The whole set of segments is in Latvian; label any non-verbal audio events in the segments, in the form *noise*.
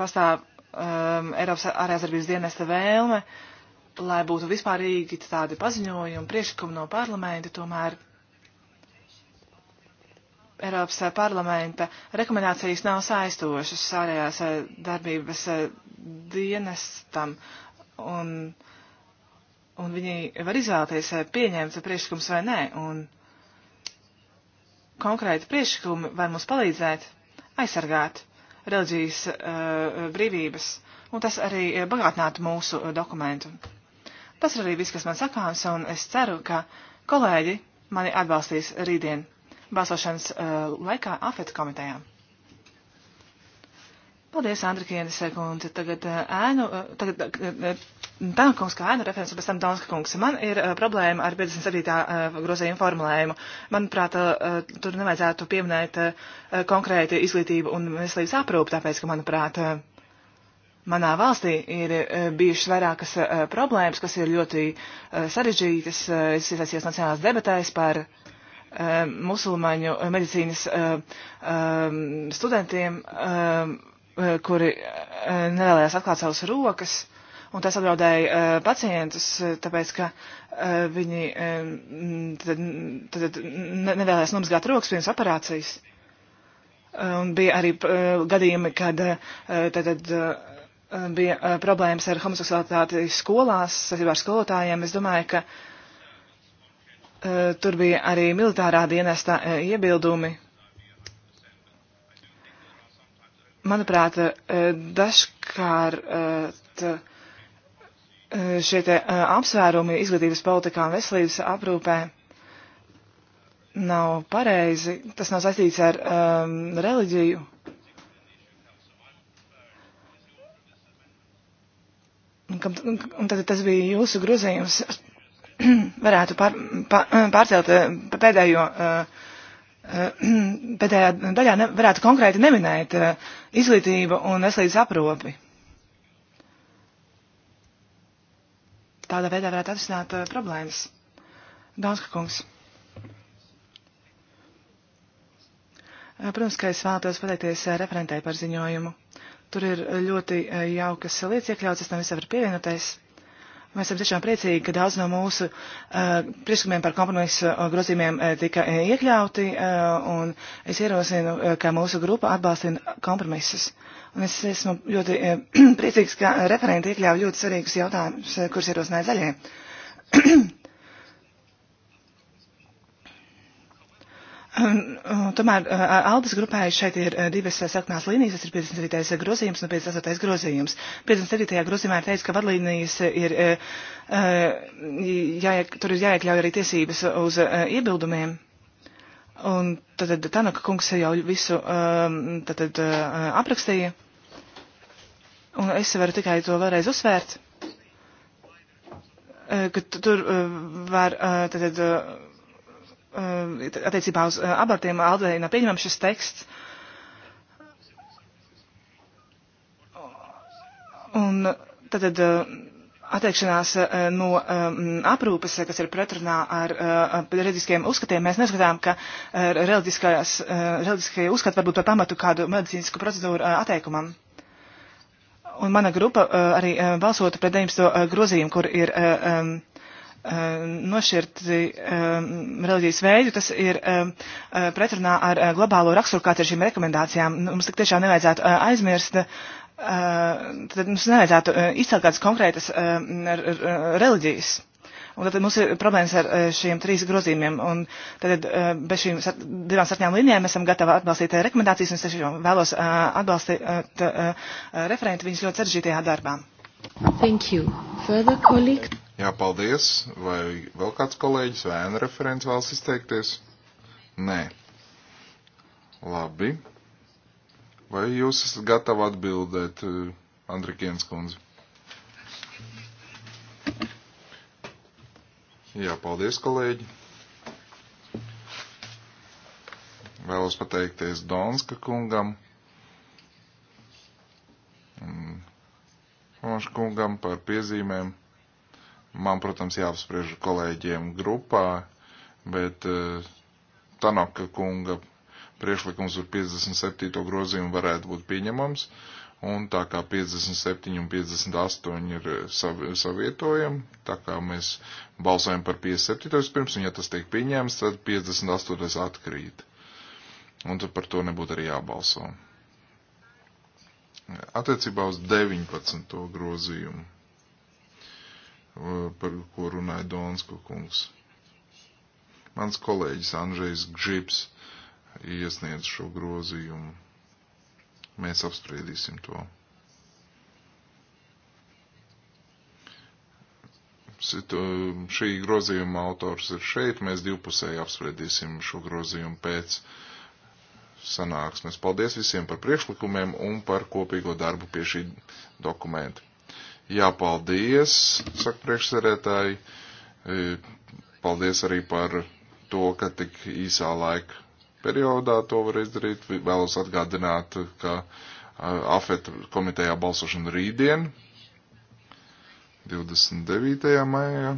pastāv um, Eiropas ārējāsarbības dienesta vēlme, lai būtu vispārīgi tādi paziņojumi, priekšlikumi no parlamenta, tomēr Eiropas parlamenta rekomendācijas nav saistošas ārējās darbības dienestam, un, un viņi var izvēlēties eh, pieņemt priekšlikumus vai nē, un konkrēti priekšlikumi var mums palīdzēt aizsargāt reliģijas uh, brīvības, un tas arī bagātinātu mūsu dokumentu. Tas ir arī viss, kas man sakāms, un es ceru, ka kolēģi mani atbalstīs rītdien balsošanas uh, laikā AFET komitejā. Paldies, Andrikienes kundze. Tagad eh, ēnu, eh, tagad eh, Tankungs kā ēnu referents, pēc tam Donska kungs. Man ir problēma ar 57. grozējumu formulējumu. Manuprāt, tur nevajadzētu pieminēt konkrēti izglītību un veselības aprūpu, tāpēc, ka, manuprāt, manā valstī ir bijušas vairākas problēmas, kas ir ļoti sarežģītas. Es iesaistījos nacionālās debatēs par musulmaņu medicīnas studentiem Eh, kuri eh, nevēlējās atklāt savas rokas, un tas apdraudēja eh, pacientus, tāpēc, ka viņi tad, tad nevēlējās nomazgāt rokas pirms operācijas. Un bija arī gadījumi, kad tad, tad, bija problēmas ar homoseksualitāti skolās, saistībā ar skolotājiem. Es domāju, ka tur bija arī militārā dienestā iebildumi Manuprāt, eh, dažkārt eh, eh, šie te apsvērumi izglītības politikā un veselības aprūpē nav pareizi. Tas nav saistīts ar um, reliģiju. Kam, un tad tas bija jūsu grozījums. *clears throat* Varētu pār, pār, pārcelt pēdējo uh, pēdējā *clears throat* daļā ne, varētu konkrēti neminēt izglītību un veselības aprūpi. Tādā veidā varētu atrisināt problēmas. Donska kungs. Protams, ka es vēlētos pateikties referentei par ziņojumu. Tur ir ļoti jaukas lietas iekļautas, tam visam var pievienoties. Mēs esam tiešām priecīgi, ka daudz no mūsu uh, priekšlikumiem par kompromisu uh, grozījumiem uh, tika iekļauti, uh, un es ierosinu, uh, ka mūsu grupa atbalstina kompromisus. Un es esmu ļoti uh, *clears throat* priecīgs, ka referenti iekļāva ļoti svarīgus jautājumus, uh, kurus ierosināja zaļie. *clears throat* Ehm, ehm, tomēr eh, Aldis grupai šeit ir eh, divas eh, sarkanās līnijas, tas ir 59. grozījums un 58. grozījums. 59. grozījumā ir teicis, ka vadlīnijas ir, jāiek, tur ir jāiekļauj arī tiesības uz iebildumiem. Un tad Tanaka kungs jau visu ehm, tad, aprakstīja. Un es varu tikai to vēlreiz uzsvērt, ka tur var tad, Uh, attiecībā uz uh, abortiem Aldei nav pieņemams šis teksts. Un tad, tad uh, attiekšanās no um, aprūpes, kas ir pretrunā ar reliģiskiem uzskatiem, mēs neskatām, ka reliģiskie uzskati var būt par pamatu kādu medicīnisku procedūru atteikumam. Un mana grupa arī balsotu pret 19. grozījumu, kur ir um, Um, nošķirti um, reliģijas veidi, tas ir um, uh, pretrunā ar uh, globālo raksturu, kāds ir šīm rekomendācijām. Nu, mums tik tiešām nevajadzētu uh, aizmirst, uh, tad mums nevajadzētu uh, izcelt kādas konkrētas uh, reliģijas. Un tad mums ir problēmas ar uh, šiem trīs grozījumiem. Un tad bez šīm sat, divām sarkņām līnijām esam gatavi atbalstīt rekomendācijas, un es vēlos atbalstīt referentu viņas ļoti sarežģītajā darbā. Thank you. Further colleague? Jā, paldies. Vai vēl kāds kolēģis vai ēna referents vēlas izteikties? Nē. Labi. Vai jūs esat gatavi atbildēt, eh, Andrikienas kundze? Jā, paldies, kolēģi. Vēlos pateikties Donska kungam Fārāža kungam par piezīmēm. Man, protams, jāapspriež kolēģiem grupā, bet uh, Tanaka kunga priekšlikums par 57. grozījumu varētu būt pieņemams, un tā kā 57 un 58 ir eh, sav, savietojami, tā kā mēs balsojam par 57. pirms, un ja tas tiek pieņēmts, tad 58. atkrīt. Un tad par to nebūtu arī jābalso. Attiecībā uz 19. grozījumu, par ko runāja Donska kungs. Mans kolēģis Andrzejs Gžips iesniedz šo grozījumu. Mēs apspriedīsim to. Situ, šī grozījuma autors ir šeit, mēs divpusēji apspriedīsim šo grozījumu pēc uh, sanāksmes. Paldies visiem par priekšlikumiem un par kopīgo darbu pie šī dokumenta. Jā, paldies, saka priekšsarētāji. E, paldies arī par to, ka tik īsā laika periodā to var izdarīt. Vēlos atgādināt, ka e, AFET komitejā balsošana rītdien, 29. maijā,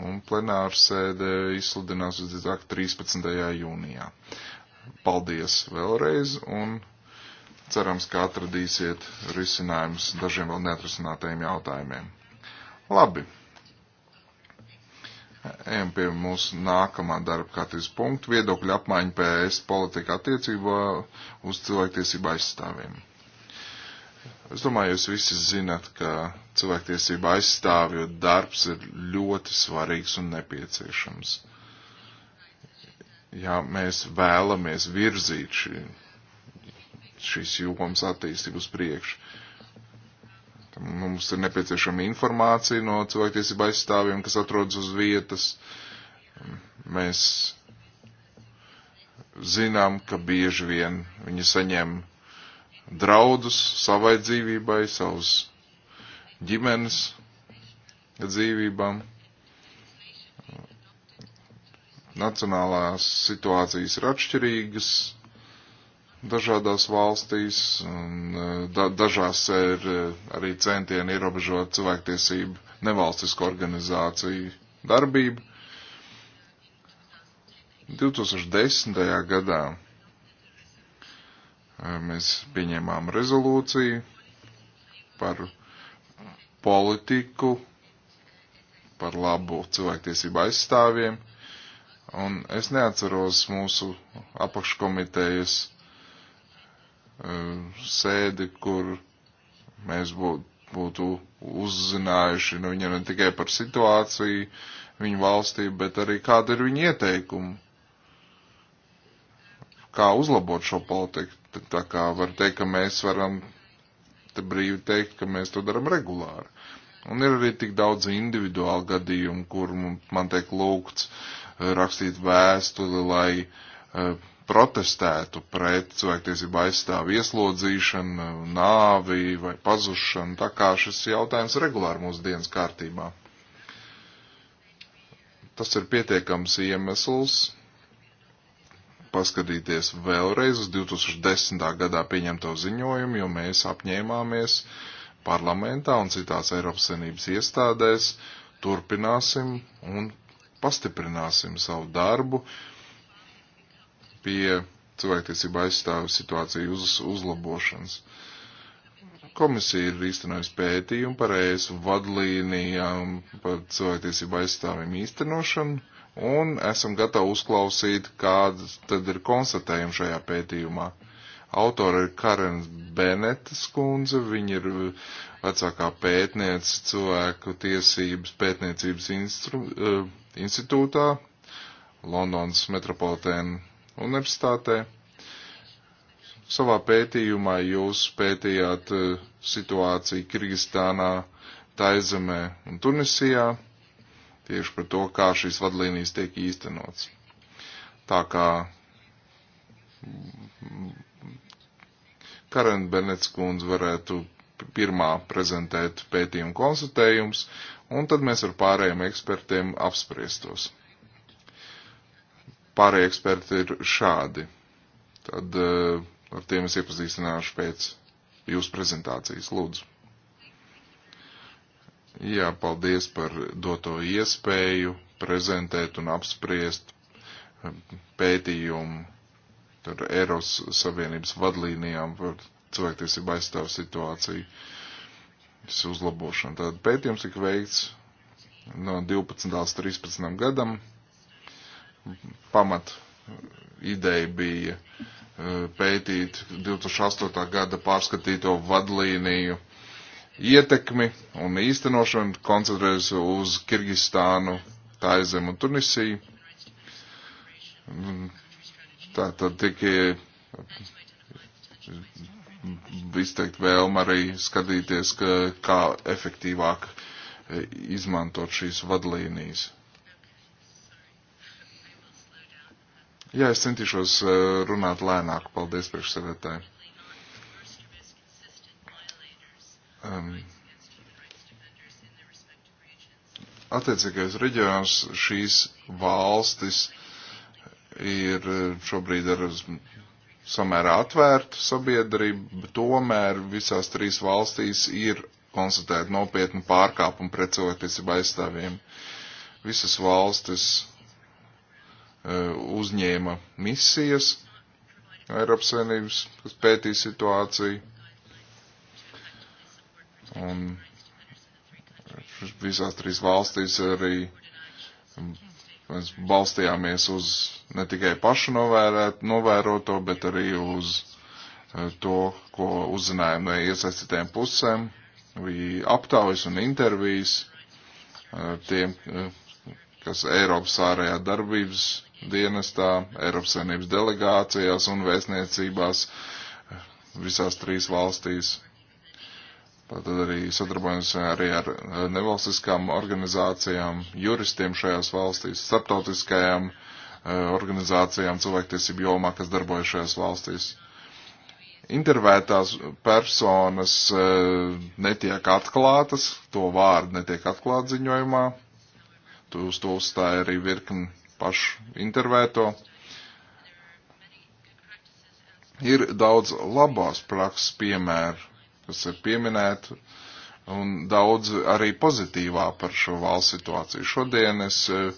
un plenārsēde izsludinās uz 13. jūnijā paldies vēlreiz un cerams, ka atradīsiet risinājums dažiem vēl neatrisinātajiem jautājumiem. Labi. Ejam pie mūsu nākamā darba kārtības punkta - viedokļu apmaiņa PS politika attiecībā uz cilvēktiesību aizstāvjiem. Es domāju, jūs visi zinat, ka cilvēktiesība aizstāvju darbs ir ļoti svarīgs un nepieciešams. Uh, ja mēs vēlamies virzīt šī, šīs jomas attīstību uz priekšu. Mums ir nepieciešama informācija no cilvēktiesība aizstāvjiem, kas atrodas uz vietas. Mēs zinām, ka bieži vien viņi saņem draudus savai dzīvībai, savus ģimenes dzīvībām. Nacionālās situācijas ir atšķirīgas dažādās valstīs, un eh, da, dažās ir eh, arī centieni ierobežot cilvēktiesību nevalstisku organizāciju darbību. 2010. gadā eh, mēs pieņēmām rezolūciju par politiku, par labu cilvēktiesību aizstāvjiem. Un es neatceros mūsu apakškomitejas e, sēdi, kur mēs būtu uzzinājuši nu, viņam ne tikai par situāciju viņu valstī, bet arī kāda ir viņa ieteikuma, kā uzlabot šo politiku. Tā kā var teikt, ka mēs varam te brīvi teikt, ka mēs to darām regulāri. Un ir arī tik daudz individuālu gadījumu, kur man tiek lūgts uh, rakstīt vēstuli, lai uh, protestētu pret cilvēktiesību aizstāvu ieslodzīšanu, nāvi vai pazušanu, tā kā šis jautājums regulāri mūsu dienas kārtībā. Tas ir pietiekams iemesls paskatīties vēlreiz uz 2010. gadā pieņemto ziņojumu, jo mēs apņēmāmies parlamentā un citās Eiropas Savienības iestādēs turpināsim un pastiprināsim savu darbu pie cilvēktiesība aizstāvu situāciju uz, uzlabošanas. Komisija ir īstenojusi pētījumu par ES vadlīnijām par cilvēktiesību aizstāvim īstenošanu, un esam gatavi uzklausīt, kādas tad ir konstatējumi šajā pētījumā. Autora ir Karen Benetes kundze, viņa ir vecākā pētniece cilvēku tiesības pētniecības instru, uh, institūtā, Londonas metropolitēna universitātē. Savā pētījumā jūs pētījāt eh, situāciju Kirgistānā, Taizemē un Tunisijā, tieši par to, kā šīs vadlīnijas tiek īstenots. Tā kā Karen Bernets kundze varētu pirmā prezentēt pētījumu konstatējums, un tad mēs ar pārējiem ekspertiem apspriestos. Pārējie eksperti ir šādi. Tad uh, ar tiem es iepazīstināšu pēc jūsu prezentācijas. Lūdzu. Jā, paldies par doto iespēju prezentēt un apspriest eh, pētījumu ar Eiropas Savienības vadlīnijām par cilvēktiesību aizstāvu situāciju. Uh, uzlabošanu. Tad pētījums tika veikts no 12. līdz 13. gadam. Pamat ideja bija eh, pētīt 2008. gada pārskatīto vadlīniju ietekmi un īstenošanu, koncentrējas uz Kirgistānu, Taizem un Tunisiju. Mm, tā tad tika izteikt vēlmu arī skatīties, ka, kā efektīvāk e, izmantot šīs vadlīnijas. Jā, es centīšos e, runāt lēnāk. Paldies, priekšsēdētāji. Um, attiecīgais reģions šīs valstis ir e, šobrīd ar samērā atvērtu sabiedrību, tomēr visās trīs valstīs ir konstatēta nopietna pārkāpuma pret cilvēktiesību aizstāvjiem. Visas valstis e, uzņēma misijas Eiropas Savienības, kas pētīja situāciju. Un visās trīs valstīs arī Mēs balstījāmies uz ne tikai pašu novērēt, novēroto, bet arī uz e, to, ko uzzinājām no iesaistītēm pusēm, bija aptaujas un intervijas e, tiem, e, kas Eiropas ārējā darbības dienestā, Eiropas saimnības delegācijās un vēstniecībās visās trīs valstīs Tad arī sadarbojamies arī ar eh, nevalstiskām organizācijām, juristiem šajās valstīs, starptautiskajām eh, organizācijām cilvēktiesību jomā, kas darbojas šajās valstīs. Intervētās personas eh, netiek atklātas, to vārdu netiek atklāt ziņojumā. Tu uz to uzstāja arī virkni pašu intervēto ir daudz labās prakses piemēru kas ir pieminēti, un daudz arī pozitīvā par šo valsts situāciju. Šodien es eh,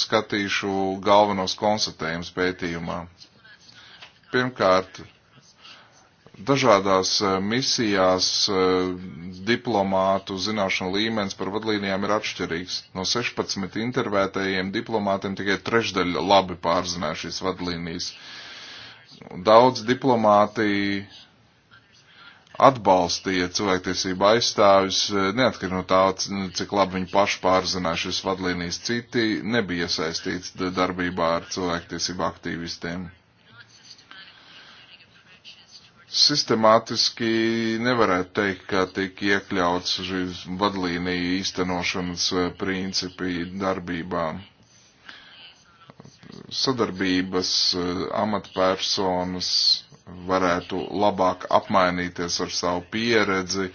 skatīšu galvenos konstatējumus pētījumā. Pirmkārt, dažādās eh, misijās eh, diplomātu zināšanu līmenis par vadlīnijām ir atšķirīgs. No 16 intervētējiem diplomātiem tikai trešdaļa labi pārzināja šīs vadlīnijas. Daudz diplomāti atbalstīja cilvēktiesību aizstāvis, eh, neatkarīgi no tā, cik labi viņi paši pārzināja šis vadlīnijas. Citi nebija iesaistīts darbībā ar cilvēktiesību aktīvistiem. Sistemātiski nevarētu teikt, ka tik iekļauts šīs vadlīnija īstenošanas eh, principi darbībā sadarbības eh, amatpersonas varētu labāk apmainīties ar savu pieredzi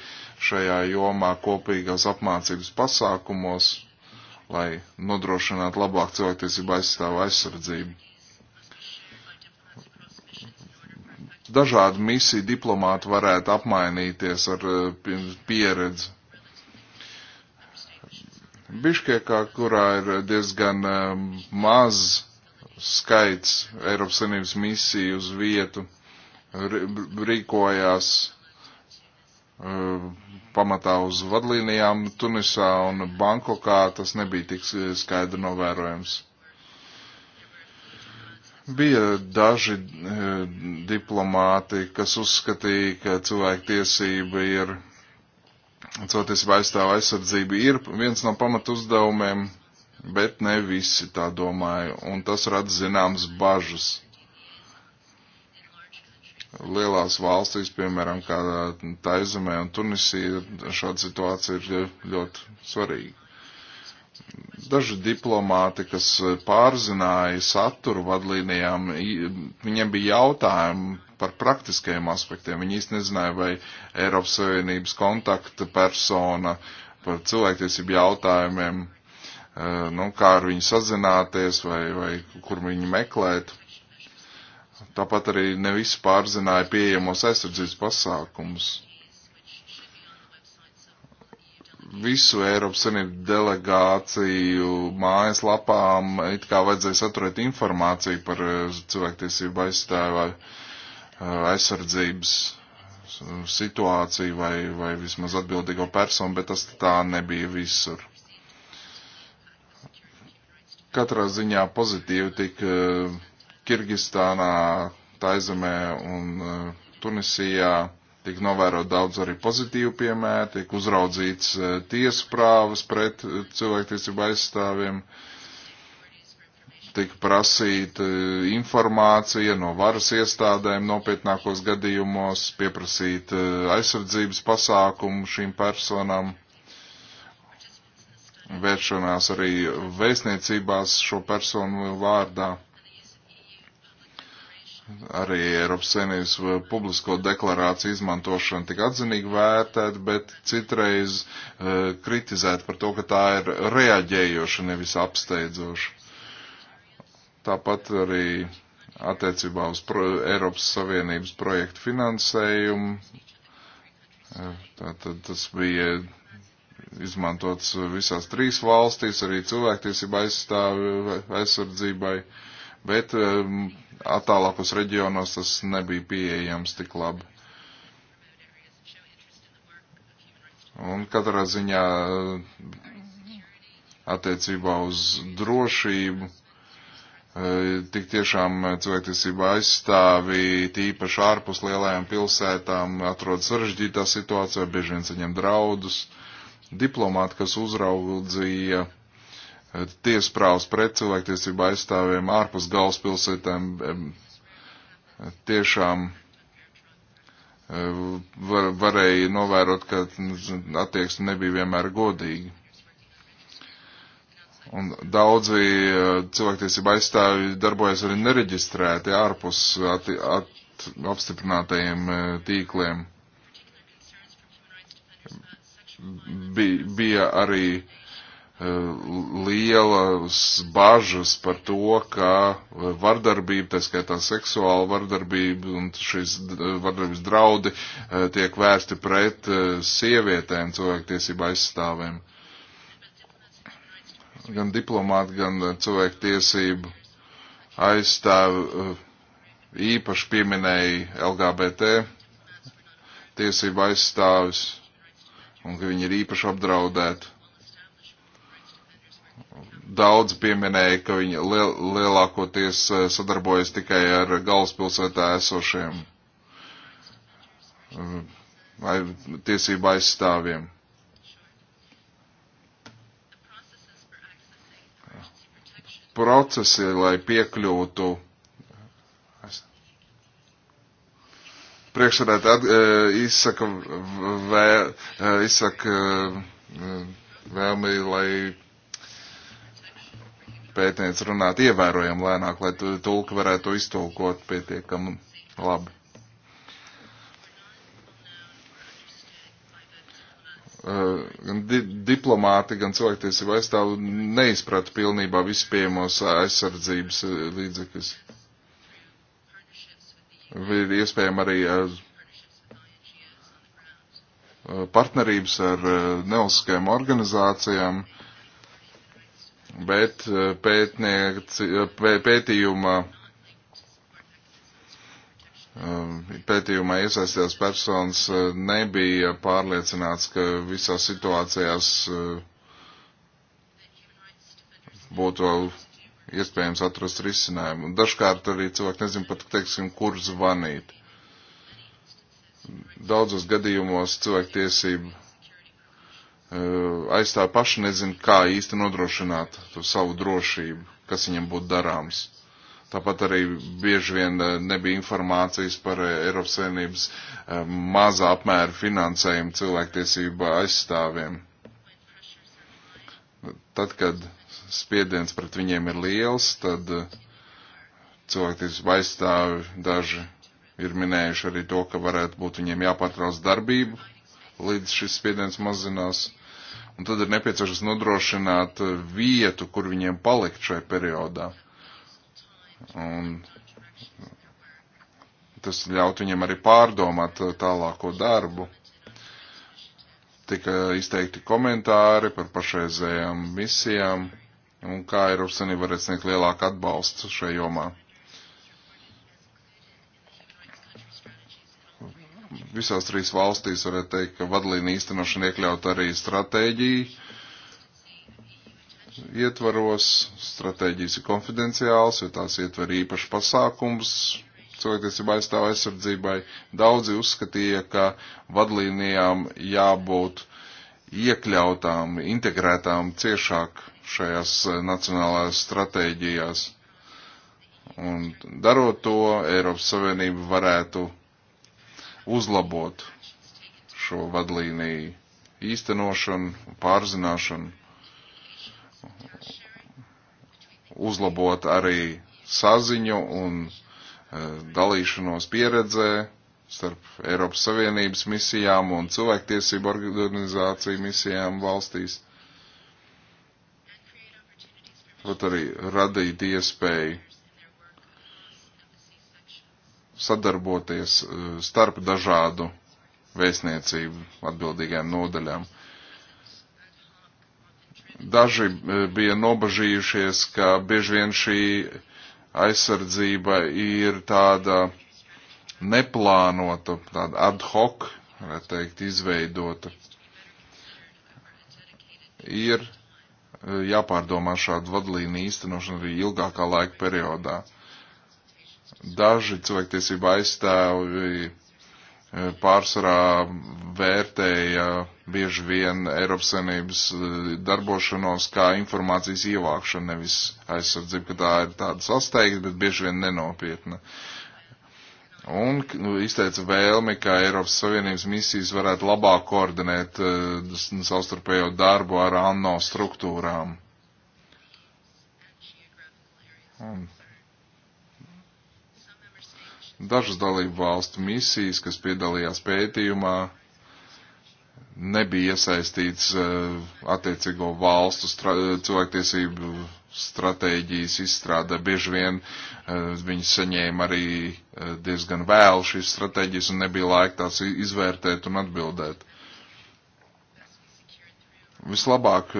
šajā jomā kopīgās apmācības pasākumos, lai nodrošinātu labāk cilvēktiesību aizstāvu aizsardzību. Dažādi misiju diplomāti varētu apmainīties ar eh, pieredzi. Biškekā, kurā ir diezgan eh, maz skaits Eiropas Savienības misiju uz vietu, rīkojās e, pamatā uz vadlīnijām Tunisā un Bankokā tas nebija tik skaidri novērojams. Bija daži e, diplomāti, kas uzskatīja, ka cilvēktiesība ir, cilvēktiesība aizstāv aizsardzība ir viens no pamatu uzdevumiem, bet ne visi tā domāja, un tas rada zināmas bažas lielās valstīs, piemēram, kā uh, Taizemē un Tunisija, šāda situācija ir ļoti svarīga. Daži diplomāti, kas pārzināja saturu vadlīnijām, viņiem bija jautājumi par praktiskajiem aspektiem. Viņi īsti nezināja, vai Eiropas Savienības kontakta persona par cilvēktiesību jautājumiem, uh, nu, kā ar viņu sazināties vai, vai kur viņu meklēt Tāpat arī ne visi pārzināja pieejamos aizsardzības pasākumus. Visu Eiropas Savienību delegāciju mājaslapām it kā vajadzēs atturēt informāciju par eh, cilvēktiesību aizstāvā eh, aizsardzības situāciju vai, vai vismaz atbildīgo personu, bet tas tā nebija visur katrā ziņā pozitīvi tika Kirgistānā, Taizemē un eh, Tunisijā tiek novērot daudz arī pozitīvu piemēru, tiek uzraudzīts eh, tiesu prāvas pret eh, cilvēktiesību aizstāvjiem, tiek prasīta informācija no varas iestādēm nopietnākos gadījumos, pieprasīt aizsardzības pasākumu šīm personām vēršanās arī vēstniecībās šo personu vārdā arī Eiropas Savienības uh, publisko deklarāciju izmantošana tik atzinīgi vērtēt, bet citreiz uh, kritizēt par to, ka tā ir reaģējoša, nevis apsteidzoša. Tāpat arī attiecībā uz pro, Eiropas Savienības projektu finansējumu. Uh, Tātad tas bija izmantots visās trīs valstīs, arī cilvēktiesība aizstāvi aizsardzībai, bet um, Attālākos reģionos tas nebija pieejams tik labi. Un katrā ziņā eh, attiecībā uz drošību eh, tik tiešām eh, cilvēktiesība aizstāvi, tīpaši ārpus lielajām pilsētām, atrodas sarežģītā situācijā, bieži vien saņem draudus. Diplomāti, kas uzraudzīja tiesprāvs pret cilvēktiesību aizstāvjiem ārpus galvaspilsētām tiešām e, var, varēja novērot, ka nu, attieksme nebija vienmēr godīga. Un daudzi e, cilvēktiesība aizstāvi darbojas arī nereģistrēti ārpus at, at, apstiprinātajiem e, tīkliem. Bija, bija arī uh, Eh, lielas bažas par to, ka eh, vardarbība, tā skaitā seksuāla vardarbība un šīs eh, vardarbības draudi tiek vērsti pret sievietēm, cilvēktiesība aizstāvēm. Gan diplomāti, gan cilvēktiesību aizstāv īpaši pieminēja LGBT tiesību aizstāvis un ka viņi ir īpaši apdraudēti daudz pieminēja, ka viņi liel, lielākoties eh, sadarbojas tikai ar galvaspilsētā esošiem vai eh, tiesību aizstāvjiem. Procesi, lai piekļūtu priekšsēdētāji eh, izsaka, vē, izsaka vēlmi, lai pētniec runāt ievērojami lēnāk, lai tulki varētu to iztulkot pietiekami labi. Gan di diplomāti, gan cilvēktiesība aizstāv neizprata pilnībā vispieejamos aizsardzības līdzekļus. Ir iespējama arī partnerības ar nevalstiskajām organizācijām, uh, bet eh, eh, pētījuma, eh, pētījumā iesaistījās personas nebija pārliecināts, ka visās situācijās būtu vēl iespējams atrast risinājumu. Dažkārt arī cilvēki nezin pat, teiksim, kur zvanīt. Daudzos gadījumos cilvēktiesību aizstāvi paši nezina, kā īsti nodrošināt to savu drošību, kas viņam būtu darāms. Tāpat arī bieži vien nebija informācijas par Eiropas Savienības mazā apmēra finansējumu cilvēktiesību aizstāvjiem. Tad, kad spiediens pret viņiem ir liels, tad cilvēktiesību aizstāvi daži ir minējuši arī to, ka varētu būt viņiem jāpārtrauc darbību līdz šis spiediens mazinās. Un tad ir nepieciešams nodrošināt vietu, kur viņiem palikt šajā periodā. Un tas ļaut viņiem arī pārdomāt tālāko darbu. Tika izteikti komentāri par pašreizējām misijām un kā Eiropas Savienība varētu sniegt lielāku atbalstu šajā jomā. visās trīs valstīs varētu teikt, ka vadlīna īstenošana iekļaut arī stratēģiju ietvaros. Stratēģijas ir konfidenciāls, jo tās ietver īpašu pasākums cilvēktiesība aizstāv aizsardzībai. Daudzi uzskatīja, ka vadlīnijām jābūt iekļautām, integrētām ciešāk šajās nacionālās stratēģijās. Un darot to, Eiropas Savienība varētu uzlabot šo vadlīniju īstenošanu, pārzināšanu, uzlabot arī saziņu un e, dalīšanos pieredzē starp Eiropas Savienības misijām un cilvēktiesību organizāciju misijām valstīs. Pat arī radīt iespēju sadarboties eh, starp dažādu vēstniecību atbildīgajām nodaļām. Daži eh, bija nobažījušies, ka bieži vien šī aizsardzība ir tāda neplānota, tāda ad hoc, varētu teikt, izveidota. Ir eh, jāpārdomā šādu vadlīnu īstenošanu arī ilgākā laika periodā. Daži cilvēktiesība aizstāvi e, pārsvarā vērtēja bieži vien Eiropas Savienības e, darbošanos kā informācijas ievākšana, nevis aizsardzība, ka tā ir tāda sasteigta, bet bieži vien nenopietna. Un nu, izteica vēlmi, ka Eiropas Savienības misijas varētu labāk koordinēt uh, savstarpējo darbu ar ANO struktūrām. Un Dažas dalību valstu misijas, kas piedalījās pētījumā, nebija iesaistīts eh, attiecīgo valstu stra cilvēktiesību stratēģijas izstrādē. Bieži vien eh, viņi saņēma arī eh, diezgan vēlu šīs stratēģijas un nebija laika tās izvērtēt un atbildēt vislabāk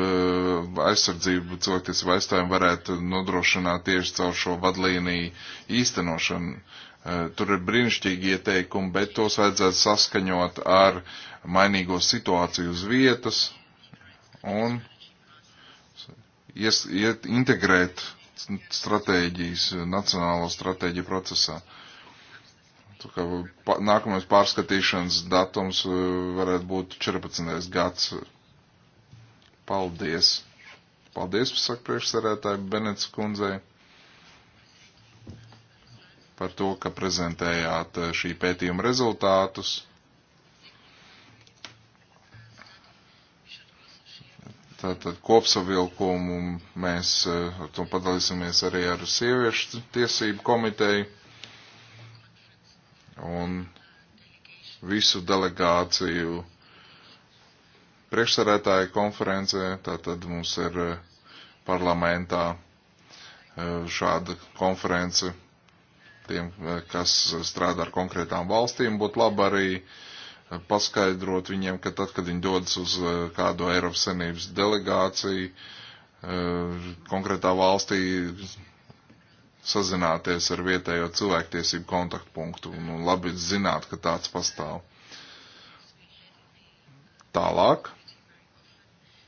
aizsardzību cilvēktiesību aizstāvjiem varētu nodrošināt tieši caur šo vadlīniju īstenošanu. Eh, tur ir brīnišķīgi ieteikumi, bet tos vajadzētu saskaņot ar mainīgo situāciju uz vietas un ies, iet, integrēt stratēģijas, nacionālo stratēģiju procesā. Tā kā pa, nākamais pārskatīšanas datums eh, varētu būt 14. gads. Paldies! Paldies, saka priekšsarētāji Benets kundzei! par to, ka prezentējāt eh, šī pētījuma rezultātus. Tātad kopsavilkumu mēs eh, ar to padalīsimies arī ar sieviešu tiesību komiteju un visu delegāciju priekšsarētāju konferencē. Tātad mums ir eh, parlamentā šāda konference tiem, eh, kas strādā ar konkrētām valstīm, būtu labi arī eh, paskaidrot viņiem, ka tad, kad viņi dodas uz eh, kādu Eiropas Savienības delegāciju, konkrētā valstī sazināties ar vietējo cilvēktiesību kontaktpunktu un labi zināt, ka tāds pastāv. Tālāk,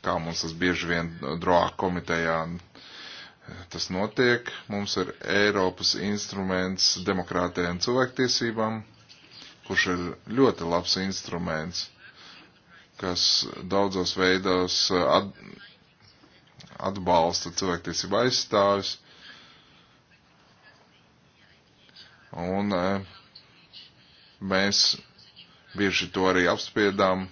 kā mums tas bieži vien droā komitejā uh, tas notiek. Mums ir Eiropas instruments demokrātijai un cilvēktiesībām, kurš ir ļoti labs instruments, kas daudzos veidos uh, at, atbalsta cilvēktiesību aizstāvis. Un uh, mēs bieži to arī apspiedām,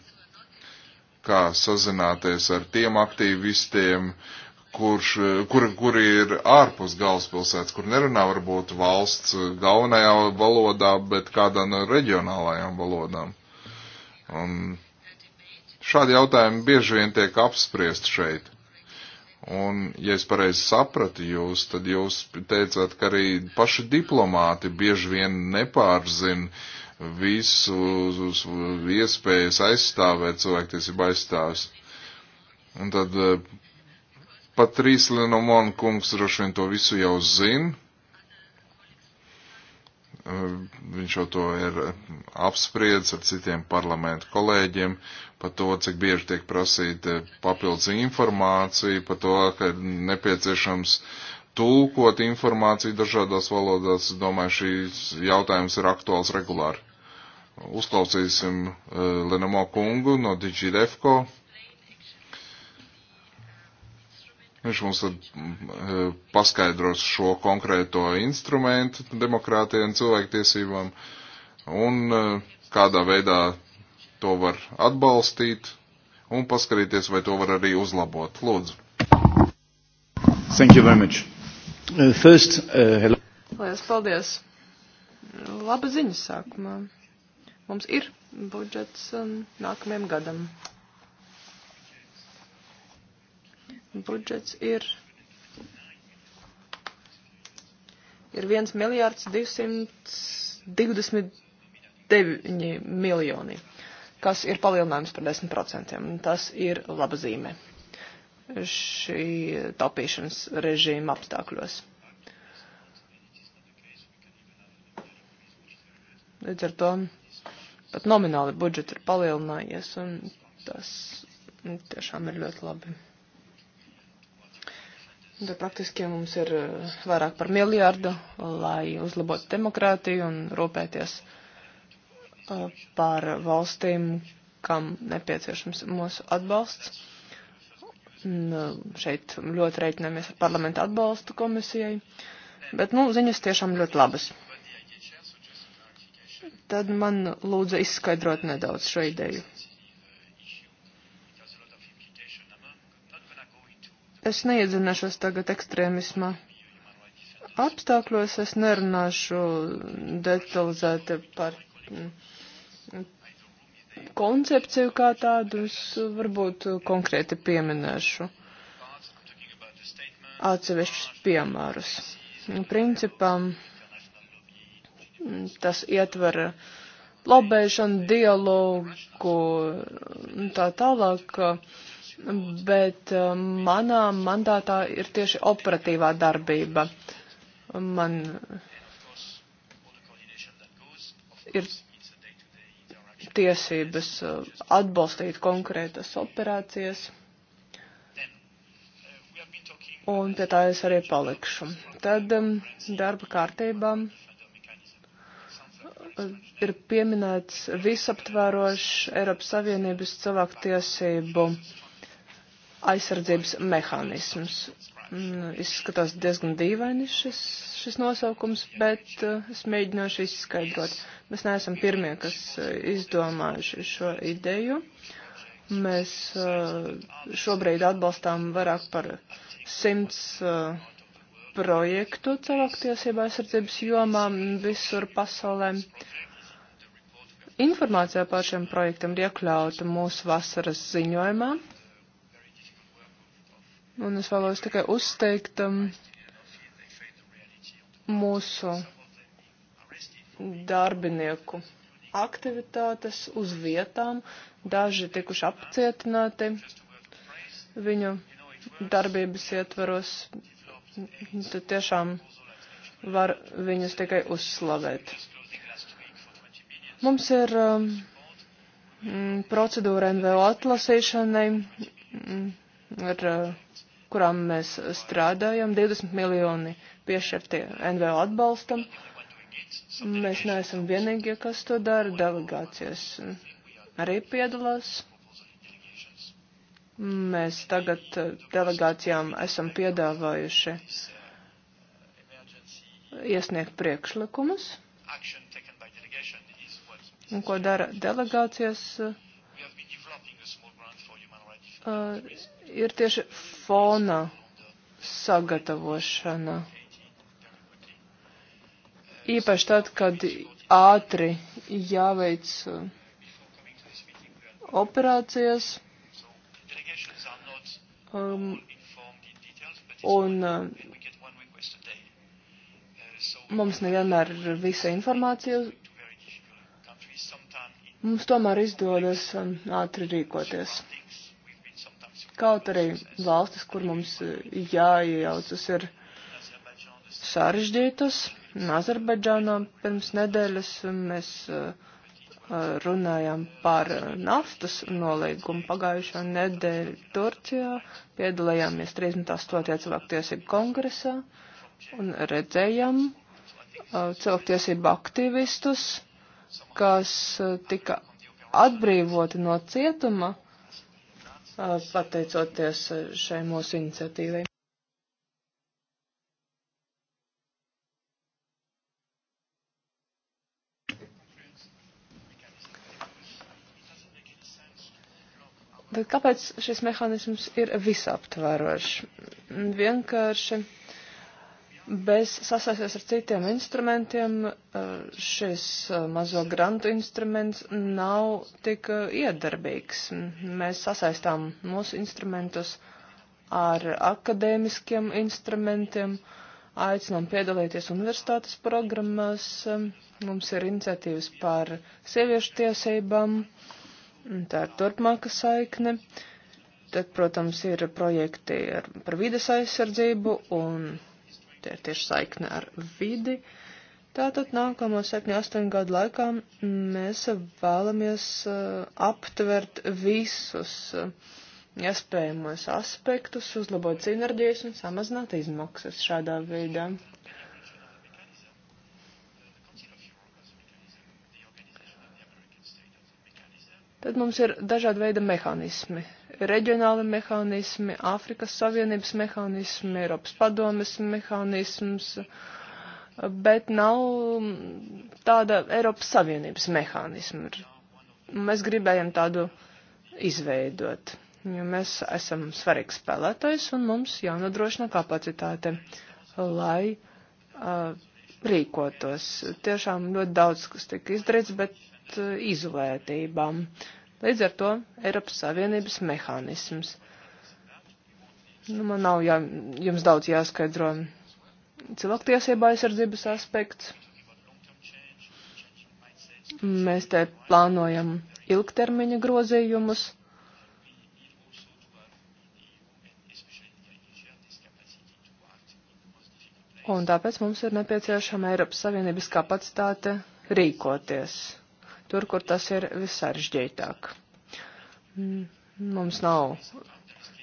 kā sazināties ar tiem aktīvistiem, uh, kurš, kur, kur ir ārpus galvaspilsētas, kur nerunā varbūt valsts galvenajā valodā, bet kādā no reģionālajām valodām. Un šādi jautājumi bieži vien tiek apspriest šeit. Un, ja es pareizi sapratu jūs, tad jūs teicāt, ka arī paši diplomāti bieži vien nepārzina visu iespējas aizstāvēt cilvēktiesību aizstāvis. Un tad Patrīs Lenomon kungs droši vien to visu jau zina. Eh, viņš jau to ir apspriedis ar citiem parlamentu kolēģiem par to, cik bieži tiek prasīta papildus informācija, par to, ka ir nepieciešams tulkot informāciju dažādās valodās. Domāju, šīs jautājums ir aktuāls regulāri. Uzklausīsim eh, Lenamo kungu no DigiDefco. Viņš mums ir eh, paskaidros šo konkrēto instrumentu demokrātiem un cilvēktiesībām un eh, kādā veidā to var atbalstīt un paskatīties, vai to var arī uzlabot. Lūdzu. Thank you very much. Uh, first, uh, hello. Lielas paldies. Laba ziņa sākumā. Mums ir budžets um, nākamajam gadam. budžets ir, ir 1 miljārds 229 miljoni, kas ir palielinājums par 10%. Tas ir laba zīme šī taupīšanas režīma apstākļos. Līdz ar to pat nomināli budžets ir palielinājies, un tas nu, tiešām ir ļoti labi. Tad praktiski mums ir eh, vairāk par miljārdu, lai uzlabotu demokrātiju un rūpēties eh, par valstīm, kam nepieciešams mūsu atbalsts. Un eh, šeit ļoti reiķinamies ar parlamentu atbalstu komisijai, bet, nu, ziņas tiešām ļoti labas. Tad man lūdza izskaidrot nedaudz šo ideju. Es neiedzināšos tagad ekstrēmisma apstākļos, es nerunāšu detalizēti par mm, koncepciju kā tādu, es varbūt konkrēti pieminēšu atsevišķus piemērus. Principā mm, tas ietver lobēšanu, dialogu un mm, tā tālāk. Uh, bet eh, manā mandātā ir tieši operatīvā darbība. Man ir tiesības eh, atbalstīt konkrētas operācijas. Un pie tā es arī palikšu. Tad eh, darba kārtībā ir pieminēts visaptvērošs Eiropas Savienības cilvēku tiesību aizsardzības mehānisms. Mm, izskatās diezgan dīvaini šis, šis nosaukums, bet uh, es mēģināšu izskaidrot. Mēs neesam pirmie, kas uh, izdomājuši šo ideju. Mēs uh, šobrīd atbalstām vairāk par simts projektu cilvēktiesība aizsardzības jomā visur pasaulē. Informācija par šiem projektiem ir iekļauta mūsu vasaras ziņojumā Un es vēlos tikai uzteikt um, mūsu darbinieku aktivitātes uz vietām. Daži tikuši apcietināti viņu darbības ietveros. Tad tiešām var viņus tikai uzslavēt. Mums ir um, procedūra NVO atlasīšanai, ir uh, kurām mēs strādājam, 20 miljoni piešķirtie NVO atbalstam. Mēs neesam vienīgie, kas to dara, delegācijas arī piedalās. Mēs tagad eh, delegācijām esam piedāvājuši iesniegt priekšlikumus. Un ko dara delegācijas? Uh, ir tieši fona sagatavošana. Īpaši tad, kad ātri jāveic uh, operācijas. Um, un uh, mums nevienmēr ir visa informācija. Mums tomēr izdodas um, ātri rīkoties. Kaut arī valstis, kur mums e, jāiejaucas, ir sarežģītas. Azerbaidžānā pirms nedēļas mēs e, e, runājām par naftas nolīgumu pagājušo nedēļu Turcijā, piedalījāmies 38. cilvēktiesību kongresā un redzējām cilvēktiesību aktīvistus, kas tika atbrīvoti no cietuma Uh, pateicoties uh, šai mūsu iniciatīvai. Bet kāpēc šis mehānisms ir visaptvarošs? Vienkārši bez sasaisties ar citiem instrumentiem eh, šis eh, mazo grantu instruments nav tik eh, iedarbīgs. Mēs sasaistām mūsu instrumentus ar akadēmiskiem instrumentiem, aicinām piedalīties universitātes programmās, mums ir iniciatīvas par sieviešu tiesībām, tā ir turpmāka saikne. Tad, protams, ir projekti ar, par vides aizsardzību un te ir tieši saikne ar vidi. Tātad nākamo 7-8 gadu laikā mēs vēlamies uh, aptvert visus uh, iespējamos aspektus, uzlabot sinerģijas un samazināt izmaksas šādā veidā. Tad mums ir dažādi veidi mehānismi reģionāli mehānismi, Āfrikas Savienības mehānismi, Eiropas padomes mehānisms, bet nav tāda Eiropas Savienības mehānisma. Mēs gribējam tādu izveidot, jo mēs esam svarīgs spēlētājs un mums jānodrošina kapacitāte, lai uh, rīkotos. Tiešām ļoti daudz, kas tika izdarīts, bet uh, izolētībām. Uh, Līdz ar to Eiropas Savienības mehānisms. Nu, man nav jā, jums daudz jāskaidro cilvēktiesība aizsardzības aspekts. Mēs te plānojam ilgtermiņa grozījumus. Un tāpēc mums ir nepieciešama Eiropas Savienības kapacitāte rīkoties tur, kur tas ir vissaržģītāk. Mm, mums nav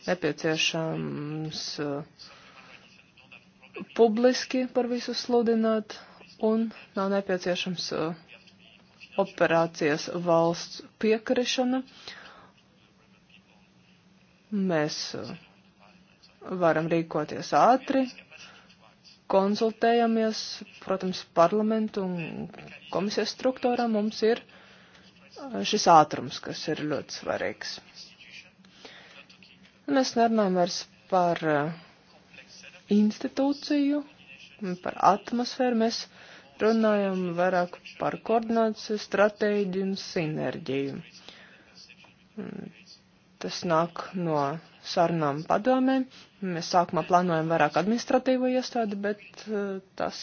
nepieciešams uh, publiski par visu sludināt un nav nepieciešams uh, operācijas valsts piekrišana. Mēs uh, varam rīkoties ātri, konsultējamies, protams, parlamentu un komisijas struktūrā mums ir eh, šis ātrums, kas ir ļoti svarīgs. Mēs nerunājam vairs par eh, institūciju, par atmosfēru, mēs runājam vairāk par koordināciju, stratēģiju un sinerģiju. Mm, tas nāk no sarunām padomē. Mēs sākumā plānojam vairāk administratīvo iestādi, bet eh, tas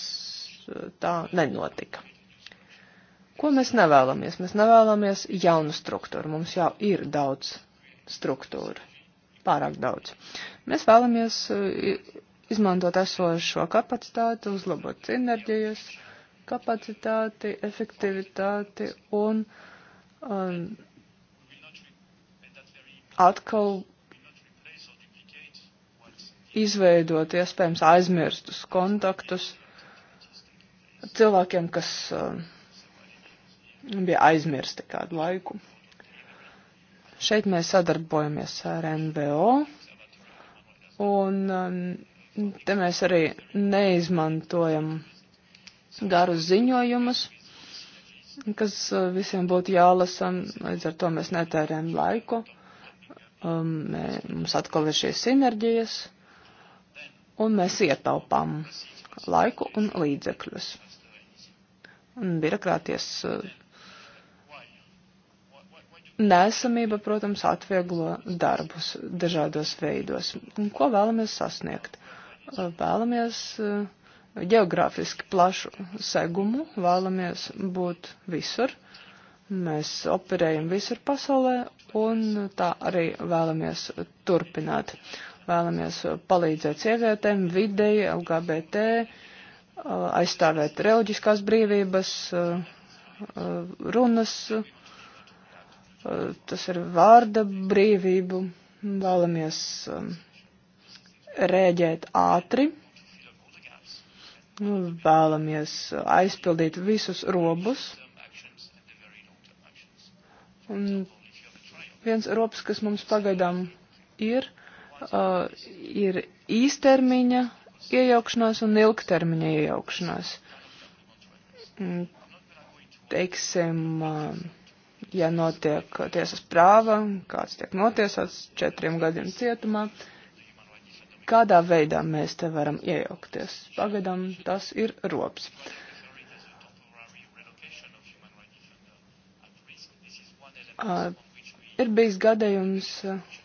eh, tā nenotika. Ko mēs nevēlamies? Mēs nevēlamies jaunu struktūru. Mums jau ir daudz struktūru. Pārāk daudz. Mēs vēlamies eh, izmantot esošo kapacitāti, uzlabot sinerģijas, kapacitāti, efektivitāti un um, atkal izveidot iespējams aizmirstus kontaktus cilvēkiem, kas um, bija aizmirsti kādu laiku. Šeit mēs sadarbojamies ar NVO, un um, te mēs arī neizmantojam garus ziņojumus, kas uh, visiem būtu jālasa, līdz ar to mēs netērējam laiku. Um, mums atkal ir šīs sinerģijas un mēs ietaupām laiku un līdzekļus. Un birokrātijas eh, nesamība, protams, atvieglo darbus dažādos veidos. Un ko vēlamies sasniegt? Eh, vēlamies eh, geogrāfiski plašu segumu, vēlamies būt visur. Mēs operējam visur pasaulē un tā arī vēlamies turpināt. Uh, Vēlamies palīdzēt sievietēm, videi, LGBT, aizstāvēt reliģiskās brīvības, runas, tas ir vārda brīvību. Vēlamies rēģēt ātri nu, vēlamies aizpildīt visus robus. Un viens robs, kas mums pagaidām ir, uh, ir īstermiņa iejaukšanās un ilgtermiņa iejaukšanās. Mm, teiksim, uh, ja notiek tiesas prāva, kāds tiek notiesāts četriem gadiem cietumā, kādā veidā mēs te varam iejaukties. Pagaidām tas ir robs. Uh, ir bijis gadījums. Uh,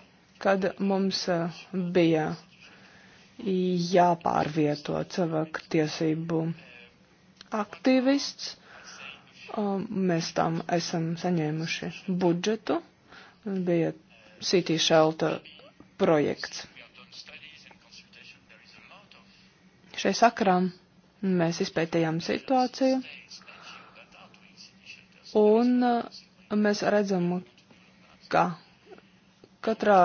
kad mums e, bija jāpārvieto cilvēku tiesību aktīvists. Mēs tam esam saņēmuši budžetu. Bija City Shelter projekts. Šai sakarā mēs izpētījām situāciju un e, mēs redzam, ka katrā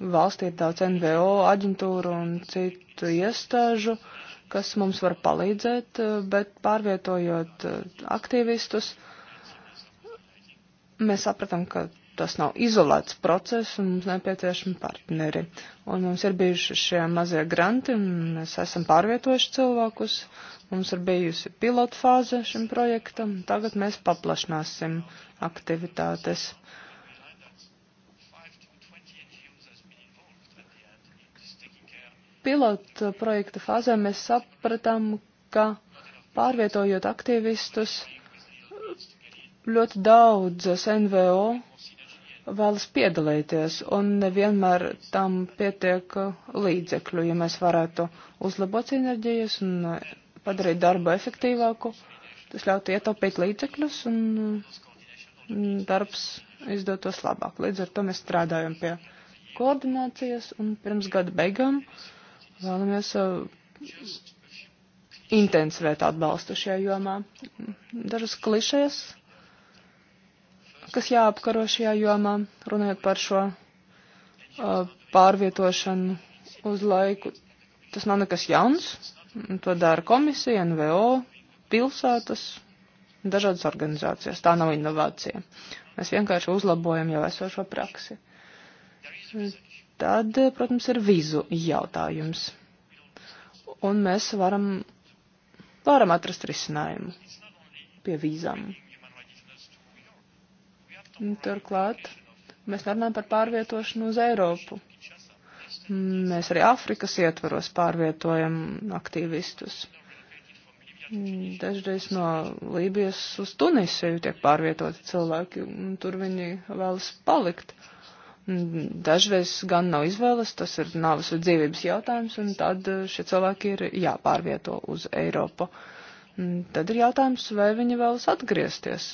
valstī ir daudz NVO aģentūru un citu iestāžu, kas mums var palīdzēt, eh, bet pārvietojot eh, aktīvistus, mēs sapratām, ka tas nav izolēts process un mums nepieciešami partneri. Un mums ir bijuši šie mazie granti, un mēs esam pārvietojuši cilvēkus, mums ir bijusi pilotfāze šim projektam, tagad mēs paplašināsim aktivitātes. Uh, pilota projekta fāzē mēs sapratām, ka pārvietojot aktīvistus, ļoti daudzas NVO vēlas piedalīties, un nevienmēr tam pietiek līdzekļu, ja mēs varētu uzlabot sinerģijas un padarīt darbu efektīvāku. Tas ļautu ietaupīt līdzekļus un darbs izdotos labāk. Līdz ar to mēs strādājam pie koordinācijas, un pirms gada beigām uh, vēlamies uh, intensivēt atbalstu šajā jomā. Dažas klišejas, kas jāapkaro šajā jomā, runājot par šo uh, pārvietošanu uz laiku. Tas nav nekas jauns, to dara komisija, NVO, pilsētas, dažādas organizācijas. Tā nav inovācija. Mēs vienkārši uzlabojam jau esošo praksi. Tad, protams, ir vīzu jautājums. Un mēs varam, varam atrast risinājumu pie vīzām. Turklāt mēs runājam par pārvietošanu uz Eiropu. Mēs arī Āfrikas ietvaros pārvietojam aktīvistus. Dažreiz no Lībijas uz Tunisiju tiek pārvietoti cilvēki, un tur viņi vēlas palikt. Uh, Dažreiz gan nav izvēles, tas ir nāves vai dzīvības jautājums, un tad eh, šie cilvēki ir jāpārvieto uz Eiropu. Mm, tad ir jautājums, vai viņi vēlas atgriezties.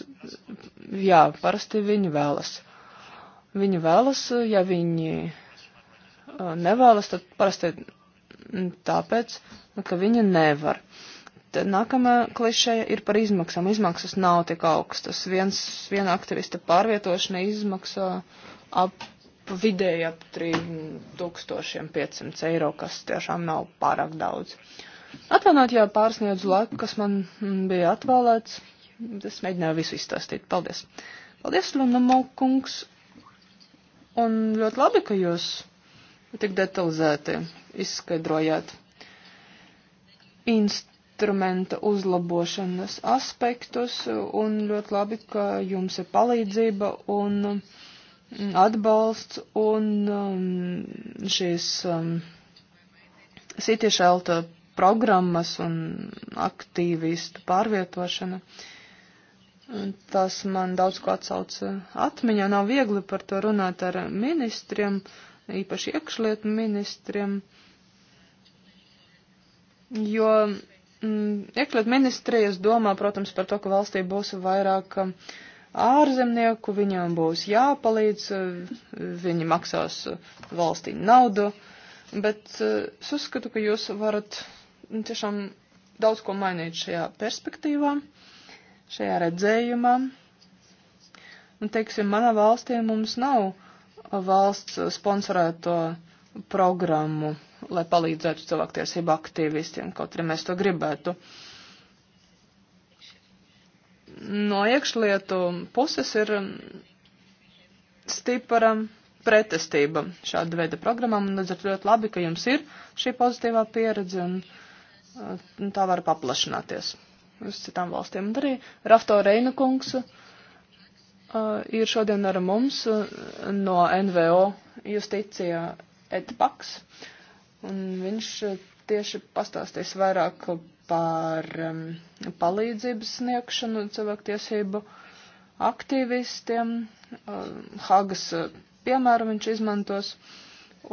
Jā, parasti viņi vēlas. Viņi vēlas, ja viņi eh, nevēlas, tad parasti mm, tāpēc, nu, ka viņi nevar. Tad nākamā klišeja ir par izmaksām. Izmaksas nav tik augstas. Viens, viena aktivista pārvietošana izmaksā ap vidēji ap 3500 eiro, kas tiešām nav pārāk daudz. Atvainojiet, ja pārsniedzu laiku, kas man bija atvēlēts. Es mēģināju visu izstāstīt. Paldies. Paldies, Lunamo kungs. Un ļoti labi, ka jūs tik detalizēti izskaidrojāt instrumenta uzlabošanas aspektus un ļoti labi, ka jums ir palīdzība un uh, atbalsts un um, šīs um, City Shelter programmas un aktīvistu pārvietošana. Tas man daudz ko atsauca atmiņā. Nav viegli par to runāt ar ministriem, īpaši iekšlietu ministriem, jo mm, iekšlietu ministrijas domā, protams, par to, ka valstī būs vairāk uh, ārzemnieku, viņiem būs jāpalīdz, viņi maksās valstī naudu, bet es uzskatu, ka jūs varat nu, tiešām daudz ko mainīt šajā perspektīvā, šajā redzējumā. Un, teiksim, manā valstī mums nav valsts sponsorēto programmu, lai palīdzētu cilvēktiesību aktīvistiem, kaut arī mēs to gribētu. Uh, no iekšlietu puses ir stipra pretestība šāda veida programmām, un līdz ar to ļoti labi, ka jums ir šī pozitīvā pieredze, un, un uh, tā var paplašināties uz citām valstīm. Un arī Rafto Reina kungs uh, ir šodien ar mums uh, no NVO justīcija Etpaks, un viņš uh, tieši pastāstīs vairāk par um, palīdzības sniegšanu cilvēktiesību aktīvistiem. Um, Hagas uh, piemēru viņš izmantos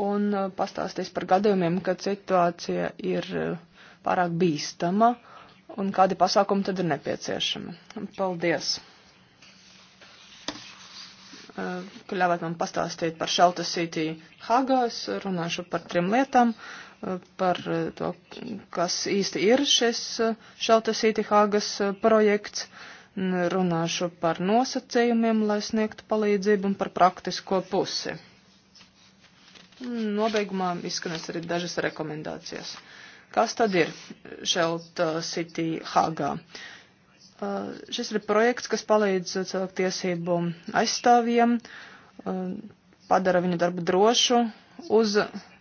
un uh, pastāstīs par gadījumiem, kad situācija ir uh, pārāk bīstama un kādi pasākumi tad ir nepieciešami. Paldies! Uh, Kļāvāt man pastāstīt par Shelter City Hagās, runāšu par trim lietām. Uh, par eh, to, kas īsti ir šis eh, Šaltas Ītihāgas eh, projekts. Runāšu par nosacījumiem, lai sniegtu palīdzību un par praktisko pusi. Nobeigumā izskanēs arī dažas rekomendācijas. Kas tad ir Šelta City Hāgā? Uh, šis ir projekts, kas palīdz cilvēktiesību aizstāvjiem, uh, padara viņu darbu drošu, uz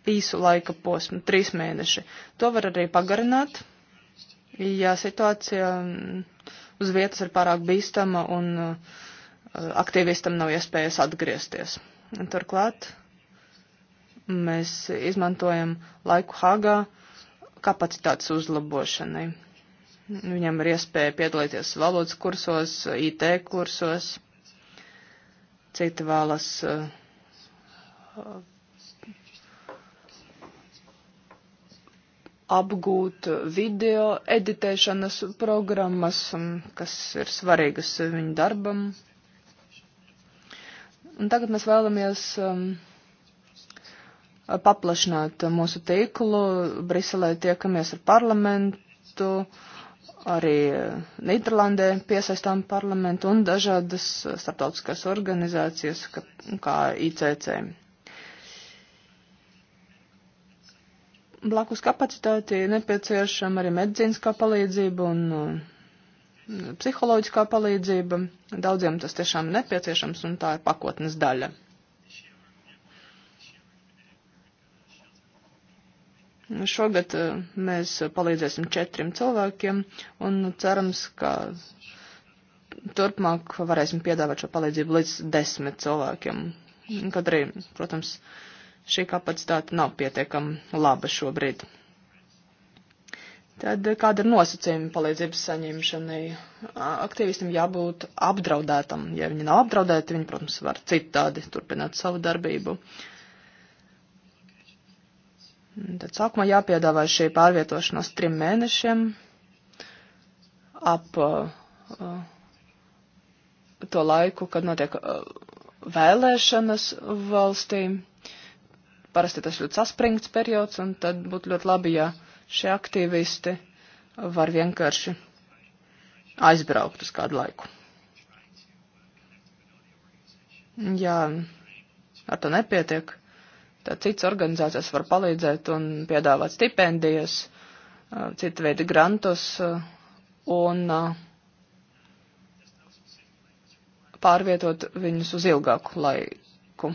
īsu laika posmu, trīs mēneši. To var arī pagarināt, ja situācija mm, uz vietas ir pārāk bīstama un eh, aktīvistam nav iespējas atgriezties. Turklāt mēs izmantojam laiku Hāgā kapacitātes uzlabošanai. Viņam ir iespēja piedalīties valodas kursos, IT kursos, citi vēlas uh, apgūt video editēšanas programmas, um, kas ir svarīgas viņu darbam. Un tagad mēs vēlamies um, paplašināt mūsu tīklu. Briselē tiekamies ar parlamentu, arī Nīderlandē piesaistām parlamentu un dažādas starptautiskās organizācijas, kā ICC. Blakus kapacitāti nepieciešama arī medicīniskā palīdzība un uh, psiholoģiskā palīdzība. Daudziem tas tiešām ir nepieciešams un tā ir pakotnes daļa. Šogad uh, mēs palīdzēsim četriem cilvēkiem un cerams, ka turpmāk varēsim piedāvāt šo palīdzību līdz desmit cilvēkiem. Kad arī, protams, uh, šī kapacitāte nav pietiekama laba šobrīd. Tad eh, kāda ir nosacījuma palīdzības saņemšanai? Aktīvistam jābūt apdraudētam. Ja viņi nav apdraudēti, viņi, protams, var citādi turpināt savu darbību. Tad sākumā jāpiedāvā šī pārvietošanās trim mēnešiem ap uh, to laiku, kad notiek uh, vēlēšanas valstīm parasti tas ļoti saspringts periods, un tad būtu ļoti labi, ja šie aktīvisti var vienkārši aizbraukt uz kādu laiku. Ja ar to nepietiek, tad cits organizācijas var palīdzēt un piedāvāt stipendijas, cita veida grantus un pārvietot viņus uz ilgāku laiku.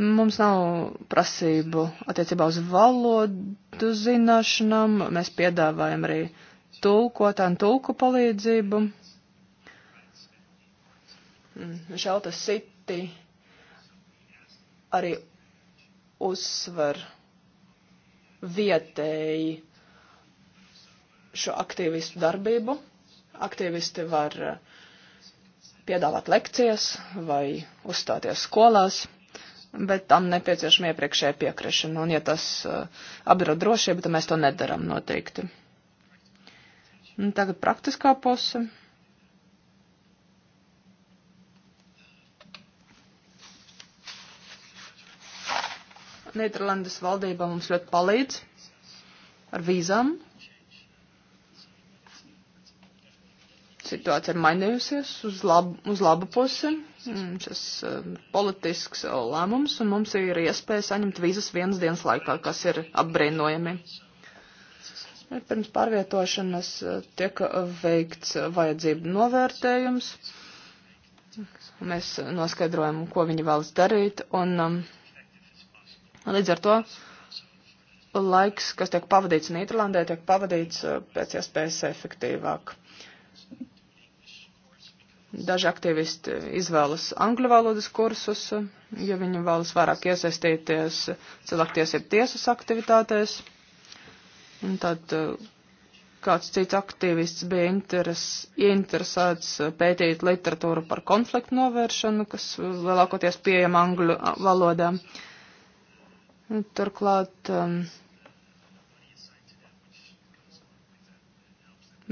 Mums nav prasību attiecībā uz valodu zināšanām, mēs piedāvājam arī tulkotāju un tulku palīdzību. Šelta City arī uzsver vietēji šo aktīvistu darbību. Aktīvisti var eh, piedāvāt lekcijas vai uzstāties skolās bet tam nepieciešama iepriekšēja piekrišana. Un, ja tas uh, eh, apdraud drošību, tad mēs to nedaram noteikti. Un tagad praktiskā pose. Nīderlandes valdība mums ļoti palīdz ar vīzām, situācija ir mainījusies uz labu, uz labu pusi. Mm, šis uh, politisks eh, lēmums, un mums ir iespēja saņemt vīzas vienas dienas laikā, kas ir apbrīnojami. Pirms pārvietošanas eh, tiek veikts vajadzību novērtējums. Mēs noskaidrojam, ko viņi vēlas darīt, un um, līdz ar to laiks, kas tiek pavadīts Nīderlandē, tiek pavadīts pēc iespējas efektīvāk. Daži aktīvisti izvēlas angļu valodas kursus, ja viņi vēlas vairāk iesaistīties cilvēktiesību tiesas aktivitātēs. Un tad eh, kāds cits aktīvists bija interes, ieinteresēts pētīt literatūru par konfliktu novēršanu, kas lielākoties pieejama angļu valodā. Turklāt um,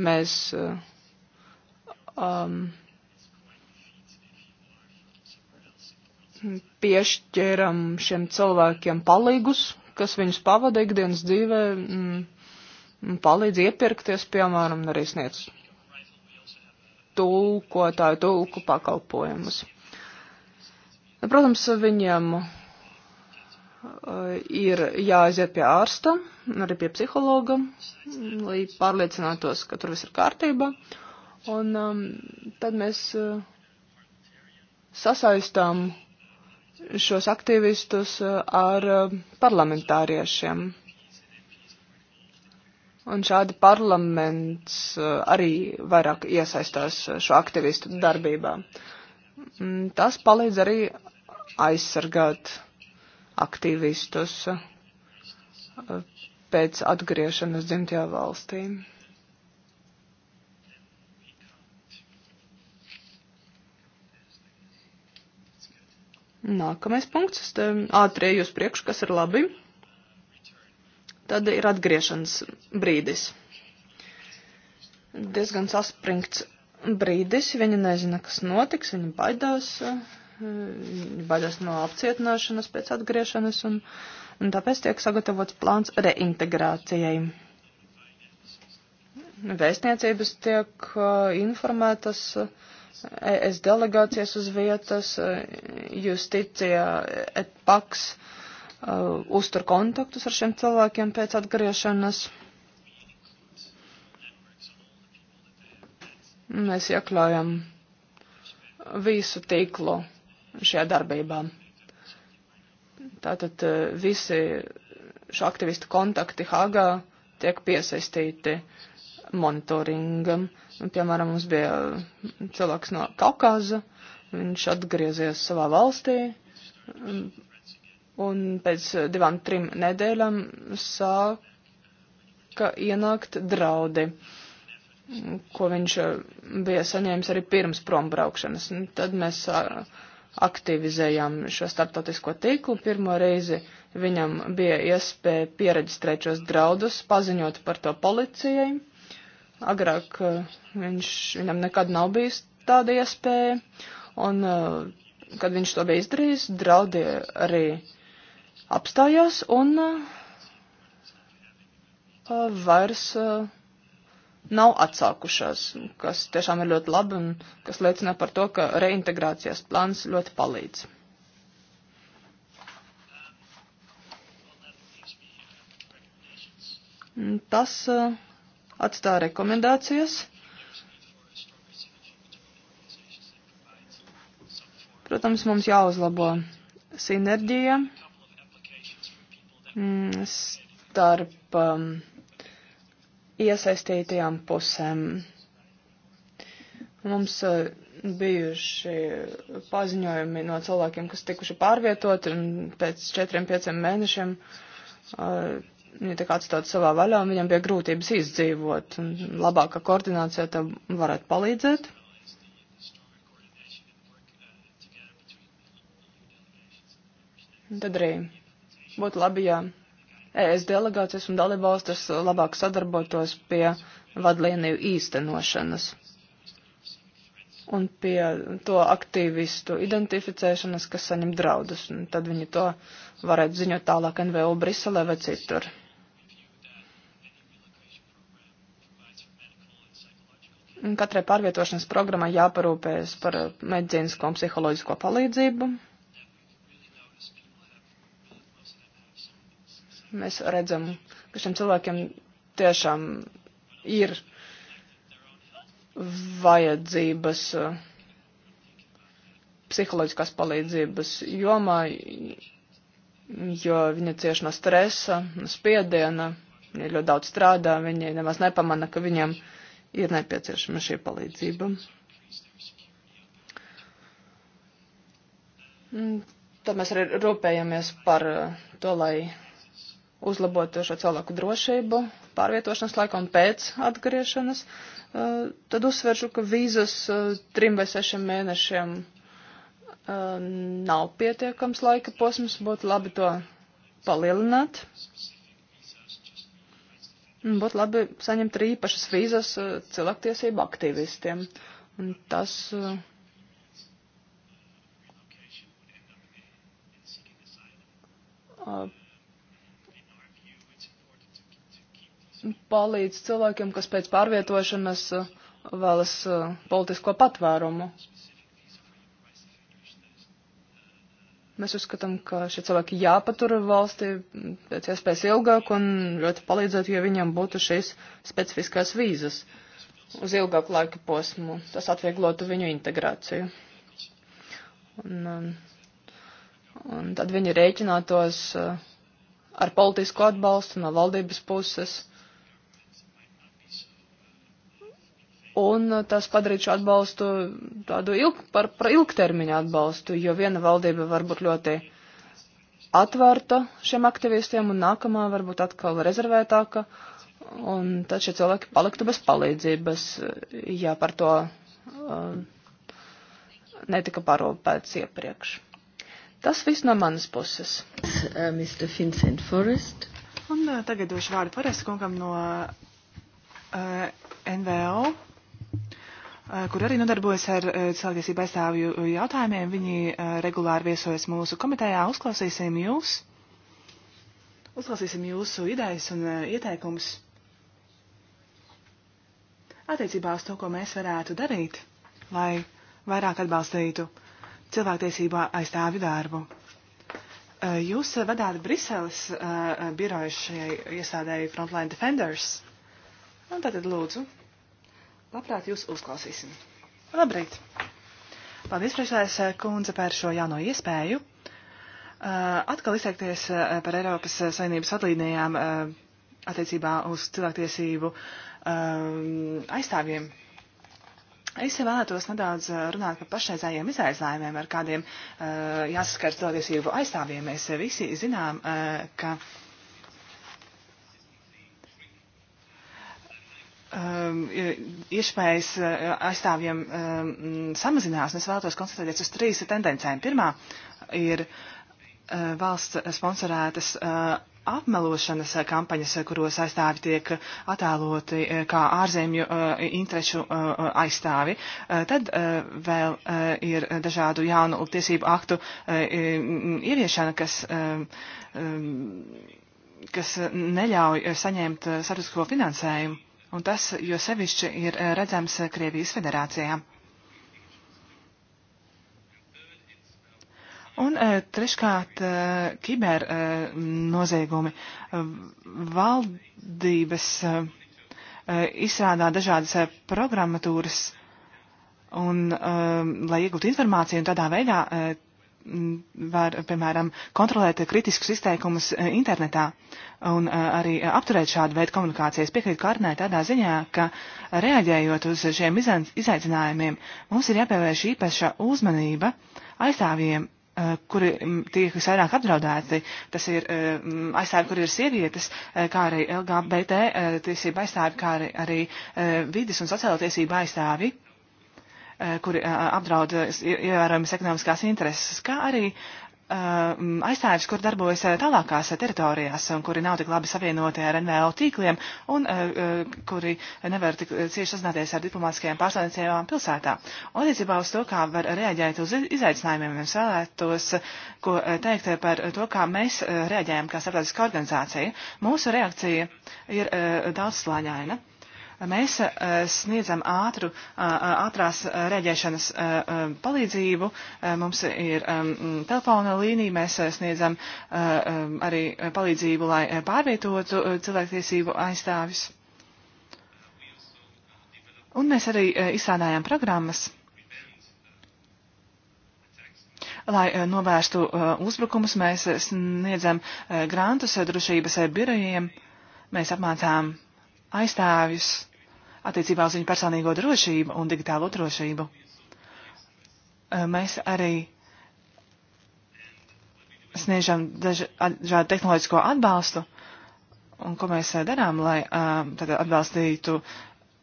mēs um, piešķēram šiem cilvēkiem palīgus, kas viņus pavada ikdienas dzīvē, mm, palīdz iepirkties, piemēram, arī sniedz tulkotāju tulku pakalpojumus. Protams, viņiem eh, ir jāaiziet pie ārsta, arī pie psihologa, lai pārliecinātos, ka tur viss ir kārtībā. Un um, tad mēs uh, sasaistām uh, šos aktīvistus uh, ar uh, parlamentāriešiem. Un šādi parlaments uh, arī vairāk iesaistās šo aktīvistu darbībā. Mm, tas palīdz arī aizsargāt aktīvistus pēc atgriešanas dzimtajā valstīm. Nākamais punkts, es te ātrie jūs priekš, kas ir labi. Tad ir atgriešanas brīdis. Diezgan saspringts brīdis, viņa nezina, kas notiks, viņa baidās, viņa baidās no apcietināšanas pēc atgriešanas, un, un tāpēc tiek sagatavots plāns reintegrācijai. Vēstniecības tiek informētas. Uh, es delegācijas uz vietas, e, justicija, etpaks e, uztur kontaktus ar šiem cilvēkiem pēc atgriešanas. Mēs iekļaujam visu tīklu šajā darbībā. Tātad e, visi šo aktivistu kontakti Hagā tiek piesaistīti uh, monitoringam. Nu, piemēram, mums bija cilvēks no Kaukaza, viņš atgriezies savā valstī un pēc divām, trim nedēļām sāka ienākt draudi, ko viņš bija saņēmis arī pirms prombraukšanas. Un tad mēs aktivizējām šo starptautisko tīklu. Pirmo reizi viņam bija iespēja pieregistrēt šos draudus, paziņot par to policijai. Agrāk eh, viņš, viņam nekad nav bijis tāda iespēja, un eh, kad viņš to bija izdarījis, draudi arī apstājās un eh, vairs nav atsākušās, kas tiešām ir ļoti labi un kas liecina par to, ka reintegrācijas plāns ļoti palīdz. Tas uh, atstā rekomendācijas. Protams, mums jāuzlabo sinerģija mm, starp um, iesaistītajām pusēm. Mums uh, bijuši paziņojumi no cilvēkiem, kas tikuši pārvietoti un pēc četriem, pieciem mēnešiem uh, viņi nu, tika atstāti savā vaļā un viņam bija grūtības izdzīvot. Un labāka koordinācija tam varētu palīdzēt. Tad arī būtu labi, ja ES delegācijas un dalībvalstis labāk sadarbotos pie vadlīniju īstenošanas un pie to aktīvistu identificēšanas, kas saņem draudus. Un tad viņi to varētu ziņot tālāk NVO Briselē vai citur. Katrai pārvietošanas programmai jāparūpējas par medicīnisko un psiholoģisko palīdzību. Mēs redzam, ka šiem cilvēkiem tiešām ir vajadzības eh, psiholoģiskās palīdzības jomā, jo viņa cieši no stresa, no spiediena, viņi ļoti daudz strādā, viņi nemaz nepamana, ka viņiem. Uh, ir nepieciešama šī palīdzība. Tā mēs arī rūpējamies par uh, to, lai uzlabotu šo cilvēku drošību pārvietošanas laikā un pēc atgriešanas. Uh, tad uzsveršu, ka vīzas uh, trim vai sešiem mēnešiem nav pietiekams laika posms, būtu labi to palielināt. Mm, būtu labi saņemt arī īpašas vīzas eh, cilvēktiesību aktīvistiem. Un tas. Uh, palīdz cilvēkiem, kas pēc pārvietošanas eh, vēlas politisko patvērumu. Mēs uzskatām, ka šie cilvēki jāpatur valstī pēc iespējas ilgāk un ļoti palīdzētu, ja viņam būtu šīs specifiskās vīzas uz ilgāku laika posmu. Tas atvieglotu viņu integrāciju. Un, um, un tad viņi rēķinātos uh, ar politisko atbalstu no valdības puses. un tas padarīt šo atbalstu tādu ilg, par, par ilgtermiņu atbalstu, jo viena valdība var būt ļoti atvērta šiem aktivistiem, un nākamā varbūt atkal rezervētāka, un tad šie cilvēki paliktu bez palīdzības, ja par to uh, netika parūpēts iepriekš. Tas viss no manas puses. Uh, Mr. Vincent Forrest. Un uh, tagad došu vārdu Forrest kungam no uh, NVO Eh, kur arī nodarbojas ar eh, cilvēktiesību aizstāvju jautājumiem. Viņi eh, regulāri viesojas mūsu komitejā. Uzklausīsim jūs. Uzklausīsim jūsu idejas un ieteikumus attiecībā uz to, ko mēs varētu darīt, lai vairāk atbalstītu cilvēktiesībā aizstāvju darbu. Jūs vadāt Briseles biroju šajai iestādēji Frontline Defenders. Un tātad lūdzu, Labprāt, jūs uzklausīsim. Labrīt! Paldies, priekšsēdētājas eh, kundze, par šo jauno iespēju. Eh, atkal izteikties eh, par Eiropas Savienības atlīnijām attiecībā uz cilvēktiesību aizstāvjiem. Es vēlētos nedaudz runāt par pašreizējiem izaicinājumiem, ar kādiem jāsaskars cilvēktiesību aizstāvjiem. Mēs visi zinām, ka Um, iespējas uh, aizstāvjiem um, samazinās, un es vēlētos koncentrēties uz trīs tendencēm. Pirmā ir uh, valsts sponsorētas uh, apmelošanas kampaņas, kuros aizstāvi tiek attēloti kā ārzemju interešu aizstāvi. Tad vēl ir dažādu jaunu tiesību aktu ieviešana, kas um, kas neļauj saņemt sabiedrisko finansējumu un tas jo sevišķi ir eh, redzams eh, Krievijas federācijā. Un eh, treškārt, kiber noziegumi. Valdības izstrādā dažādas programmatūras, un, lai iegūtu informāciju, un tādā veidā Mm, var, piemēram, kontrolēt kritiskus izteikumus eh, internetā un eh, arī eh, apturēt šādu veidu komunikācijas. Piekrītu Kārnē tādā ziņā, ka reaģējot uz šiem izaicinājumiem, mums ir jāpievērš īpaša uzmanība aizstāvjiem kuri mm, tiek visvairāk apdraudēti, tas ir mm, aizstāvi, kur ir sievietes, kā arī LGBT tiesība aizstāvi, kā arī, arī vidas un sociāla tiesība aizstāvi. Eh, kuri eh, apdraud eh, ievērojams ekonomiskās intereses, kā arī aizstāvis, kur darbojas tālākās teritorijās un kuri nav tik labi savienoti ar NVO tīkliem un kuri nevar tik cieši sazināties ar diplomātiskajām pārstāvniecībām pilsētā. Un attiecībā uz to, kā var reaģēt uz izaicinājumiem, es vēlētos, ko teikt par to, kā mēs reaģējam kā starptautiskā organizācija. Mūsu reakcija ir daudzslāņaina Mēs eh, sniedzam ātru, eh, eh, ātrās rēģēšanas palīdzību, mums ir telefona līnija, mēs sniedzam arī palīdzību, lai pārvietotu cilvēktiesību aizstāvis. Un mēs arī izstrādājām programmas, lai novērstu uzbrukumus. Mēs sniedzam grantus drošības birojiem, mēs apmācām aizstāvjus attiecībā uz viņu personīgo drošību un digitālo drošību. Mēs arī sniedzam dažādu tehnoloģisko atbalstu, un ko mēs darām, lai tad, atbalstītu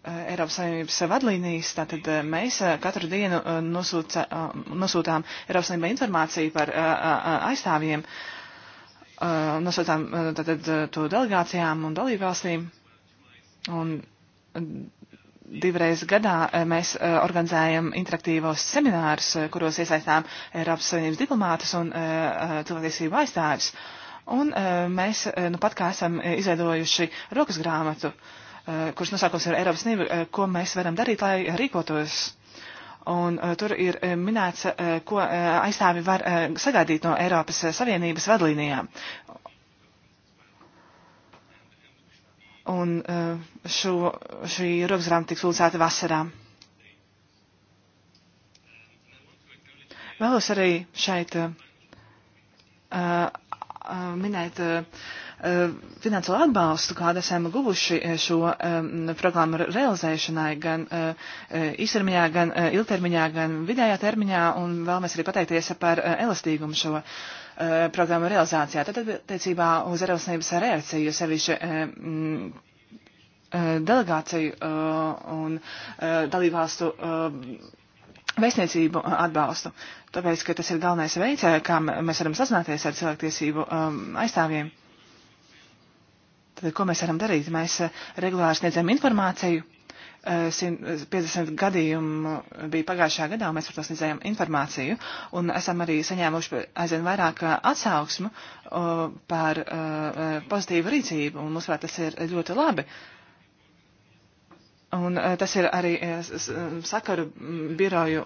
Eiropas Savienības vadlīnijas. Tātad mēs katru dienu nosūca, nosūtām Eiropas Savienībā informāciju par aizstāvjiem, nosūtām tātad to delegācijām un dalībvalstīm. Un divreiz gadā eh, mēs eh, organizējam interaktīvos seminārus, eh, kuros iesaistām Eiropas Savienības diplomātus un cilvēktiesību aizstāvis. Un mēs nu pat kā esam izveidojuši rokas grāmatu, kuras nosaukums ir Eiropas Savienība, ko mēs varam darīt, lai rīkotos. Un tur ir minēts, ko aizstāvi var sagaidīt no Eiropas Savienības vadlīnijām. un e, šo, šī robežrāma tiks publicēta vasarā. Vēlos arī šeit uh, uh, minēt uh, Eh, finansiālo atbalstu, kādu esam guvuši eh, šo programmu realizēšanai, gan eh, īstermiņā, gan ilgtermiņā, gan vidējā termiņā, un vēlamies arī pateikties par elastīgumu šo programmu realizācijā. Tad attiecībā uz Eiropas Savienības reakciju sevišķi delegāciju un dalībvalstu vēstniecību atbalstu, tāpēc, ka tas ir galvenais veids, kā mēs varam sazināties ar cilvēktiesību aizstāvjiem. Tad, ko mēs varam darīt? Mēs eh, regulāri sniedzam informāciju. 150 eh, eh, gadījumu bija pagājušā gadā, un mēs par to sniedzējām informāciju, un esam arī saņēmuši aizvien vairāk atsauksmu par pozitīvu rīcību, un mums vēl tas ir ļoti labi. Un tas ir arī sakaru mm, biroju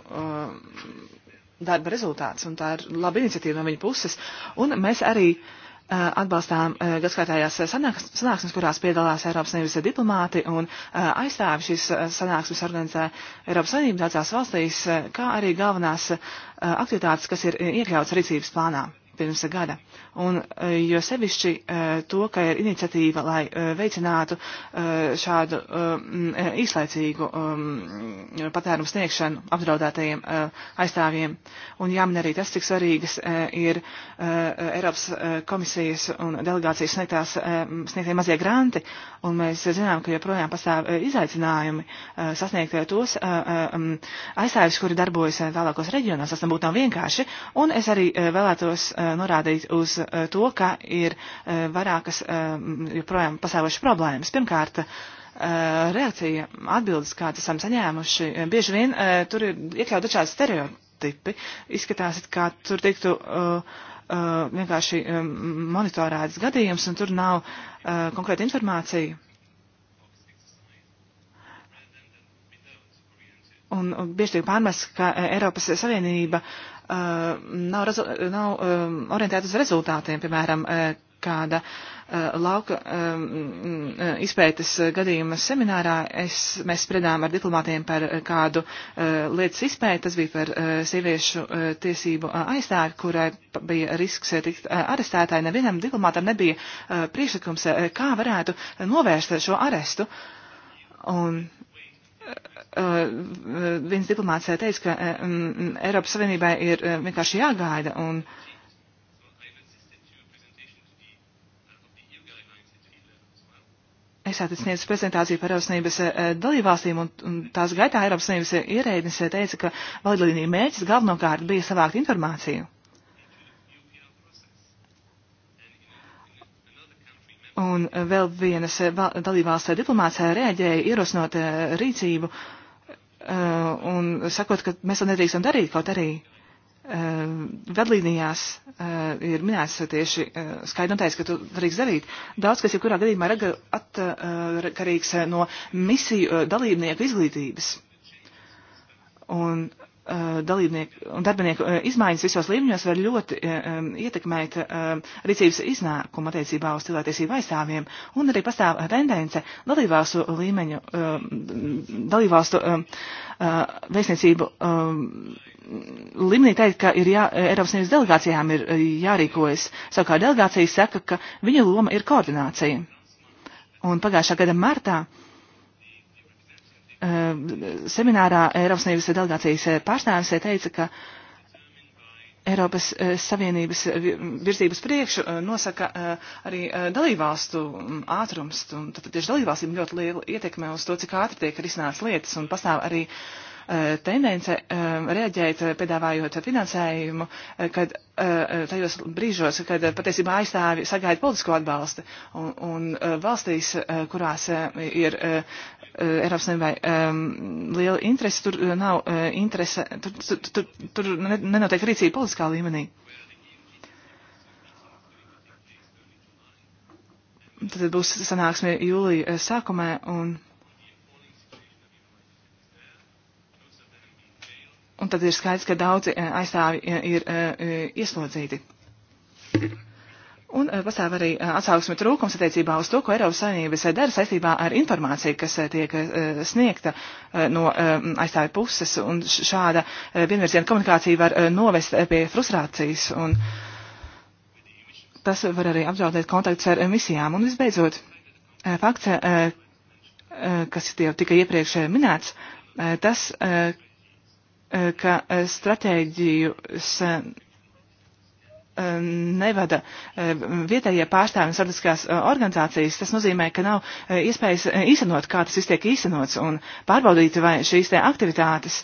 darba rezultāts, un tā ir laba iniciatīva no viņa puses. Un mēs arī uh, Eh, atbalstām eh, gadskārtējās eh, sanāksmes, kurās piedalās Eiropas Savienības diplomāti un aizstāvi šīs sanāksmes organizē Eiropas Savienība daudzās valstīs, kā arī galvenās aktivitātes, kas ir iekļautas rīcības plānā pirms gada. Un e, jo sevišķi e, to, ka ir iniciatīva, lai e, veicinātu šādu īslaicīgu patērumu sniegšanu apdraudētajiem aizstāvjiem. Un jāmin arī tas, cik svarīgas ir Eiropas komisijas un delegācijas sniegtās, sniegtie mazie granti. Un mēs zinām, ka joprojām pastāv izaicinājumi sasniegt tos aizstāvjus, kuri darbojas tālākos reģionos. Tas nebūtu nav vienkārši. Un es arī vēlētos norādīt uz Eh, to, ka ir eh, vairākas eh, joprojām pasāvošas problēmas. Pirmkārt, reakcija atbildes, kādas esam saņēmuši, bieži vien tur ir iekļaut dažādi stereotipi. Izskatās, kā tur tiktu vienkārši monitorēts gadījums, un tur nav konkrēta informācija. Un bieži tiek pārmests, ka Eiropas Savienība uh, Uh, nav, rezu, nav um, orientēta uz rezultātiem, piemēram, uh, kāda uh, lauka um, izpētes gadījuma seminārā es, mēs spredām ar diplomātiem par kādu lietas izpēti. Tas bija par sieviešu tiesību aizstāvi, kurai bija risks tikt arestētāji. Nevienam diplomātam nebija priekšlikums, kā varētu novērst šo arestu. Un Uh, viens diplomāts uh, teica, ka uh, Eiropas Savienībai ir vienkārši jāgaida. Un, Es tātad sniedzu prezentāciju par Eiropas Savienības dalībvalstīm, un, un tās gaitā Eiropas Savienības ierēdnis teica, ka valdlīnija mērķis galvenokārt bija savākt informāciju. Un vēl vienas dalībvalsts diplomāts reaģēja ierosinot rīcību uh, Eh, un sakot, ka mēs to nedrīkstam darīt, kaut arī eh, vadlīnijās eh, ir minēts tieši skaidrotais, ka to drīkst darīt. Daudz kas jebkurā gadījumā ir atkarīgs no misiju dalībnieku izglītības. Un Uh, dalībnieku un darbinieku uh, izmaiņas visos līmeņos var ļoti uh, um, ietekmēt rīcības iznākumu attiecībā uz cilvēktiesību aizstāvjiem, un arī pastāv tendence dalībvalstu līmeņu, um, dalībvalstu um, vēstniecību līmenī teikt, ka ir jā, Eiropas Savienības delegācijām ir jārīkojas. Savukārt delegācijas saka, ka viņu loma ir koordinācija. Un pagājušā gada martā uh, seminārā Eiropas Savienības delegācijas pārstāvis teica, ka Eiropas eh, Savienības virzības priekšu eh, nosaka eh, arī dalībvalstu mm, ātrums. Tad tieši dalībvalstīm ļoti liela ietekme uz to, cik ātri tiek risināts lietas un pastāv arī tendence reaģēt, piedāvājot finansējumu, kad tajos brīžos, kad patiesībā aizstāvi sagaida politisko atbalstu. Un, un valstīs, kurās ir Eh, Eiropas Savienībai um, liela interese, tur eh, nav uh, interese, tur, tur, tur, tur nenotiek rīcība politiskā līmenī. Tad būs sanāksme jūlija sākumā un. Un tad ir skaidrs, ka daudzi aizstāvi ir ieslodzīti. Thank you. Un eh, pastāv arī eh, atsauksme trūkums attiecībā uz to, ko Eiropas Savienības eh, dara saistībā ar informāciju, kas tiek sniegta no aizstāvja puses, un šāda vienvirziena komunikācija var novest pie frustrācijas, un tas var arī apdraudēt kontaktus ar misijām. Un visbeidzot, fakts, kas jau tika iepriekš minēts, tas, ka stratēģijas Um, nevada uh, vietējie pārstāvji un sardiskās uh, organizācijas, tas nozīmē, ka nav uh, iespējas īstenot, kā tas viss tiek īstenots un pārbaudīt, vai šīs te aktivitātes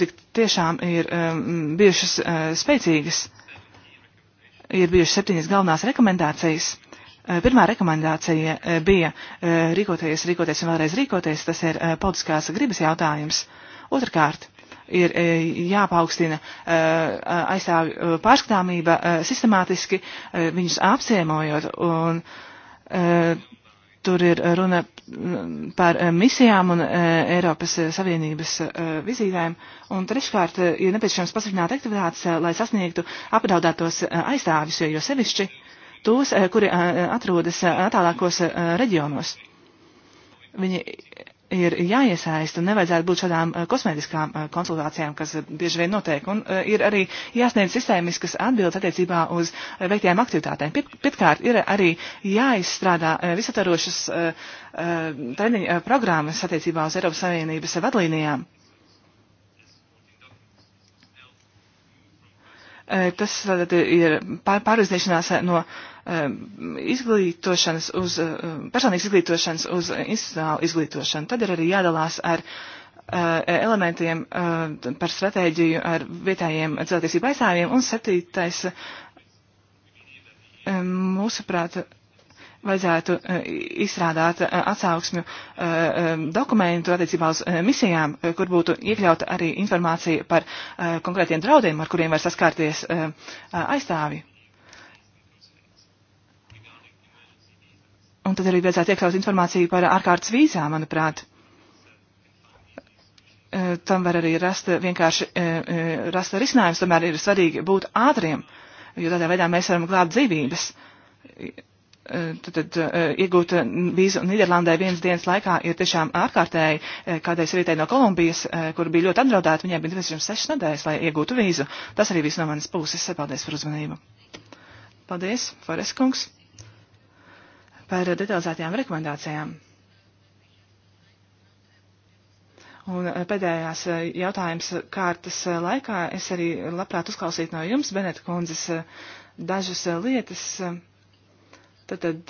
tik tiešām ir um, bijušas spēcīgas. Ir bijušas septiņas galvenās rekomendācijas. Pirmā rekomendācija bija rīkoties, rīkoties un vēlreiz rīkoties. Tas ir politiskās gribas jautājums. Otrakārt, ir e, jāpaukstina e, aizstāvju e, pārskatāmība sistemātiski, viņus apciemojot. Un, Tur ir runa par misijām un Eiropas Savienības vizītēm. Un treškārt ir nepieciešams pasargāt aktivitātes, lai sasniegtu apdraudētos aizstāvis, jo sevišķi tos, kuri atrodas attālākos reģionos. Viņi ir jāiesaista un nevajadzētu būt šādām eh, kosmētiskām eh, konsultācijām, kas eh, bieži vien notiek. Un ir arī jāsniedz sistēmiskas atbildes attiecībā uz veiktajām aktivitātēm. Pirmkārt, ir arī jāizstrādā visatarošas treniņa programmas attiecībā uz Eiropas Savienības vadlīnijām. Tas tātad ir pārizniešanās no uh, Um, izglītošanas uz, uh, um, personīgas izglītošanas uz institucionālu izglītošanu. Tad ir arī jādalās ar uh, elementiem uh, par stratēģiju ar vietējiem cilvēktiesību aizstāvjiem. Un septītais, um, mūsuprāt, vajadzētu izstrādāt atsauksmju dokumentu attiecībā uz misijām, kur būtu iekļauta arī informācija par konkrētiem draudiem, ar kuriem var saskārties aizstāvji. Un tad arī vajadzētu iekļaut informāciju par ārkārtas vīzām, manuprāt. E, tam var arī rast vienkārši e, e, rast risinājums, tomēr ir svarīgi būt ātriem, jo tādā veidā mēs varam glābt dzīvības. Tad, tad iegūt vīzu Nīderlandē vienas dienas laikā ir tiešām ārkārtēji. Kādai sievietei no Kolumbijas, kur bija ļoti apdraudēta, viņai bija nepieciešams sešas nedēļas, lai iegūtu vīzu. Tas arī viss no manas puses. Paldies par uzmanību. Paldies, Foreskungs par detalizētajām rekomendācijām. Un eh, pēdējās eh, jautājums kārtas eh, laikā es arī labprāt uzklausītu no jums, Beneta kundzes, dažas lietas. Tātad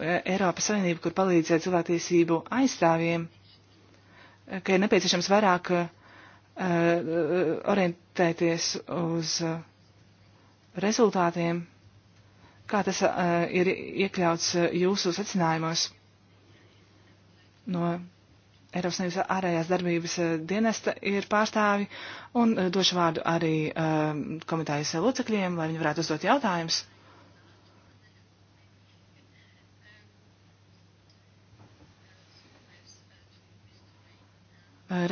Eiropas Savienība, kur palīdzēja cilvēktiesību aizstāvjiem, ka ir nepieciešams vairāk orientēties uz rezultātiem kā tas uh, ir iekļauts uh, jūsu secinājumos no Eiropas Savienības ārējās darbības uh, dienesta ir pārstāvi, un uh, došu vārdu arī um, komitājas locekļiem, lai viņi varētu uzdot jautājumus.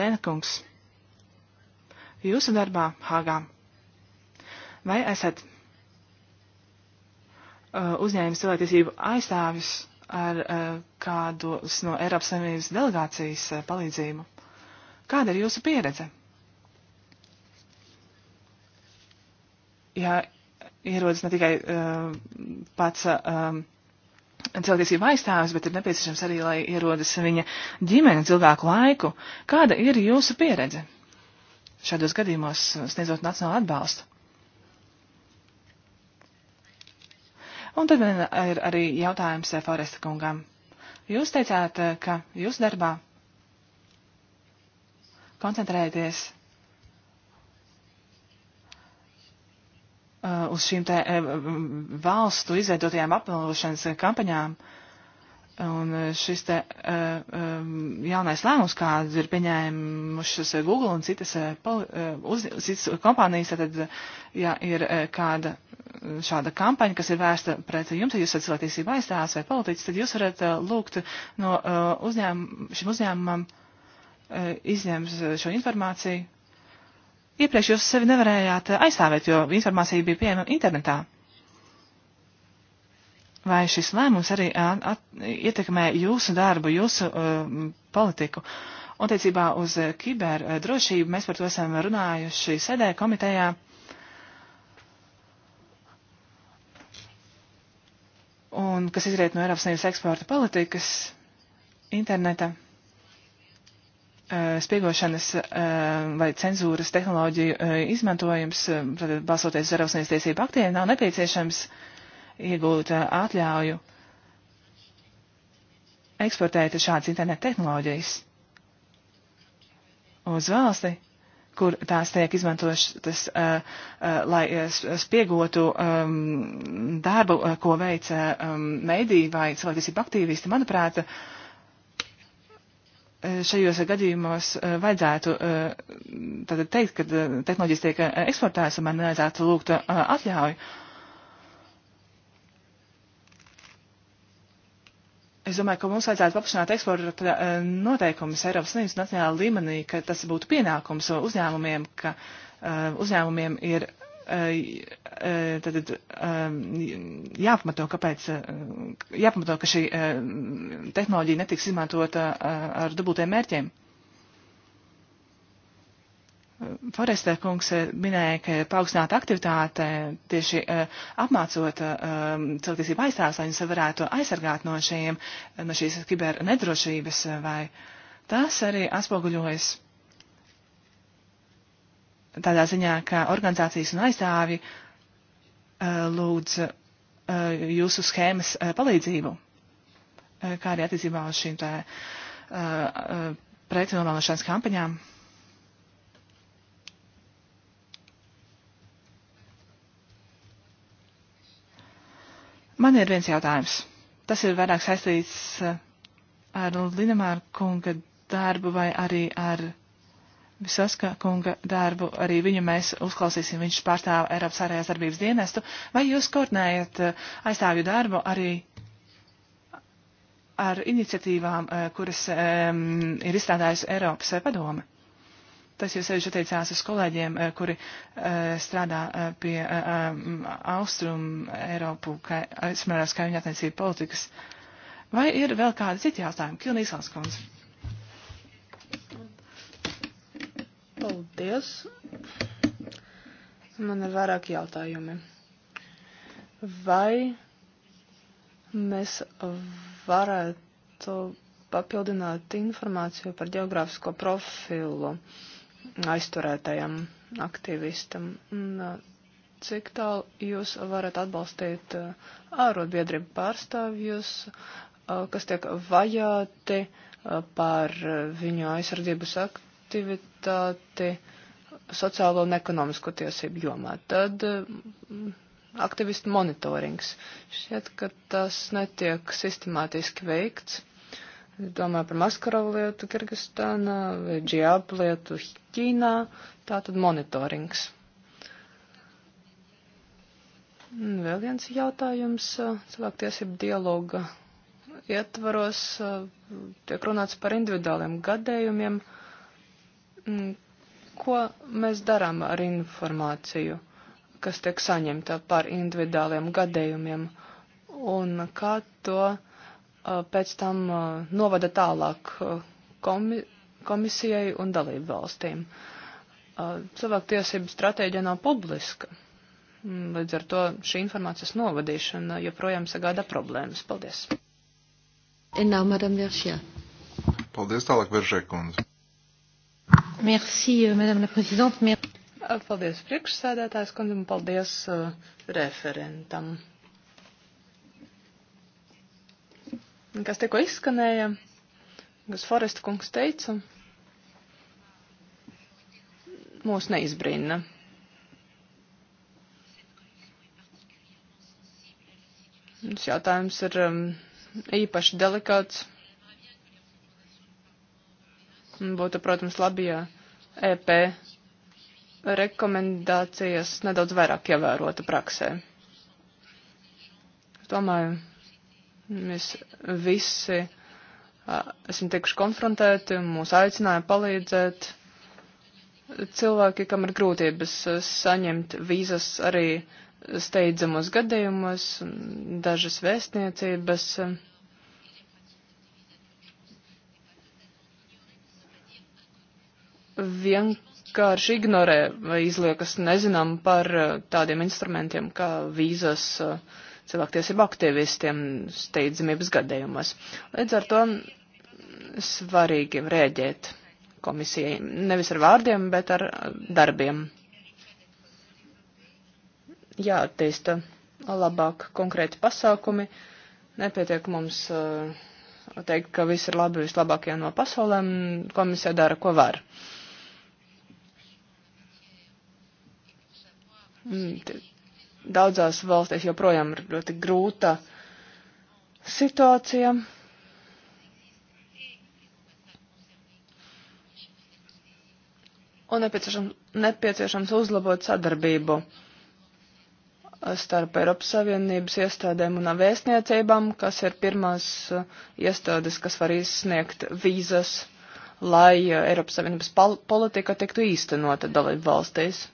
Rēnakungs, jūsu darbā Hāgā, vai esat Uh, uzņēma cilvēktiesību aizstāvis ar uh, kādus no Eiropas Savienības delegācijas uh, palīdzību. Kāda ir jūsu pieredze? Jā, ierodas ne tikai uh, pats uh, um, cilvēktiesība aizstāvis, bet ir nepieciešams arī, lai ierodas viņa ģimenes ilgāku laiku. Kāda ir jūsu pieredze šādos gadījumos sniedzot nacionālu atbalstu? Un tad man ir arī jautājums eh, Foresta kungam. Jūs teicāt, eh, ka jūs darbā koncentrēties eh, uz šīm te valstu izveidotajām apmelošanas kampaņām. Uh, Un eh, šis te eh, eh, jaunais lēmums, kāds ir pieņēmušas Google un citas, uz, citas kompānijas, tad, ja ir kāda šāda kampaņa, kas ir vērsta pret jums, ja jūs esat cilvēktiesība aizstāvis vai politiķis, tad jūs varat lūgt no uzņēm, šim uzņēmumam izņemt šo informāciju. Iepriekš jūs sevi nevarējāt aizstāvēt, jo informācija bija pieejama internetā vai šis lēmums arī at, at, ietekmē jūsu darbu, jūsu uh, politiku. Un teicībā uz kiberdrošību mēs par to esam runājuši sēdē komitejā. Un kas izriet no Eiropas Savienības eksporta politikas interneta spiegošanas vai cenzūras tehnoloģiju izmantojums, tad balsoties uz Eiropas Savienības tiesību aktiem, nav nepieciešams uh, iegūt atļauju eksportēt šādas internetu tehnoloģijas uz valsti, kur tās tiek izmantotas, uh, uh, lai spiegotu um, darbu, ko veic um, mēdī vai cilvēktiesību aktīvisti, manuprāt, šajos gadījumos vajadzētu uh, teikt, ka tehnoloģijas tiek eksportētas un man vajadzētu lūgt atļauju. Es domāju, ka mums vajadzētu paplašināt eksporta uh, noteikumus Eiropas Savienības nacionālā līmenī, ka tas būtu pienākums uzņēmumiem, ka uh, uzņēmumiem ir uh, tad, um, jāpamato, kāpēc, jāpamato, ka šī tehnoloģija netiks izmantota ar dubultiem mērķiem. Forester kungs eh, minēja, ka paaugstināta aktivitāte tieši eh, apmācot eh, cilvēktiesību aizstāvus, lai viņus varētu aizsargāt no, šiem, no šīs kibernedrošības, vai tas arī atspoguļojas tādā ziņā, ka organizācijas un aizstāvi lūdz jūsu schēmas palīdzību, kā arī attiecībā uz šīm tā pretinovēlošanas kampaņām. Man ir viens jautājums. Tas ir vairāk saistīts eh, ar Linamāra kunga darbu vai arī ar Visaska kunga darbu. Arī viņu mēs uzklausīsim. Viņš pārstāv Eiropas ārējās darbības dienestu. Vai jūs koordinējat eh, aizstāvju darbu arī ar iniciatīvām, eh, kuras um, ir izstrādājusi Eiropas padome? Tas jau sevišķi attiecās uz kolēģiem, eh, kuri eh, strādā eh, pie Austrum Eiropu, kā smērās kaimiņu attiecību politikas. Vai ir vēl kādi citi jautājumi? Kilnīsons kundze. Paldies. Man ir vairāk jautājumi. Vai mēs varētu papildināt informāciju par geogrāfisko profilu? Uh, aizturētajam aktīvistam. Un, uh, cik tālu jūs varat atbalstīt uh, ārotbiedrību pārstāvjus, uh, kas tiek vajāti par viņu aizsardzības aktivitāti sociālo un ekonomisko tiesību jomā. Tad aktivistu monitorings. Šķiet, ka tas netiek sistemātiski veikts. Domāju par Maskarovu lietu Kirgistānā vai Džiābu lietu Ķīnā, tātad monitorings. Vēl viens jautājums eh, cilvēktiesību dialoga ietvaros eh, tiek runāts par individuāliem gadējumiem. Mm, ko mēs darām ar informāciju, kas tiek saņemta par individuāliem gadējumiem un kā to eh, pēc tam novada tālāk komisija? komisijai un dalību valstīm. Uh, Cilvēku tiesību stratēģija nav publiska. Mm, līdz ar to šī informācijas novadīšana joprojām sagādā problēmas. Paldies. Nav, madam Veršjā. Paldies tālāk, Veržē kundze. Merci, euh, madam la prezidente. Mer... Uh, paldies priekšsēdētājs kundze un paldies uh, referentam. Kas tikko izskanēja? kas Foresta kungs teica, mūs neizbrīna. Šis jautājums ir um, īpaši delikāts. Būtu, protams, labi, ja EP rekomendācijas nedaudz vairāk ievērota praksē. Es domāju, mēs visi esam tikuši konfrontēti, mūs aicināja palīdzēt. Cilvēki, kam ir grūtības saņemt vīzas arī steidzamos gadījumos, dažas vēstniecības. vienkārši ignorē vai izliekas nezinām par tādiem instrumentiem kā vīzas cilvēktiesību aktīvistiem steidzamības gadījumos. Līdz ar to svarīgi rēģēt komisijai. Nevis ar vārdiem, bet ar darbiem. Jāattīsta labāk konkrēti pasākumi. Nepietiek mums uh, teikt, ka viss ir labi vislabākajā no pasaulēm. Komisija dara, ko var. Daudzās valstīs joprojām ir ļoti grūta situācija. un nepieciešams, nepieciešams uzlabot sadarbību eh, starp Eiropas Savienības iestādēm un vēstniecībām, kas ir pirmās eh, iestādes, kas var izsniegt vīzas, lai eh, Eiropas Savienības politika tiktu īstenota dalību valstīs.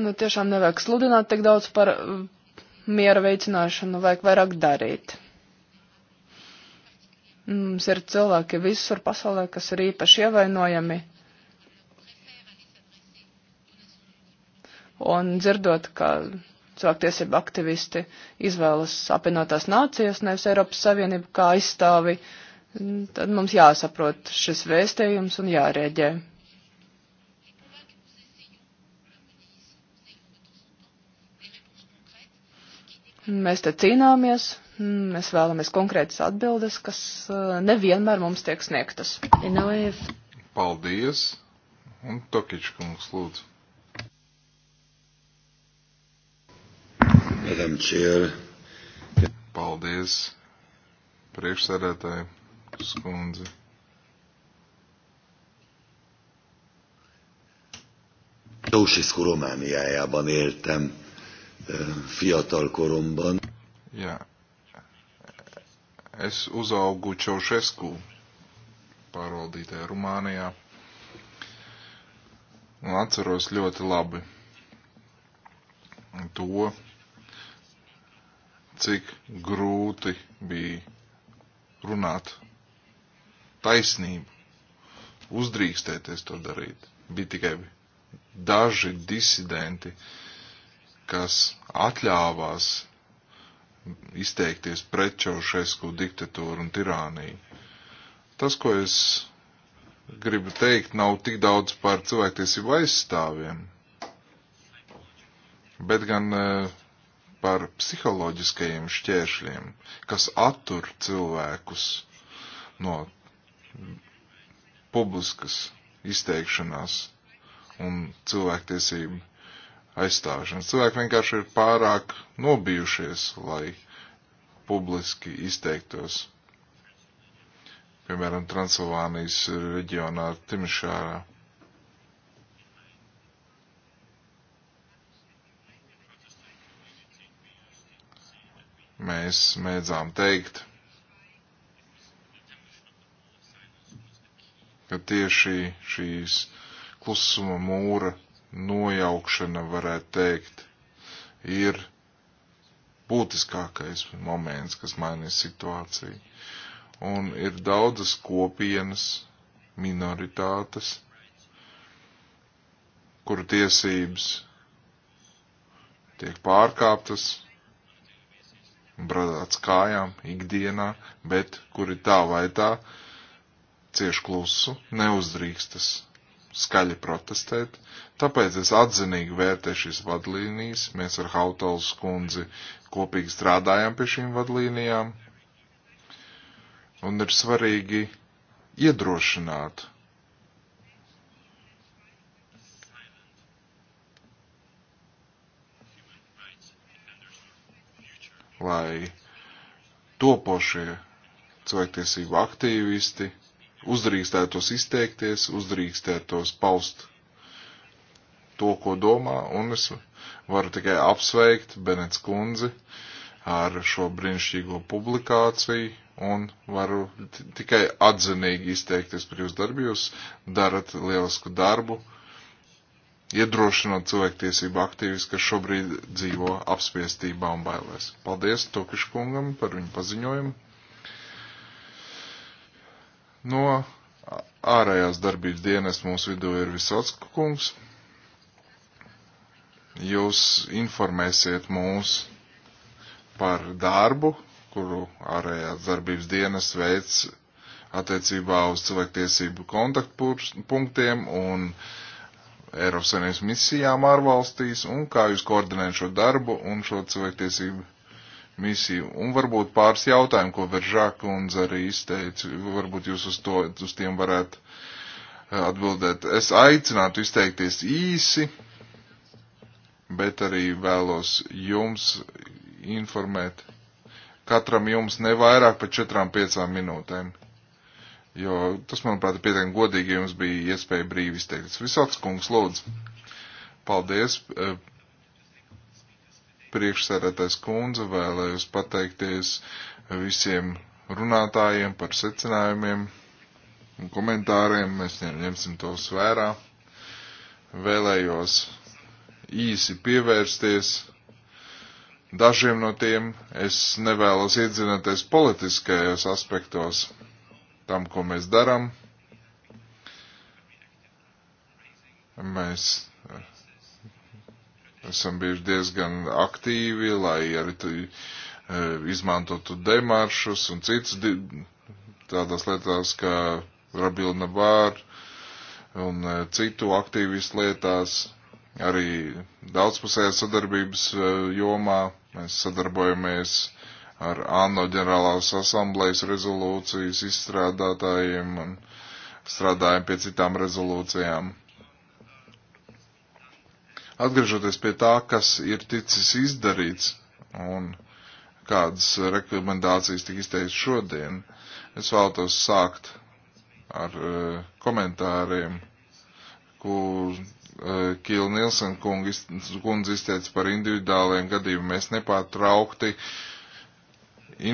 Nu, tiešām nevajag sludināt tik daudz par miera veicināšanu vajag vairāk darīt. Mums ir cilvēki visur pasaulē, kas ir īpaši ievainojami. Un dzirdot, ka cilvēktiesība aktivisti izvēlas apvienotās nācijas, nevis Eiropas Savienību kā aizstāvi, tad mums jāsaprot šis vēstījums un jārēģē. Mēs te cīnāmies, mēs vēlamies konkrētas atbildes, kas eh, nevienmēr mums tiek sniegtas. Paldies! Un Tokič kungs, lūdzu. Madam Chair. Paldies, priekšsēdētāji, skundzi. Ceausescu Romániájában éltem, fiatal koromban. Jā. Es uzaugu Čaušesku pārvaldītajā Rumānijā un atceros ļoti labi to, cik grūti bija runāt taisnību, uzdrīkstēties to darīt. Bija tikai daži disidenti, uh, kas atļāvās izteikties pret Čaušesku diktatūru un tirāniju. Tas, ko es gribu teikt, nav tik daudz par cilvēktiesību aizstāvjiem, bet gan e, par psiholoģiskajiem šķēršļiem, kas attur cilvēkus no publiskas izteikšanās un cilvēktiesību aizstāšanas. Cilvēki vienkārši ir pārāk nobijušies, lai publiski izteiktos. Piemēram, Transilvānijas reģionā Timišārā. Mēs mēdzām teikt, ka tieši šīs klusuma mūra nojaukšana, varētu teikt, ir būtiskākais moments, kas mainīs situāciju. Un ir daudzas kopienas, minoritātes, kuru tiesības tiek pārkāptas, bradāts kājām ikdienā, bet kuri tā vai tā cieš klusu, neuzdrīkstas skaļi protestēt, tāpēc es atzinīgi vērtēju šīs vadlīnijas. Mēs ar Hautals kundzi kopīgi strādājam pie šīm vadlīnijām, un ir svarīgi iedrošināt. Lai topošie cilvēktiesību aktīvisti uzdrīkstētos izteikties, uzdrīkstētos paust to, ko domā, un es varu tikai apsveikt Benets kundzi ar šo brīnišķīgo publikāciju un varu tikai atzinīgi izteikties par jūsu darbu. Jūs darat lielisku darbu, iedrošinot cilvēktiesību aktīvis, kas šobrīd dzīvo apspiestībā un bailēs. Paldies Tokiškungam par viņu paziņojumu. No ārējās darbības dienas mūsu vidū ir Visotska kungs. Jūs informēsiet mūs par darbu, kuru ārējās darbības dienas veids attiecībā uz cilvēktiesību kontaktpunktiem un Eiropas Savienības misijām ārvalstīs un kā jūs koordinējat šo darbu un šo cilvēktiesību misiju. Un varbūt pāris jautājumu, ko Veržāka un arī izteica, varbūt jūs uz, to, uz tiem varētu eh, atbildēt. Es aicinātu izteikties īsi, bet arī vēlos jums informēt. Katram jums nevairāk par 4-5 minūtēm. Jo tas, manuprāt, ir pietiekami godīgi, ja jums bija iespēja brīvi izteikties. Visāds kungs, lūdzu. Paldies. Eh, priekšsēdētājs kundze, vēlējos pateikties visiem runātājiem par secinājumiem un komentāriem. Mēs ņemsim tos vērā. Vēlējos īsi pievērsties dažiem no tiem. Es nevēlos iedzināties politiskajos aspektos tam, ko mēs darām. Mēs esam bijuši diezgan aktīvi, lai arī tu, e, izmantotu demaršus un cits tādās lietās, kā Rabilna Bār un e, citu aktīvistu lietās, arī daudzpusējā sadarbības e, jomā. Mēs sadarbojamies ar ANO ģenerālās asamblejas rezolūcijas izstrādātājiem un strādājam pie citām rezolūcijām. Atgriežoties pie tā, kas ir ticis izdarīts un kādas rekomendācijas tika izteikts šodien, es vēlētos sākt ar uh, komentāriem, ko uh, e, Kīla Nilsen kundze iz, izteica par individuāliem gadījumiem. Mēs nepārtraukti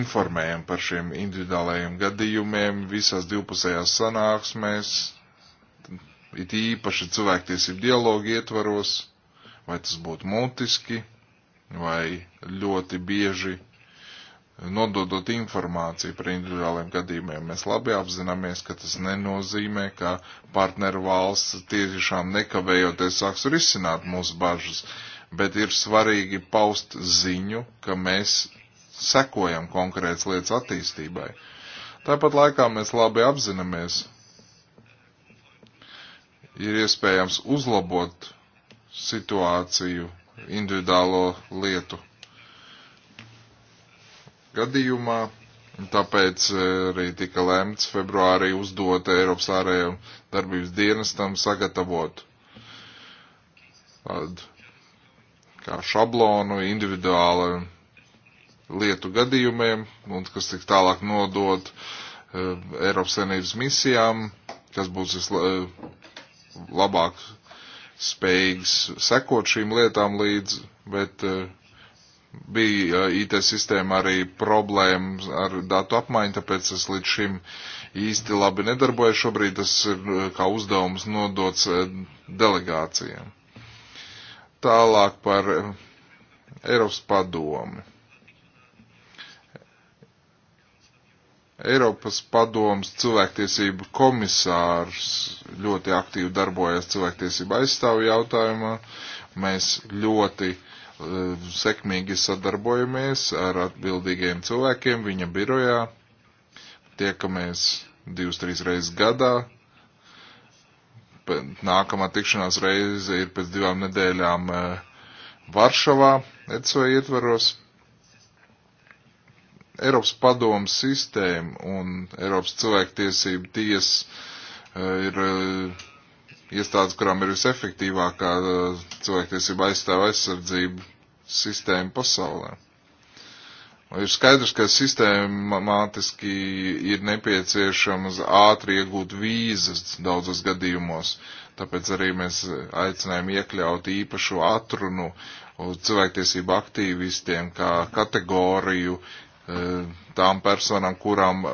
informējam par šiem individuālajiem gadījumiem visās divpusējās sanāksmēs, it īpaši cilvēktiesību dialogu ietvaros vai tas būtu mutiski, vai ļoti bieži nododot informāciju par individuāliem gadījumiem. Mēs labi apzināmies, ka tas nenozīmē, ka partneru valsts tiešām nekavējoties sāks risināt mūsu bažas, bet ir svarīgi paust ziņu, ka mēs sekojam konkrētas lietas attīstībai. Tāpat laikā mēs labi apzināmies, ir iespējams uzlabot situāciju, individuālo lietu gadījumā. Tāpēc e, arī tika lemts februārī uzdot Eiropas ārējiem darbības dienestam sagatavot tādu kā šablonu individuālajiem lietu gadījumiem, un kas tik tālāk nodot uh, Eiropas Savienības misijām, kas būs vislabāk e, uh, spējīgs sekot šīm lietām līdz, bet eh, bija eh, IT sistēma arī problēma ar datu apmaiņu, tāpēc es līdz šim īsti labi nedarboju. Šobrīd tas ir eh, kā uzdevums nodots delegācijām. Tālāk par Eiropas padomi. Eiropas padoms cilvēktiesību komisārs ļoti aktīvi darbojas cilvēktiesību aizstāvu jautājumā. Mēs ļoti uh, sekmīgi sadarbojamies ar atbildīgiem cilvēkiem viņa birojā. Tiekamies divas, trīs reizes gadā. Nākamā tikšanās reize ir pēc divām nedēļām uh, Varšavā, ECO ietvaros. Eiropas padomu sistēma un Eiropas cilvēktiesība tiesa eh, ir eh, iestādes, kurām ir visefektīvākā eh, cilvēktiesība aizstāv aizsardzību sistēma pasaulē. Ir skaidrs, ka sistēmātiski ir nepieciešams ātri iegūt vīzas daudzos gadījumos, tāpēc arī mēs aicinājām iekļaut īpašu atrunu cilvēktiesību aktīvistiem kā kategoriju, E, tām personām, kurām e,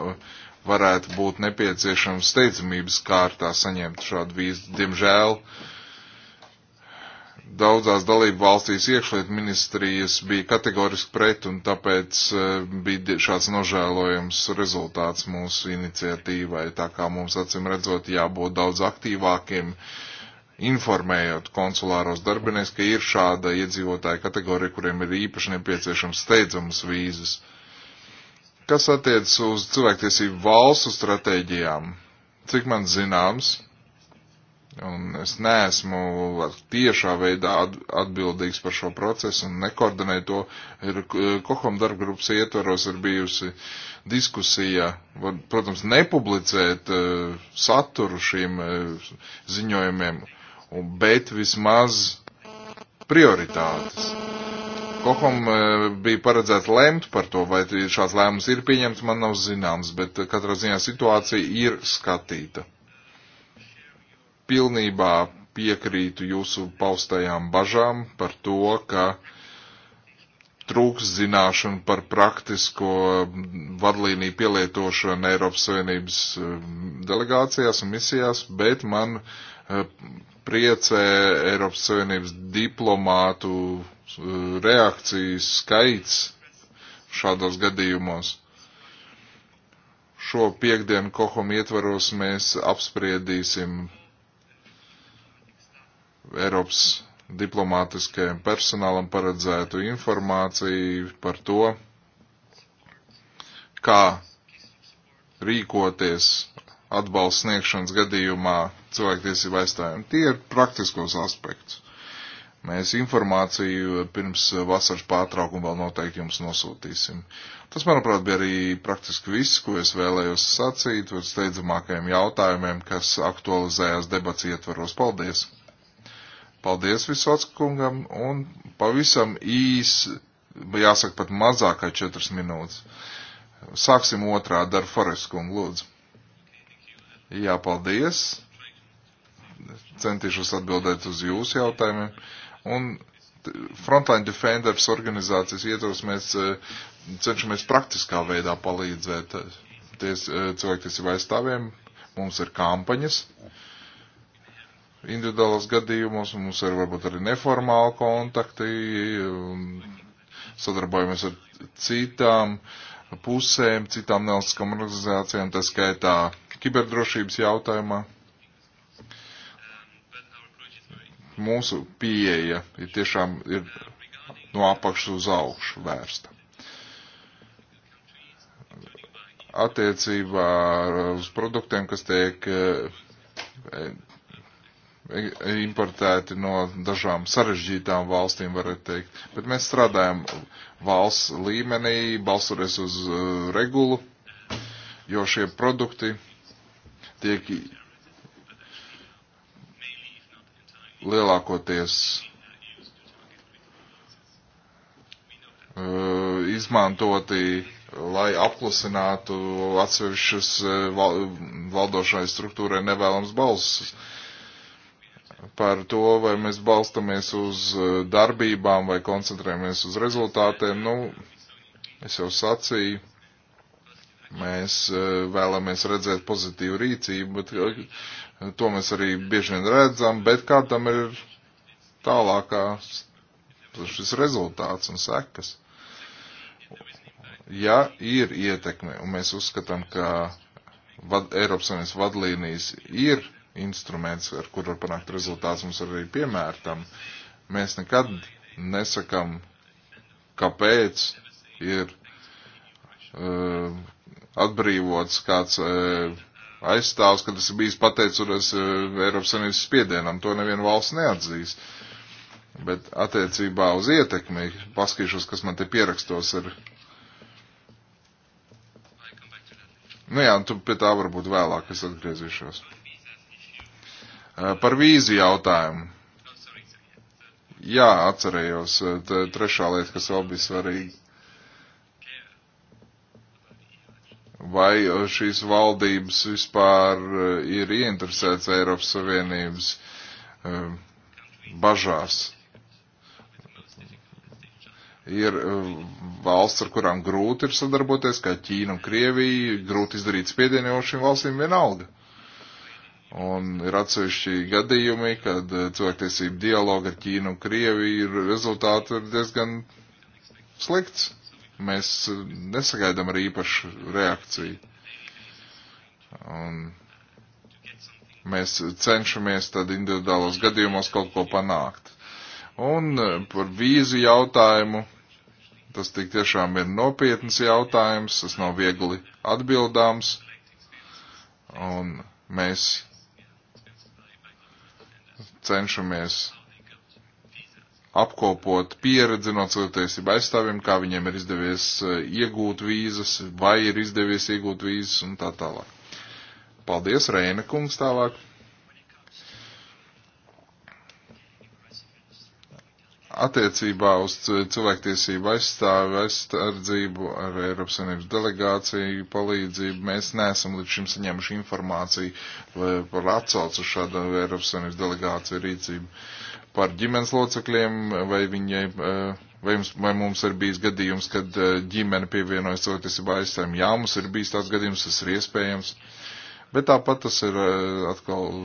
varētu būt nepieciešams steidzamības kārtā saņemt šādu vīzu. Diemžēl daudzās dalību valstīs iekšliet ministrijas bija kategoriski pret, un tāpēc e, bija šāds nožēlojams rezultāts mūsu iniciatīvai. Tā kā mums acim redzot jābūt daudz aktīvākiem informējot konsulāros darbinieks, ka ir šāda iedzīvotāja kategorija, kuriem ir īpaši nepieciešams steidzamas vīzas. Uh, Kas attiecas uz cilvēktiesību valstu stratēģijām? Cik man zināms, un es neesmu tiešā veidā atbildīgs par šo procesu un nekoordinēju to, ir eh, Kohom darbgrupas ietvaros ir bijusi diskusija, var, protams, nepublicēt eh, saturu šīm eh, ziņojumiem, bet vismaz prioritātes Kohom e, bija paredzēts lemt par to, vai šāds lēmums ir pieņemts, man nav zināms, bet katrā ziņā situācija ir skatīta. Pilnībā piekrītu jūsu paustajām bažām par to, ka trūks zināšanu par praktisko vadlīniju pielietošanu Eiropas Savienības e, delegācijās un misijās, bet man e, priecē Eiropas Savienības diplomātu reakcijas skaits šādos gadījumos. Šo piekdienu kohom ietvaros mēs apspriedīsim Eiropas diplomātiskajam personālam paredzētu informāciju par to, kā rīkoties atbalsts sniegšanas gadījumā cilvēktiesību aizstājumiem. Tie ir praktiskos aspektus. Mēs informāciju pirms vasaras pārtraukuma vēl noteikti jums nosūtīsim. Tas, manuprāt, bija arī praktiski viss, ko es vēlējos sacīt uz steidzamākajiem jautājumiem, kas aktualizējās debats ietvaros. Paldies! Paldies Visotskungam un pavisam īs, jāsaka pat mazākai četras minūtes. Sāksim otrā dar Foreskungu, lūdzu. Jā, paldies. Centīšos atbildēt uz jūsu jautājumiem. Un Frontline Defenders organizācijas ietvaros mēs eh, cenšamies praktiskā veidā palīdzēt eh, ties, eh, cilvēktiesību aizstāvjiem. Mums ir kampaņas individuālos gadījumos, mums ir varbūt arī neformāli kontakti, sadarbojamies ar citām pusēm, citām nelstiskām organizācijām, tā skaitā kiberdrošības jautājumā. mūsu pieeja ir tiešām ir no apakšas uz augšu vērsta. Attiecībā uz produktiem, kas tiek e, e, importēti no dažām sarežģītām valstīm, varētu teikt. Bet mēs strādājam valsts līmenī, balsoties uz e, regulu, jo šie produkti tiek lielākoties uh, izmantoti, lai apklusinātu atsevišķas uh, val valdošai struktūrai nevēlams balsis. Par to, vai mēs balstamies uz uh, darbībām vai koncentrējamies uz rezultātiem, nu, es jau sacīju Mēs e, vēlamies redzēt pozitīvu rīcību, bet e, to mēs arī bieži vien redzam, bet kā tam ir tālākā šis rezultāts un sekas. Ja ir ietekme, un mēs uzskatām, ka vad, Eiropas Savienības vadlīnijas ir instruments, ar kur var panākt rezultāts, mums arī piemērtam, mēs nekad nesakam, kāpēc ir e, atbrīvots kāds e, aizstāvs, ka tas ir bijis pateicoties e, Eiropas Savienības spiedienam. To neviena valsts neatzīs. Bet attiecībā uz ietekmi, paskatīšos, kas man te pierakstos, ir. Nu jā, tu pie tā varbūt vēlāk es atgriezīšos. E, par vīzu jautājumu. Jā, atcerējos, trešā lieta, kas vēl bija svarīga. vai uh, šīs valdības vispār uh, ir ieinteresēts Eiropas Savienības uh, bažās. Ir valsts, ar kurām grūti ir sadarboties, kā Ķīna un Krievija, grūti izdarīt spiedienu jau šīm valstīm vienalga. Un ir atsevišķi gadījumi, kad cilvēktiesību dialoga ar Ķīnu un Krieviju ir rezultāti ir diezgan slikts mēs uh, nesagaidām arī īpašu reakciju. Un mēs cenšamies tad individuālos gadījumos kaut ko panākt. Un uh, par vīzu jautājumu, tas tik tiešām ir nopietns jautājums, tas nav viegli atbildāms. Un mēs cenšamies apkopot pieredzi no cilvēktiesību aizstāvjiem, kā viņiem ir izdevies eh, iegūt vīzas, vai ir izdevies iegūt vīzas un tā tālāk. Paldies, Reina kungs, tālāk. Attiecībā uz cilvēktiesību aizstāvi, aizstardzību ar Eiropas Savienības delegāciju palīdzību mēs neesam līdz šim saņēmuši informāciju eh, par atsaucu šādu Eiropas Savienības delegāciju rīcību. Uh, par ģimenes locekļiem, vai, viņai, eh, vai, jums, vai mums ir bijis gadījums, kad eh, ģimene pievienojas cilvēktiesību aizstāvjiem. Jā, mums ir bijis tāds gadījums, tas ir iespējams, bet tāpat tas ir eh, atkal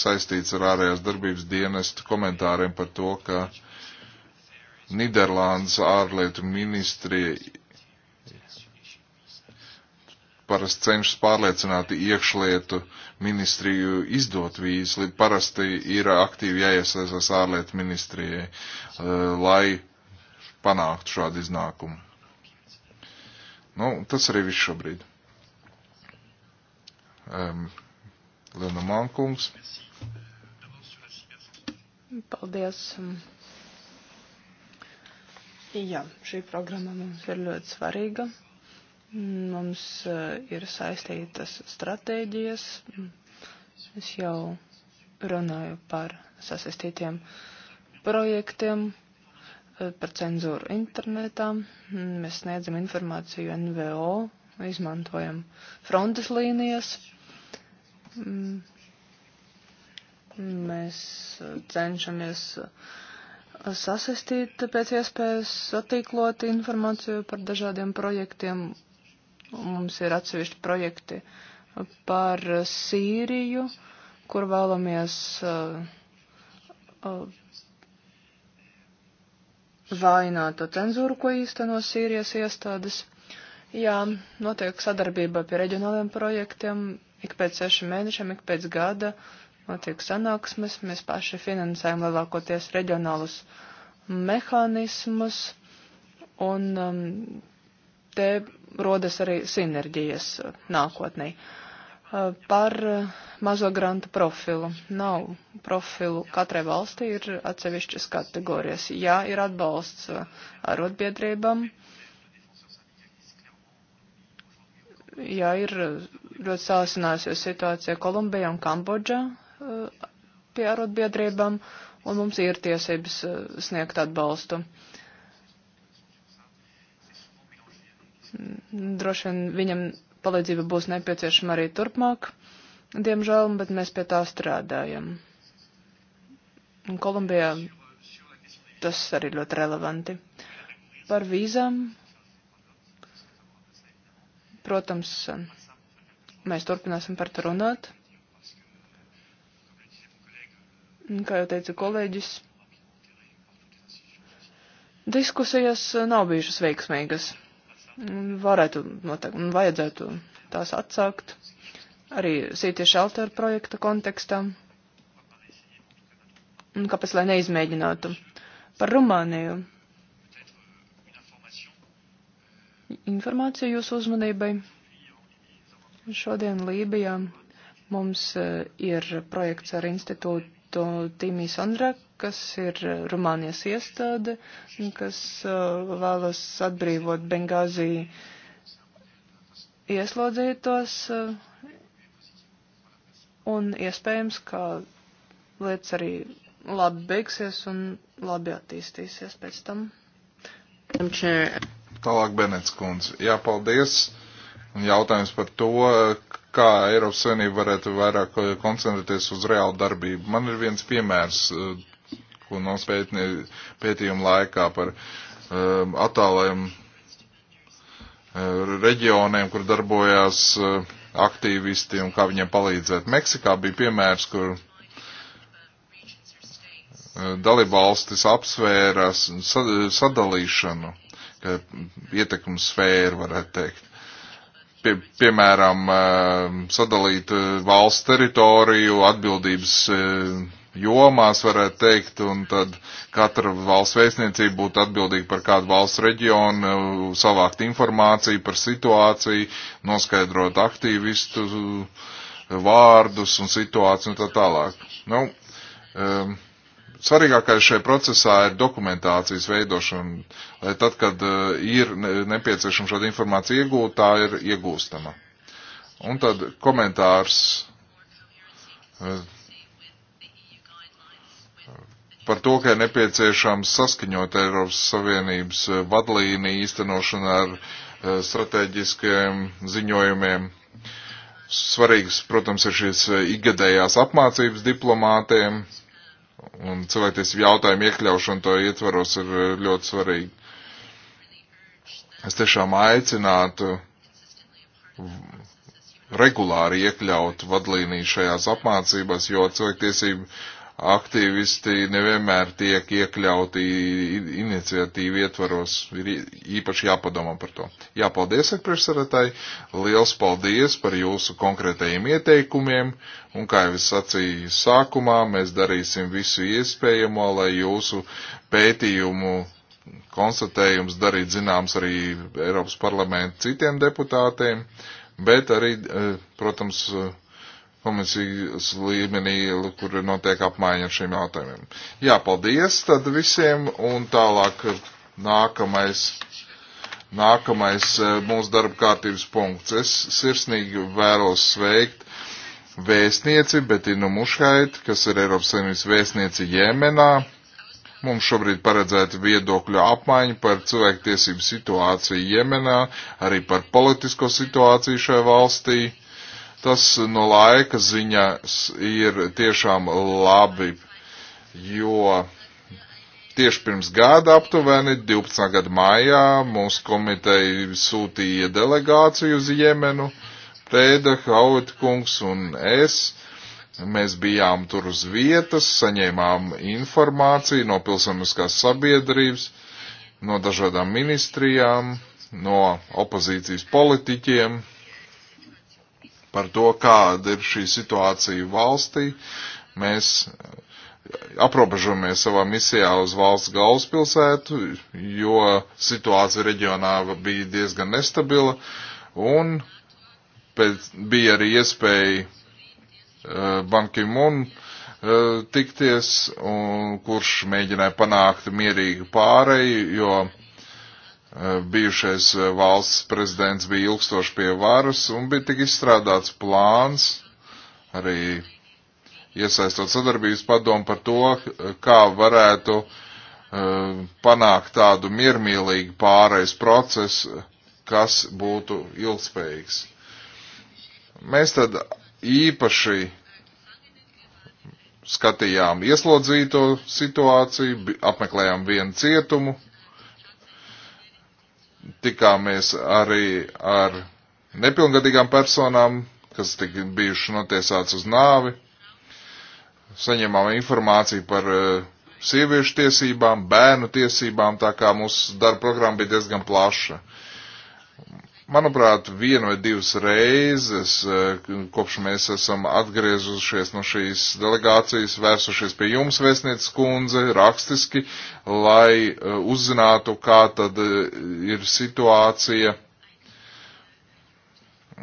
saistīts ar ārējās darbības dienestu komentāriem par to, ka Niderlandes ārlietu ministrija parasti cenšas pārliecināt iekšlietu ministriju izdot vīzes, parasti ir aktīvi jāiesaistās ārlietu ministrijai, eh, lai panāktu šādu iznākumu. Nu, tas arī viss šobrīd. Um, Lena Mankungs. Paldies. Jā, šī programma mums ir ļoti svarīga. Mums eh, ir saistītas stratēģijas. Es jau runāju par sasistītiem projektiem, eh, par cenzūru internetā. Mēs sniedzam informāciju NVO, izmantojam frontes līnijas. Mēs cenšamies sasistīt pēc iespējas satīklot informāciju par dažādiem projektiem Mums ir atsevišķi projekti par Sīriju, kur vēlamies uh, uh, vainot to cenzūru, ko īsteno Sīrijas iestādes. Jā, notiek sadarbība pie reģionāliem projektiem. Ik pēc sešiem mēnešiem, ik pēc gada notiek sanāksmes. Mēs paši finansējam lielākoties reģionālus mehānismus. Un um, te rodas arī sinerģijas uh, nākotnē. Uh, par uh, mazo grantu profilu. Nav profilu. Katrai valstī ir atsevišķas kategorijas. Jā, ir atbalsts arotbiedrībām. Jā, ir ļoti sāsinājusies situācija Kolumbijā un Kambodžā pie arotbiedrībām, un mums ir tiesības sniegt atbalstu. Uh, Droši vien viņam palīdzība būs nepieciešama arī turpmāk, diemžēl, bet mēs pie tā strādājam. Un Kolumbijā tas arī ļoti relevanti. Par vīzām, protams, mēs turpināsim par to runāt. Kā jau teica kolēģis, diskusijas nav bijušas veiksmīgas varētu noteikti un vajadzētu tās atsākt arī City Shelter projekta kontekstā. Un kāpēc lai neizmēģinātu? Par Rumāniju. Informācija jūsu uzmanībai. Šodien Lībijā mums eh, ir projekts ar institūtu to Timī Sondra, kas ir Rumānijas iestāde, kas uh, vēlas atbrīvot Bengāzī ieslodzītos. Uh, un iespējams, ka lietas arī labi beigsies un labi attīstīsies pēc tam. Tālāk Benets kundze. Jā, paldies. Un jautājums par to, kā Eiropas Savienība varētu vairāk eh, koncentrēties uz reālu darbību. Man ir viens piemērs, eh, ko nos pētījuma laikā par um, attālajiem uh, reģioniem, kur darbojās uh, aktīvisti un kā viņiem palīdzēt. Meksikā bija piemērs, kur dalībvalstis apsvēra sadalīšanu, ietekmes sfēru, varētu teikt pie, piemēram, eh, sadalīt eh, valsts teritoriju atbildības eh, jomās, varētu teikt, un tad katra valsts vēstniecība būtu atbildīga par kādu valsts reģionu, savākt informāciju par situāciju, noskaidrot aktīvistu vārdus un situāciju un tā tālāk. Nu, um, svarīgākais šajā procesā ir dokumentācijas veidošana, lai tad, kad eh, ir nepieciešama šāda informācija iegūt, tā ir iegūstama. Un tad komentārs eh, par to, ka ir nepieciešams saskaņot Eiropas Savienības eh, vadlīniju īstenošanu ar strateģiskajiem ziņojumiem. Svarīgs, protams, ir šīs ikgadējās apmācības diplomātiem un cilvēktiesību jautājumu iekļaušana to ietvaros ir eh, ļoti svarīga. Es tiešām aicinātu regulāri iekļaut vadlīniju šajās apmācībās, jo cilvēktiesību aktīvisti nevienmēr tiek iekļauti iniciatīvu ietvaros, ir īpaši jāpadomā par to. Jā, paldies, ak, priekšsaratai, liels paldies par jūsu konkrētajiem ieteikumiem, un kā jau es sacīju sākumā, mēs darīsim visu iespējamo, lai jūsu pētījumu konstatējums darīt zināms arī Eiropas parlamentu citiem deputātiem, bet arī, eh, protams, komisijas līmenī, kur notiek apmaiņa ar šiem jautājumiem. Jā, paldies tad visiem un tālāk nākamais. Nākamais eh, mūsu darba kārtības punkts. Es sirsnīgi vēlos sveikt vēstnieci Betinu Mušhait, kas ir Eiropas Savienības vēstnieci Jemenā. Mums šobrīd paredzēta viedokļu apmaiņa par cilvēktiesību situāciju Jemenā, arī par politisko situāciju šajā valstī. Tas no laika ziņas ir tiešām labi, jo tieši pirms gada aptuveni, 12. gada maijā, mūsu komiteja sūtīja delegāciju uz Jemenu, Prēda, Hautkungs un es. Mēs bijām tur uz vietas, saņēmām informāciju no pilsoniskās sabiedrības, no dažādām ministrijām, no opozīcijas politiķiem, par to, kāda ir šī situācija valstī. Mēs eh, aprobežojamies savā misijā uz valsts galvaspilsētu, jo situācija reģionā bija diezgan nestabila, un pēc, bija arī iespēja uh, eh, Bankimun uh, eh, tikties, un kurš mēģināja panākt mierīgu pāreju, jo Eh, bijušais eh, valsts prezidents bija ilgstoši pie varas un bija tik izstrādāts plāns arī iesaistot sadarbības padomu par to, eh, kā varētu uh, panākt tādu miermīlīgu pārejas procesu, kas būtu ilgspējīgs. Mēs tad īpaši skatījām ieslodzīto situāciju, apmeklējām vienu cietumu, tikāmies arī ar nepilngadīgām personām, kas tika bijuši notiesāts uz nāvi. Saņemām informāciju par eh, sieviešu tiesībām, bērnu tiesībām, tā kā mūsu darba programma bija diezgan plaša. Uh, Manuprāt, vienu vai divas reizes, eh, kopš mēs esam atgriezušies no šīs delegācijas, vērsušies pie jums, vēstnieces kundze, rakstiski, lai eh, uzzinātu, kā tad eh, ir situācija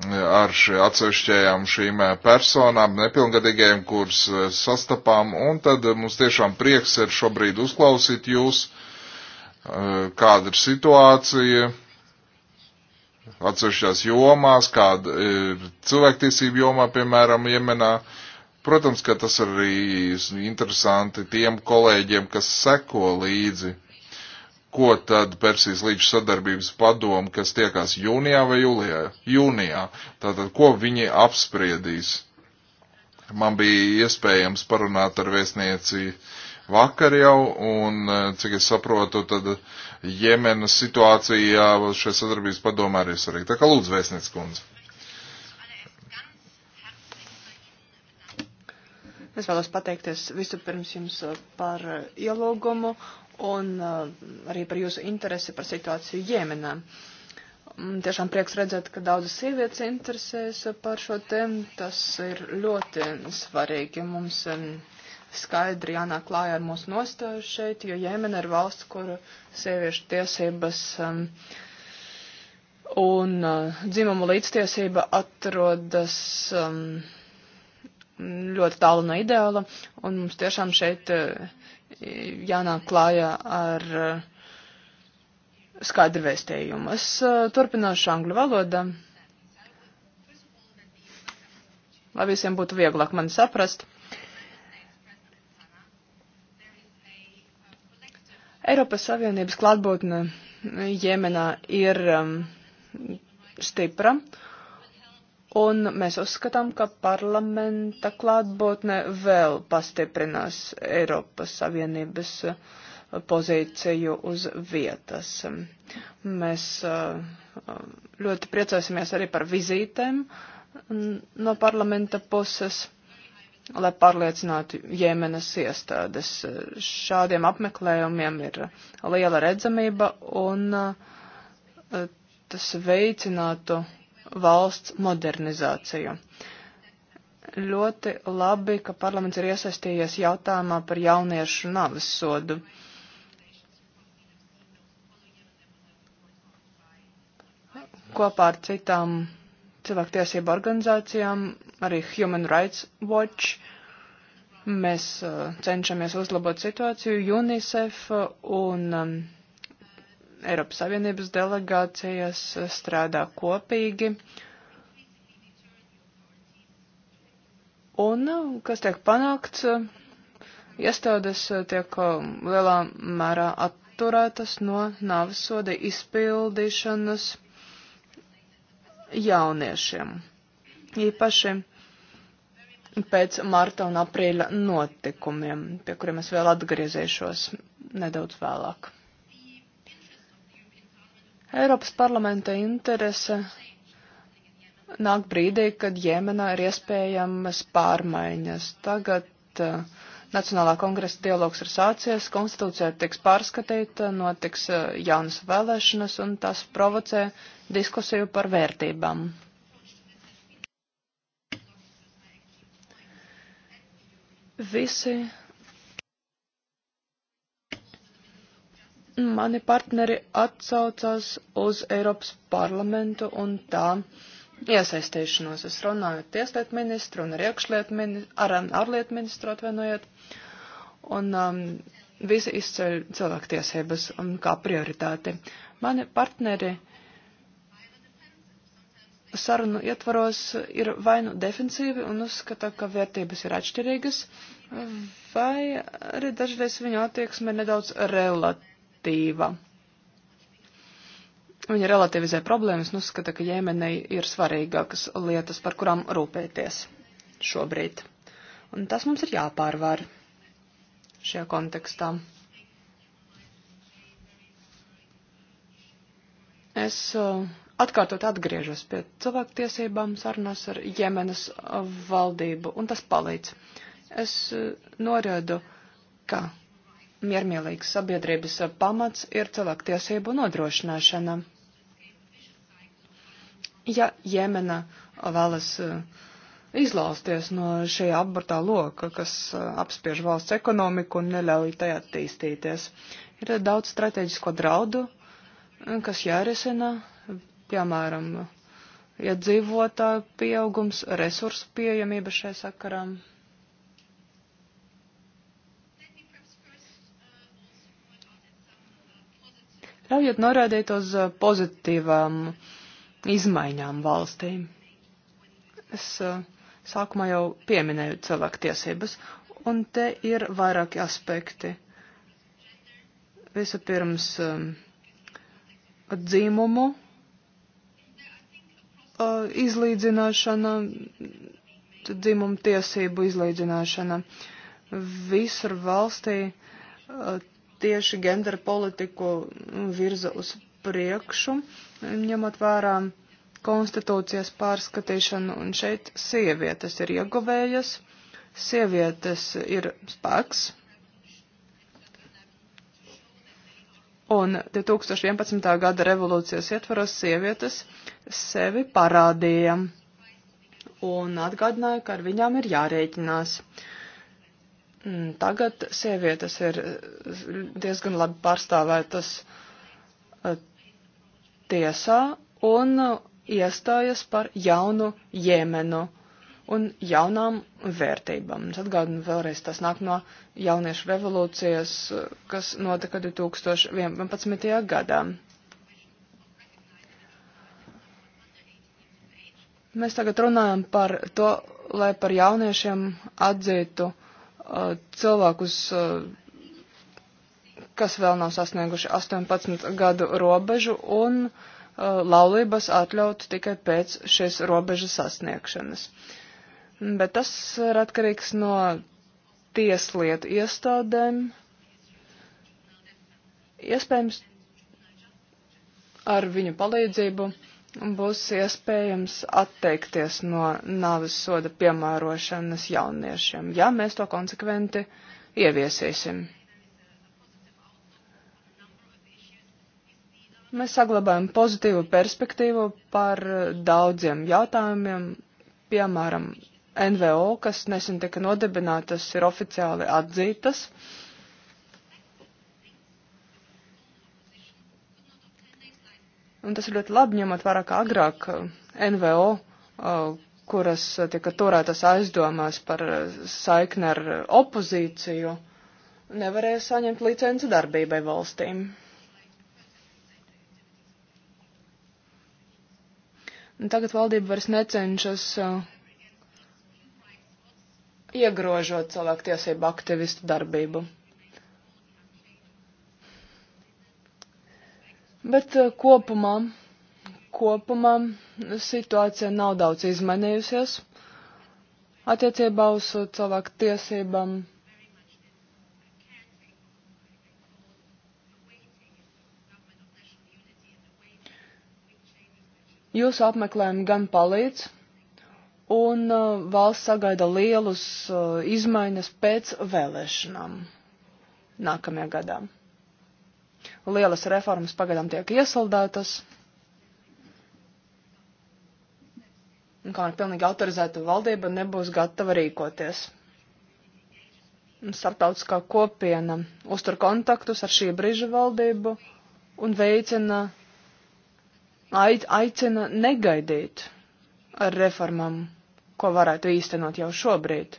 ar šī atsevišķajām šīm personām, nepilngadīgajiem, kurus sastapām, un tad mums tiešām prieks ir šobrīd uzklausīt jūs, kāda ir situācija atsevišķās jomās, kāda ir cilvēktiesība jomā, piemēram, Jemenā. Protams, ka tas arī interesanti tiem kolēģiem, kas seko līdzi, ko tad Persijas līča sadarbības padomu, kas tiekās jūnijā vai jūlijā? Jūnijā. Tātad, ko viņi apspriedīs? Man bija iespējams parunāt ar vēstnieci vakar jau, un cik es saprotu, tad uh, Jemenas situācija šajā sadarbības padomā arī svarīga. Tā kā lūdzu, Vēsniec kundze. Es vēlos pateikties vispirms jums uh, par uh, ielūgumu un uh, arī par jūsu interesi par situāciju Jemenā. Mm, tiešām prieks redzēt, ka daudzas sievietes interesēs par šo tēmu. Tas ir ļoti svarīgi. Mums um, skaidri jānāk klājā ar mūsu nostāju šeit, jo Jēmena ir valsts, kur sieviešu tiesības um, un uh, dzimumu līdztiesība atrodas um, ļoti tālu no ideāla, un mums tiešām šeit uh, jānāk klājā ar uh, skaidru vēstījumu. Es uh, turpināšu angļu valodu lai visiem būtu vieglāk mani saprast. Eiropas Savienības klātbūtne Jemenā ir um, stipra, un mēs uzskatām, ka parlamenta klātbūtne vēl pastiprinās Eiropas Savienības uh, pozīciju uz vietas. Mēs uh, um, ļoti priecāsimies arī par vizītēm no parlamenta puses lai pārliecinātu Jemenas iestādes. Šādiem apmeklējumiem ir liela redzamība un eh, tas veicinātu valsts modernizāciju. Ļoti labi, ka parlaments ir iesaistījies jautājumā par jauniešu navas sodu. Kopā ar citām cilvēktiesību organizācijām, arī Human Rights Watch. Mēs uh, cenšamies uzlabot situāciju UNICEF uh, un um, Eiropas Savienības delegācijas uh, strādā kopīgi. Un uh, kas tiek panākts, iestādes tiek um, lielā mērā atturētas no nāvesoda izpildīšanas jauniešiem, īpaši pēc marta un aprīļa notikumiem, pie kuriem es vēl atgriezīšos nedaudz vēlāk. Eiropas parlamenta interese nāk brīdī, kad Jemenā ir iespējamas pārmaiņas. Tagad uh, Nacionālā kongresa dialogs ir sācies, konstitūcija tiks pārskatīta, notiks eh, jaunas vēlēšanas un tas provocē diskusiju par vērtībām. Visi mani partneri atsaucās uz Eiropas parlamentu un tā iesaistīšanos. Es runāju ar tieslietu ministru un ar iekšlietu ministru, ar ārlietu ministru atvainojiet. Un um, visi izceļ cilvēktiesības un kā prioritāti. Mani partneri sarunu ietvaros ir vai nu defensīvi un uzskata, ka vērtības ir atšķirīgas, vai arī dažreiz viņu attieksme ir nedaudz relatīva. Viņa relativizē problēmas un uzskata, ka Jemenei ir svarīgākas lietas, par kurām rūpēties šobrīd. Un tas mums ir jāpārvar šajā kontekstā. Es uh, atkārtot atgriežos pie cilvēktiesībām sarunās ar Jemenas valdību, un tas palīdz. Es uh, norādu, ka miermīlīgas sabiedrības pamats ir cilvēktiesību nodrošināšana. Ja Jemena vēlas eh, izlausties no šī apburtā loka, kas eh, apspiež valsts ekonomiku un neļauj tajā attīstīties, ir daudz strateģisko draudu, eh, kas jārisina, piemēram, iedzīvotāju ja pieaugums, resursu pieejamība šai sakaram. ļaujot norādīt uz uh, pozitīvām izmaiņām valstī. Es uh, sākumā jau pieminēju cilvēktiesības, un te ir vairāki aspekti. Vispirms um, dzīmumu uh, izlīdzināšana, dzimumu tiesību izlīdzināšana. Visur valstī tieši gendera politiku mm, virza uz priekšu, ņemot vērā konstitūcijas pārskatīšanu, un šeit sievietes ir ieguvējas, sievietes ir spēks. Un 2011. gada revolūcijas ietvaros sievietes sevi parādīja un atgādināja, ka ar viņām ir jārēķinās. Uh, Mm, tagad sievietes ir eh, diezgan labi pārstāvētas eh, tiesā un iestājas par jaunu Jēmenu un jaunām vērtībām. Es atgādinu vēlreiz, tas nāk no jauniešu revolūcijas, eh, kas notika 2011. gadā. Mēs tagad runājam par to, lai par jauniešiem atzītu uh, Eh, cilvēkus, eh, kas vēl nav sasnieguši 18 gadu robežu, un eh, laulības atļaut tikai pēc šīs robežas sasniegšanas. Bet tas ir atkarīgs no tieslietu iestādēm. Iespējams, ar viņu palīdzību būs iespējams atteikties no nāves soda piemērošanas jauniešiem, ja mēs to konsekventi ieviesīsim. Mēs saglabājam pozitīvu perspektīvu par daudziem jautājumiem, piemēram, NVO, kas nesen tika nodibinātas, ir oficiāli atzītas. Uh, Un tas ir ļoti labi, ņemot vērā, ka agrāk eh, NVO, eh, kuras eh, tika turētas aizdomās par saikni ar opozīciju, nevarēja saņemt licenci darbībai valstīm. Un tagad valdība vairs necenšas iegrožot cilvēku tiesību aktivistu darbību. Bet eh, kopumā, kopumā situācija nav daudz izmainījusies attiecībā uz eh, cilvēku tiesībām. Jūsu apmeklējumi gan palīdz, un eh, valsts sagaida lielus izmaiņas pēc vēlēšanām nākamajā gadā lielas reformas pagaidām tiek iesaldētas. Un kā ar pilnīgi autorizētu valdību nebūs gatava rīkoties. Startautiskā kopiena uztur kontaktus ar šī brīža valdību un veicina, aicina negaidīt ar reformām, ko varētu īstenot jau šobrīd.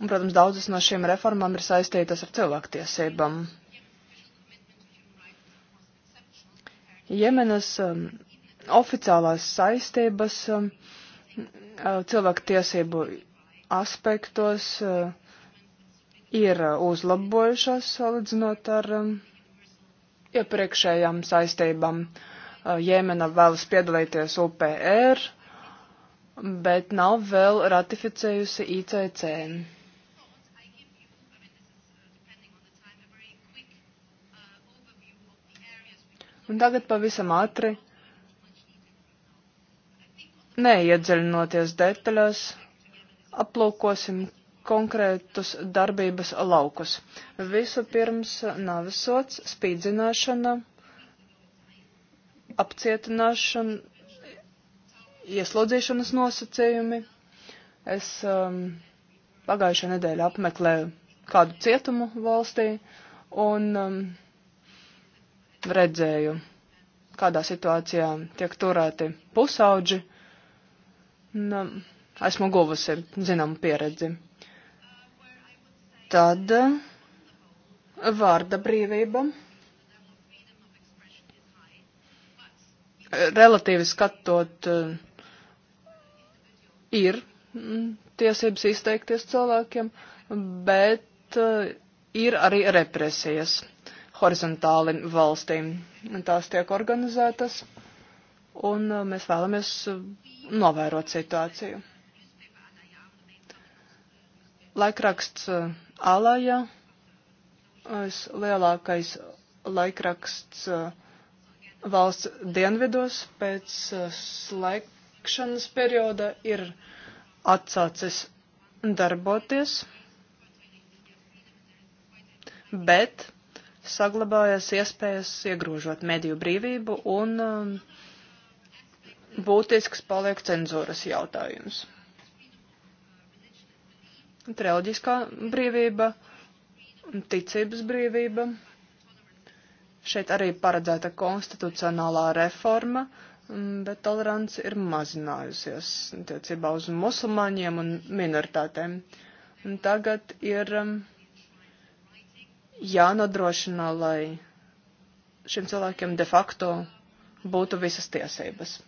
Un, protams, daudzas no šīm reformām ir saistītas ar cilvēktiesībām. Jemenas um, oficiālās saistības um, uh, cilvēktiesību aspektos uh, ir uzlabojušās salīdzinot ar um, iepriekšējām saistībām. Uh, Jemena vēlas piedalīties UPR, bet nav vēl ratificējusi ICC. Un tagad pavisam ātri, neiedziļinoties detaļās, aplūkosim konkrētus darbības laukus. Vispirms navisots, spīdzināšana, apcietināšana, ieslodzīšanas nosacījumi. Es um, pagājušajā nedēļā apmeklēju kādu cietumu valstī, un um, redzēju, kādā situācijā tiek turēti pusauģi. Un, nu, esmu guvusi zināmu pieredzi. Tad eh, vārda brīvība. Eh, relatīvi skatot, eh, ir mm, tiesības izteikties cilvēkiem, bet ir arī represijas horizontāli valstīm. Tās tiek organizētas, un uh, mēs vēlamies uh, novērot situāciju. Laikraksts uh, Alaja, lielākais laikraksts valsts dienvidos pēc slēgšanas perioda ir atsācis darboties, bet saglabājas iespējas iegrūžot mediju brīvību un um, būtisks paliek cenzūras jautājums. Reliģiskā brīvība, ticības brīvība. Šeit arī paredzēta konstitucionālā reforma, um, bet tolerance ir mazinājusies attiecībā uz musulmaņiem un minoritātēm. Un tagad ir um, jānodrošina, lai šiem cilvēkiem de facto būtu visas tiesības.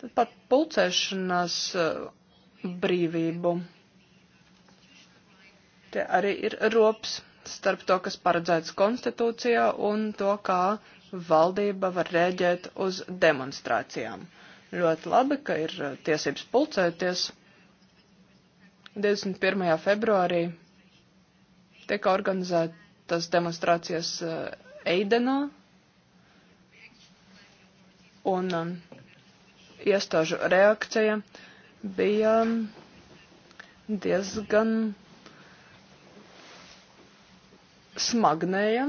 Tad par pulcēšanās eh, brīvību. Te arī ir rops starp to, kas paredzēts konstitūcijā un to, kā valdība var rēģēt uz demonstrācijām. Ļoti labi, ka ir eh, tiesības pulcēties. 21. februārī Tika organizētas demonstrācijas eh, Eidenā un um, iestāžu reakcija bija um, diezgan smagnēja.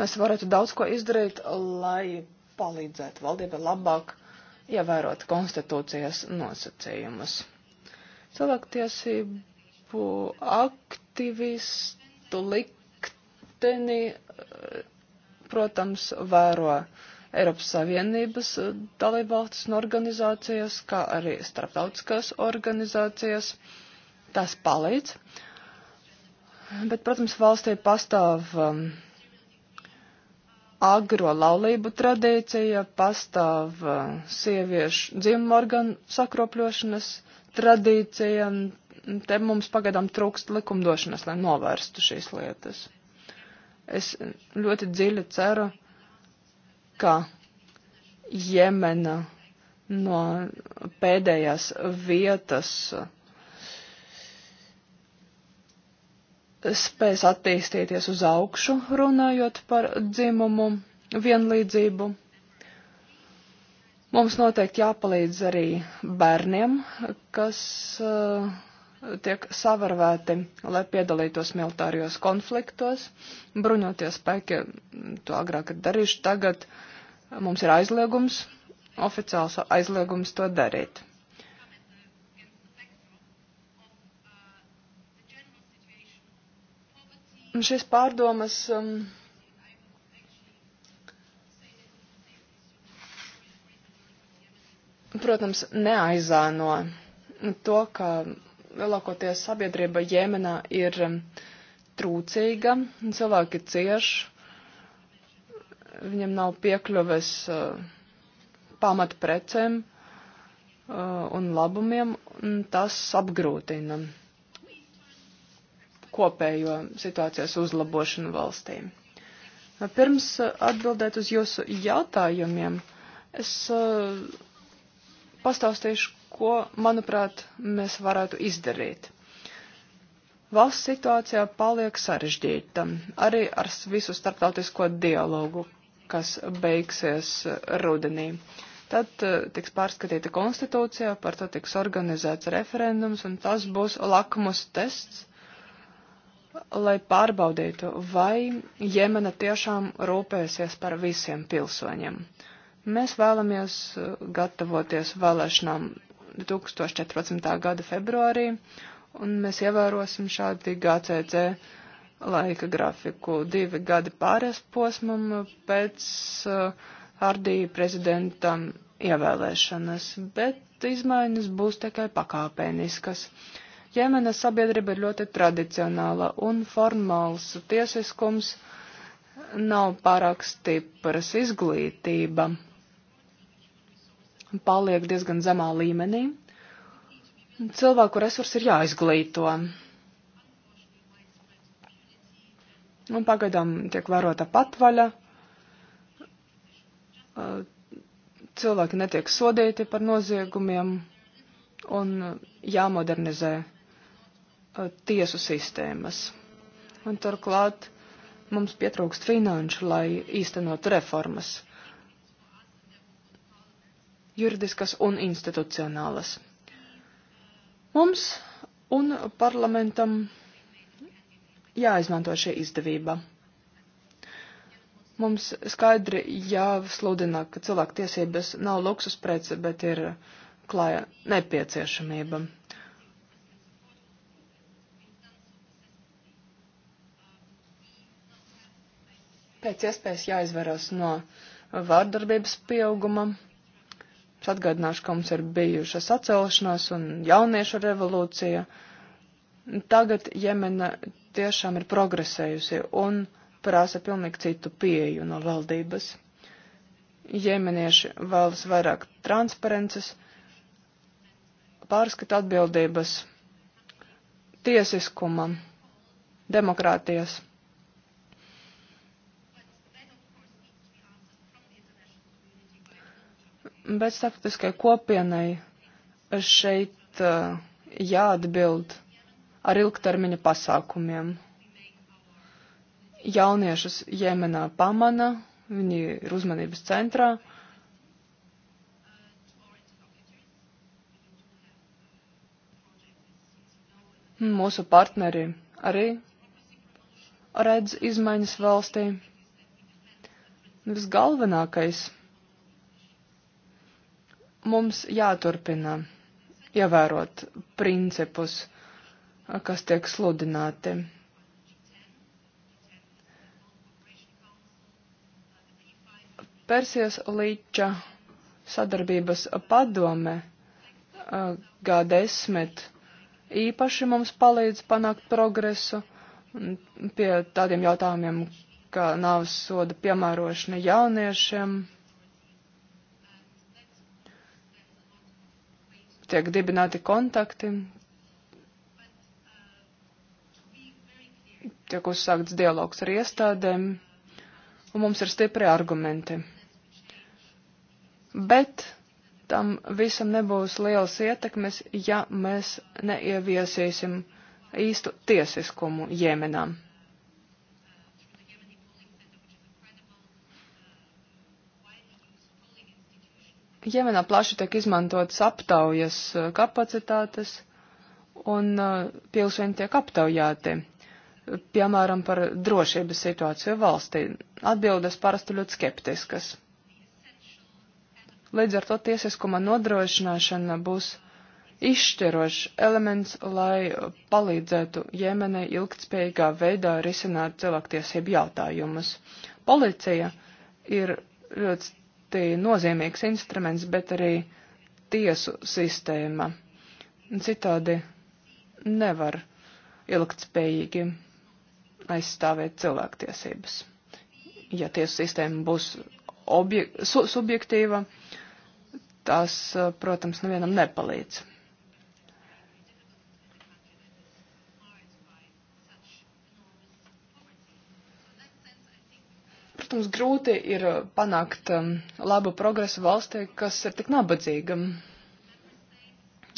Mēs varētu daudz ko izdarīt, lai palīdzētu valdībai labāk ievērot konstitūcijas nosacījumus. Cilvēktiesību aktivistu likteni, protams, vēro Eiropas Savienības dalībvalstis un organizācijas, kā arī starptautiskās organizācijas. Tas palīdz. Bet, protams, valstī pastāv um, agro laulību tradīcija, pastāv uh, sieviešu dzimumu organu sakropļošanas tradīcija. Te mums pagaidām trūkst likumdošanas, lai novērstu šīs lietas. Es ļoti dziļi ceru, ka Jemena no pēdējās vietas uh, spēs attīstīties uz augšu, runājot par dzimumu vienlīdzību. Mums noteikti jāpalīdz arī bērniem, kas uh, tiek savarvēti, lai piedalītos militārijos konfliktos. Bruņoties spēki to agrāk ir darījuši, tagad mums ir aizliegums, oficiāls aizliegums to darīt. Un šīs pārdomas um, protams, neaizāno to, ka lielākoties sabiedrība Jemenā ir um, trūcīga, cilvēki cieš, viņam nav piekļuves uh, pamat precēm uh, un labumiem, un tas apgrūtina kopējo situācijas uzlabošanu valstī. Pirms atbildēt uz jūsu jautājumiem, es uh, pastāstīšu, ko, manuprāt, mēs varētu izdarīt. Valsts situācijā paliek sarežģīta, arī ar visu starptautisko dialogu, kas beigsies rudenī. Tad uh, tiks pārskatīta konstitūcija, par to tiks organizēts referendums, un tas būs lakmus tests lai pārbaudītu, vai Jemena tiešām rūpēsies par visiem pilsoņiem. Mēs vēlamies uh, gatavoties vēlēšanām 2014. gada februārī, un mēs ievērosim šādi GCC laika grafiku divi gadi pāris posmam pēc uh, Hardī prezidentam ievēlēšanas, bet izmaiņas būs tikai pakāpeniskas. Uh, Jemenas sabiedrība ir ļoti tradicionāla un formāls tiesiskums nav pārāk stipras izglītība. Paliek diezgan zemā līmenī. Cilvēku resursi ir jāizglīto. Un pagaidām tiek vērota patvaļa. Cilvēki netiek sodīti par noziegumiem un jāmodernizē tiesu sistēmas. Un turklāt mums pietrūkst finanšu, lai īstenot reformas juridiskas un institucionālas. Mums un parlamentam jāizmanto šī izdevība. Mums skaidri jāsludina, ka cilvēku tiesības nav luksus prece, bet ir klāja nepieciešamība. pēc iespējas jāizvaras no vārdarbības pieauguma. Es atgādināšu, ka mums ir bijušas atcelšanās un jauniešu revolūcija. Tagad Jemena tiešām ir progresējusi un prasa pilnīgi citu pieju no valdības. Jemenieši vēlas vairāk transparences, pārskata atbildības, tiesiskuma, demokrātijas. bet starptautiskai kopienai šeit eh, jāatbild ar ilgtermiņa pasākumiem. Jauniešus Jemenā pamana, viņi ir uzmanības centrā. Mūsu partneri arī redz izmaiņas valstī. Visgalvenākais Mums jāturpina ievērot principus, kas tiek sludināti. Persijas līča sadarbības padome G10 īpaši mums palīdz panākt progresu pie tādiem jautājumiem, kā nāves soda piemērošana jauniešiem tiek dibināti kontakti, tiek uzsākts dialogs ar iestādēm, un mums ir stipri argumenti. Bet tam visam nebūs liels ietekmes, ja mēs neieviesīsim īstu tiesiskumu Jemenām. Jemenā plaši tiek izmantotas aptaujas eh, kapacitātes, un pilsoņi eh, tiek aptaujāti, piemēram, par drošības situāciju valstī. Atbildes parasti ļoti skeptiskas. Līdz ar to tiesiskuma nodrošināšana būs izšķirošs elements, lai palīdzētu Jemenai ilgtspējīgā veidā risināt cilvēktiesību jautājumus. Policija ir ļoti ļoti nozīmīgs instruments, bet arī tiesu sistēma. Citādi nevar ilgtspējīgi aizstāvēt cilvēktiesības. Ja tiesu sistēma būs objek, su, subjektīva, tas, eh, protams, nevienam nepalīdz. Protams, grūti ir eh, panākt um, labu progresu valstī, kas ir tik nabadzīga.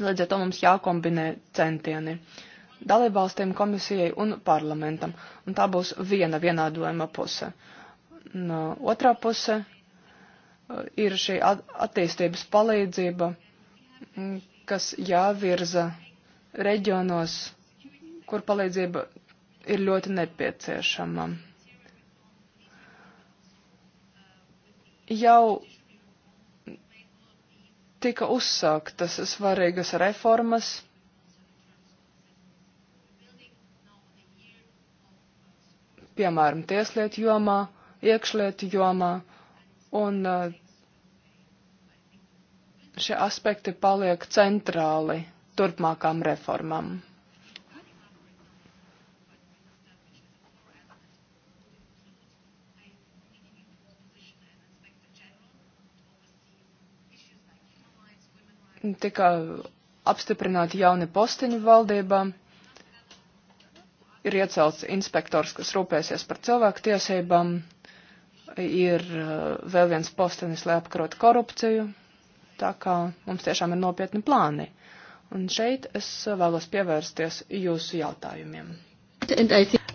Līdz ar to mums jākombinē centieni dalībvalstīm, komisijai un parlamentam. Un tā būs viena vienādojuma puse. Un, uh, otrā puse uh, ir šī at attīstības palīdzība, mm, kas jāvirza reģionos, kur palīdzība ir ļoti nepieciešama. jau tika uzsāktas svarīgas reformas. Piemēram, tieslietu jomā, iekšlietu jomā, un uh, šie aspekti paliek centrāli turpmākām reformām. tika apstiprināti jauni posteņi valdībā, ir iecelts inspektors, kas rūpēsies par cilvēku tiesībām, ir uh, vēl viens postenis, lai apkarot korupciju, tā kā mums tiešām ir nopietni plāni. Un šeit es uh, vēlos pievērsties jūsu jautājumiem.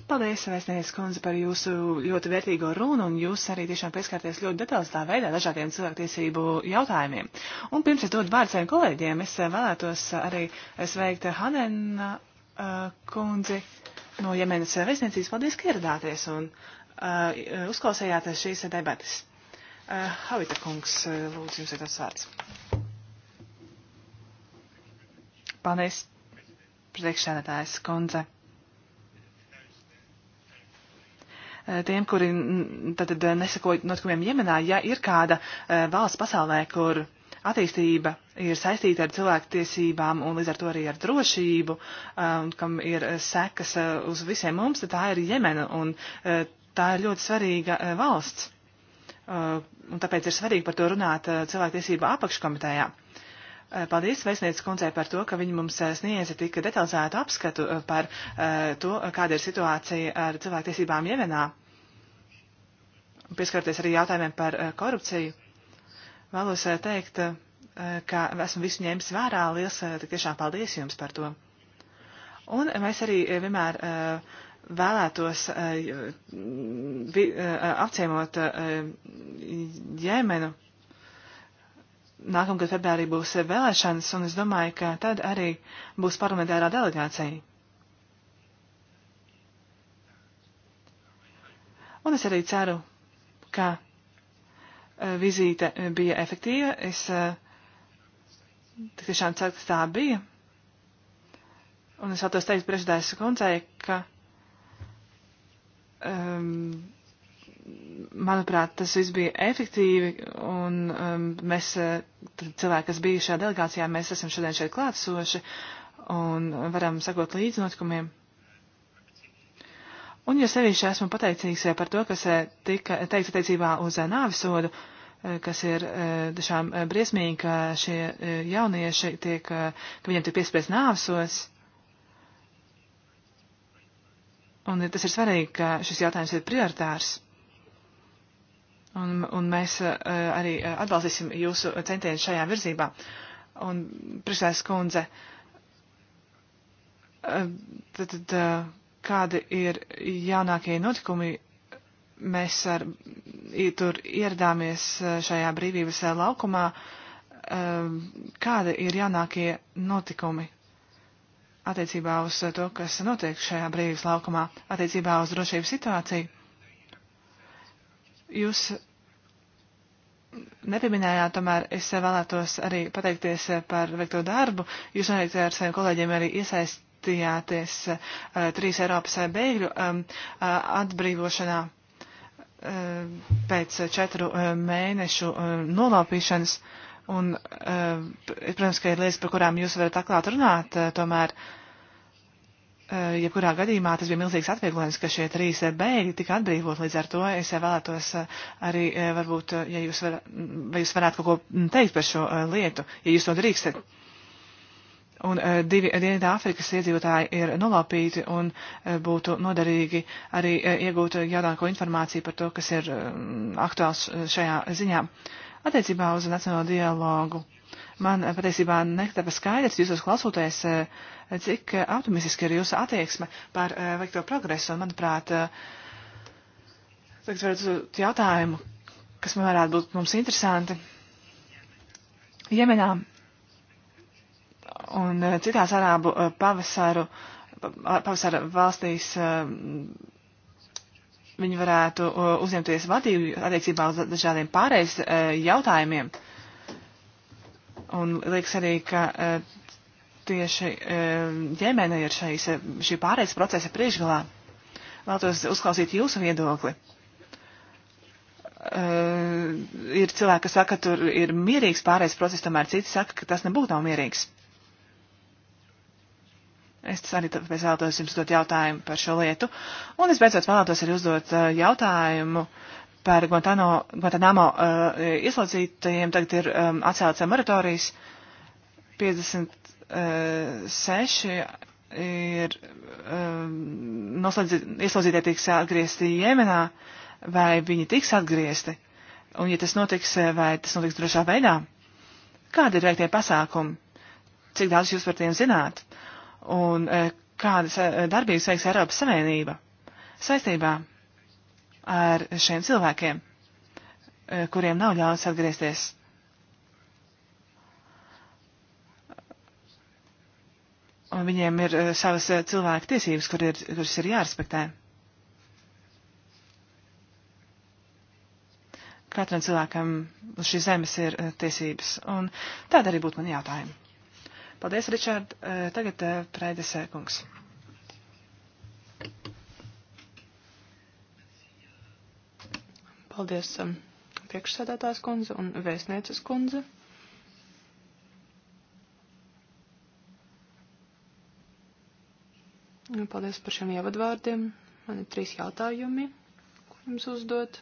Paldies, Vēstnieks Konze, par jūsu ļoti vērtīgo runu, un jūs arī tiešām pieskārties ļoti detalizētā veidā dažādiem cilvēktiesību jautājumiem. Un pirms es dodu vārdu saviem kolēģiem, es vēlētos arī sveikt Hanena uh, kundzi no Jemenas vēstniecības. Paldies, ka ieradāties un uh, uzklausījāt šīs debatas. Uh, Havita kungs, uh, lūdzu, jums ir tas vārds. Paldies, priekšsēdētājs Konze. Eh, tiem, kuri tātad eh, nesako notikumiem Jemenā, ja ir kāda eh, valsts pasaulē, kur attīstība ir saistīta ar cilvēku tiesībām un līdz ar to arī ar drošību, un kam ir sekas uz visiem mums, tad tā ir Jemena, un tā ir ļoti svarīga valsts. Un tāpēc ir svarīgi par to runāt cilvēku tiesību apakškomitejā. Eh, paldies vēstniec kundzei par to, ka viņi mums eh, sniedza tik detalizētu apskatu eh, par to, kāda ir situācija ar cilvēktiesībām Jemenā. Pieskarties arī jautājumiem par korupciju. Vēlos teikt, ka esmu visu ņēmis vērā. Liels tiešām paldies jums par to. Un mēs arī vienmēr vēlētos apciemot Jemenu nākamgad februārī būs vēlēšanas, un es domāju, ka tad arī būs parlamentārā delegācija. Un es arī ceru, ka e, vizīte e, bija efektīva. Es e, tiešām ceru, ka tā bija. Un es vēlos teikt priekšdājas koncei, ka um, manuprāt, tas viss bija efektīvi, un um, mēs, uh, cilvēki, kas bija šajā delegācijā, mēs esam šodien šeit klātsoši un varam sakot līdzi notikumiem. Un, ja sevišķi esmu pateicīgs uh, par to, kas uh, tika teikts attiecībā uz nāvisodu, kas ir tiešām briesmīgi, ka šie jaunieši tiek, ka viņiem tiek piespriezt nāvisos. Un tas ir svarīgi, ka šis jautājums ir prioritārs. Un, un mēs eh, arī eh, atbalstīsim jūsu centienu šajā virzībā. Un, priekšsēdētājas kundze, eh, tad, tad kādi ir jaunākie notikumi mēs ar, tur ieradāmies šajā brīvības laukumā. Kāda ir jaunākie notikumi attiecībā uz to, kas notiek šajā brīvības laukumā, attiecībā uz drošības situāciju? Jūs nepieminējāt, tomēr es vēlētos arī pateikties par veikto darbu. Jūs noteikti ar saviem kolēģiem arī iesaistījāties eh, trīs Eiropas bēgļu ehm, eh, atbrīvošanā eh, pēc četru mēnešu nolaupīšanas. Un, protams, ka ir lietas, par kurām jūs varat atklāt runāt, tomēr uh, Eh, jebkurā gadījumā tas bija milzīgs atvieglojums, ka šie trīs eh, bēgļi tika atbrīvot. Līdz ar to es eh, vēlētos arī, varbūt, ja jūs, var, vai jūs varētu kaut ko teikt par šo lietu, ja jūs to drīkstat. Un divi Dienvidāfrikas iedzīvotāji ir nolaupīti un būtu noderīgi arī iegūt jaunāko informāciju par to, kas ir aktuāls šajā ziņā attiecībā uz nacionālo dialogu Man patiesībā nekāda skaidrs jūsos klausoties, eh, cik eh, optimistiski ir jūsu attieksme par eh, veikto progresu. Un, manuprāt, tagad varētu jautājumu, kas man varētu būt mums interesanti. Jemenā un citās arābu pavasaru, pavasara valstīs viņi varētu uzņemties vadību attiecībā uz dažādiem pārējais jautājumiem. Uh, Un liekas arī, ka eh, tieši eh, ģimene ir šais, eh, šī pārējais procesa priekšgalā. Vēlētos uzklausīt jūsu viedokli. Uh, ir cilvēki, kas saka, ka tur ir mierīgs pārējais process, tomēr citi saka, ka tas nebūtu nav mierīgs. Es arī tāpēc vēlētos jums dot jautājumu par šo lietu. Un es beidzot vēlētos arī uzdot jautājumu par Guantanamo, Guantanamo uh, eh, ieslodzītajiem tagad ir um, eh, atcēlts moratorijas. 56 eh, ir um, ieslodzītie tiks atgriezti Jemenā, vai viņi tiks atgriezti? Un, ja tas notiks, vai tas notiks drošā veidā? Kādi ir veiktie pasākumi? Cik daudz jūs par tiem zināt? Un uh, kādas darbības veiks Eiropas Savienība saistībā ar šiem cilvēkiem, eh, kuriem nav ļauts atgriezties. Un viņiem ir eh, savas eh, cilvēka tiesības, kur ir, kuras ir jārespektē. Katram cilvēkam uz šīs zemes ir tiesības. Un tāda arī būtu mani jautājumi. Paldies, Ričārd. Tagad Prēdes kungs. Paldies um, priekšsēdētājs kundze un vēstnieces kundze. Paldies par šiem ievadvārdiem. Man ir trīs jautājumi, ko jums uzdot.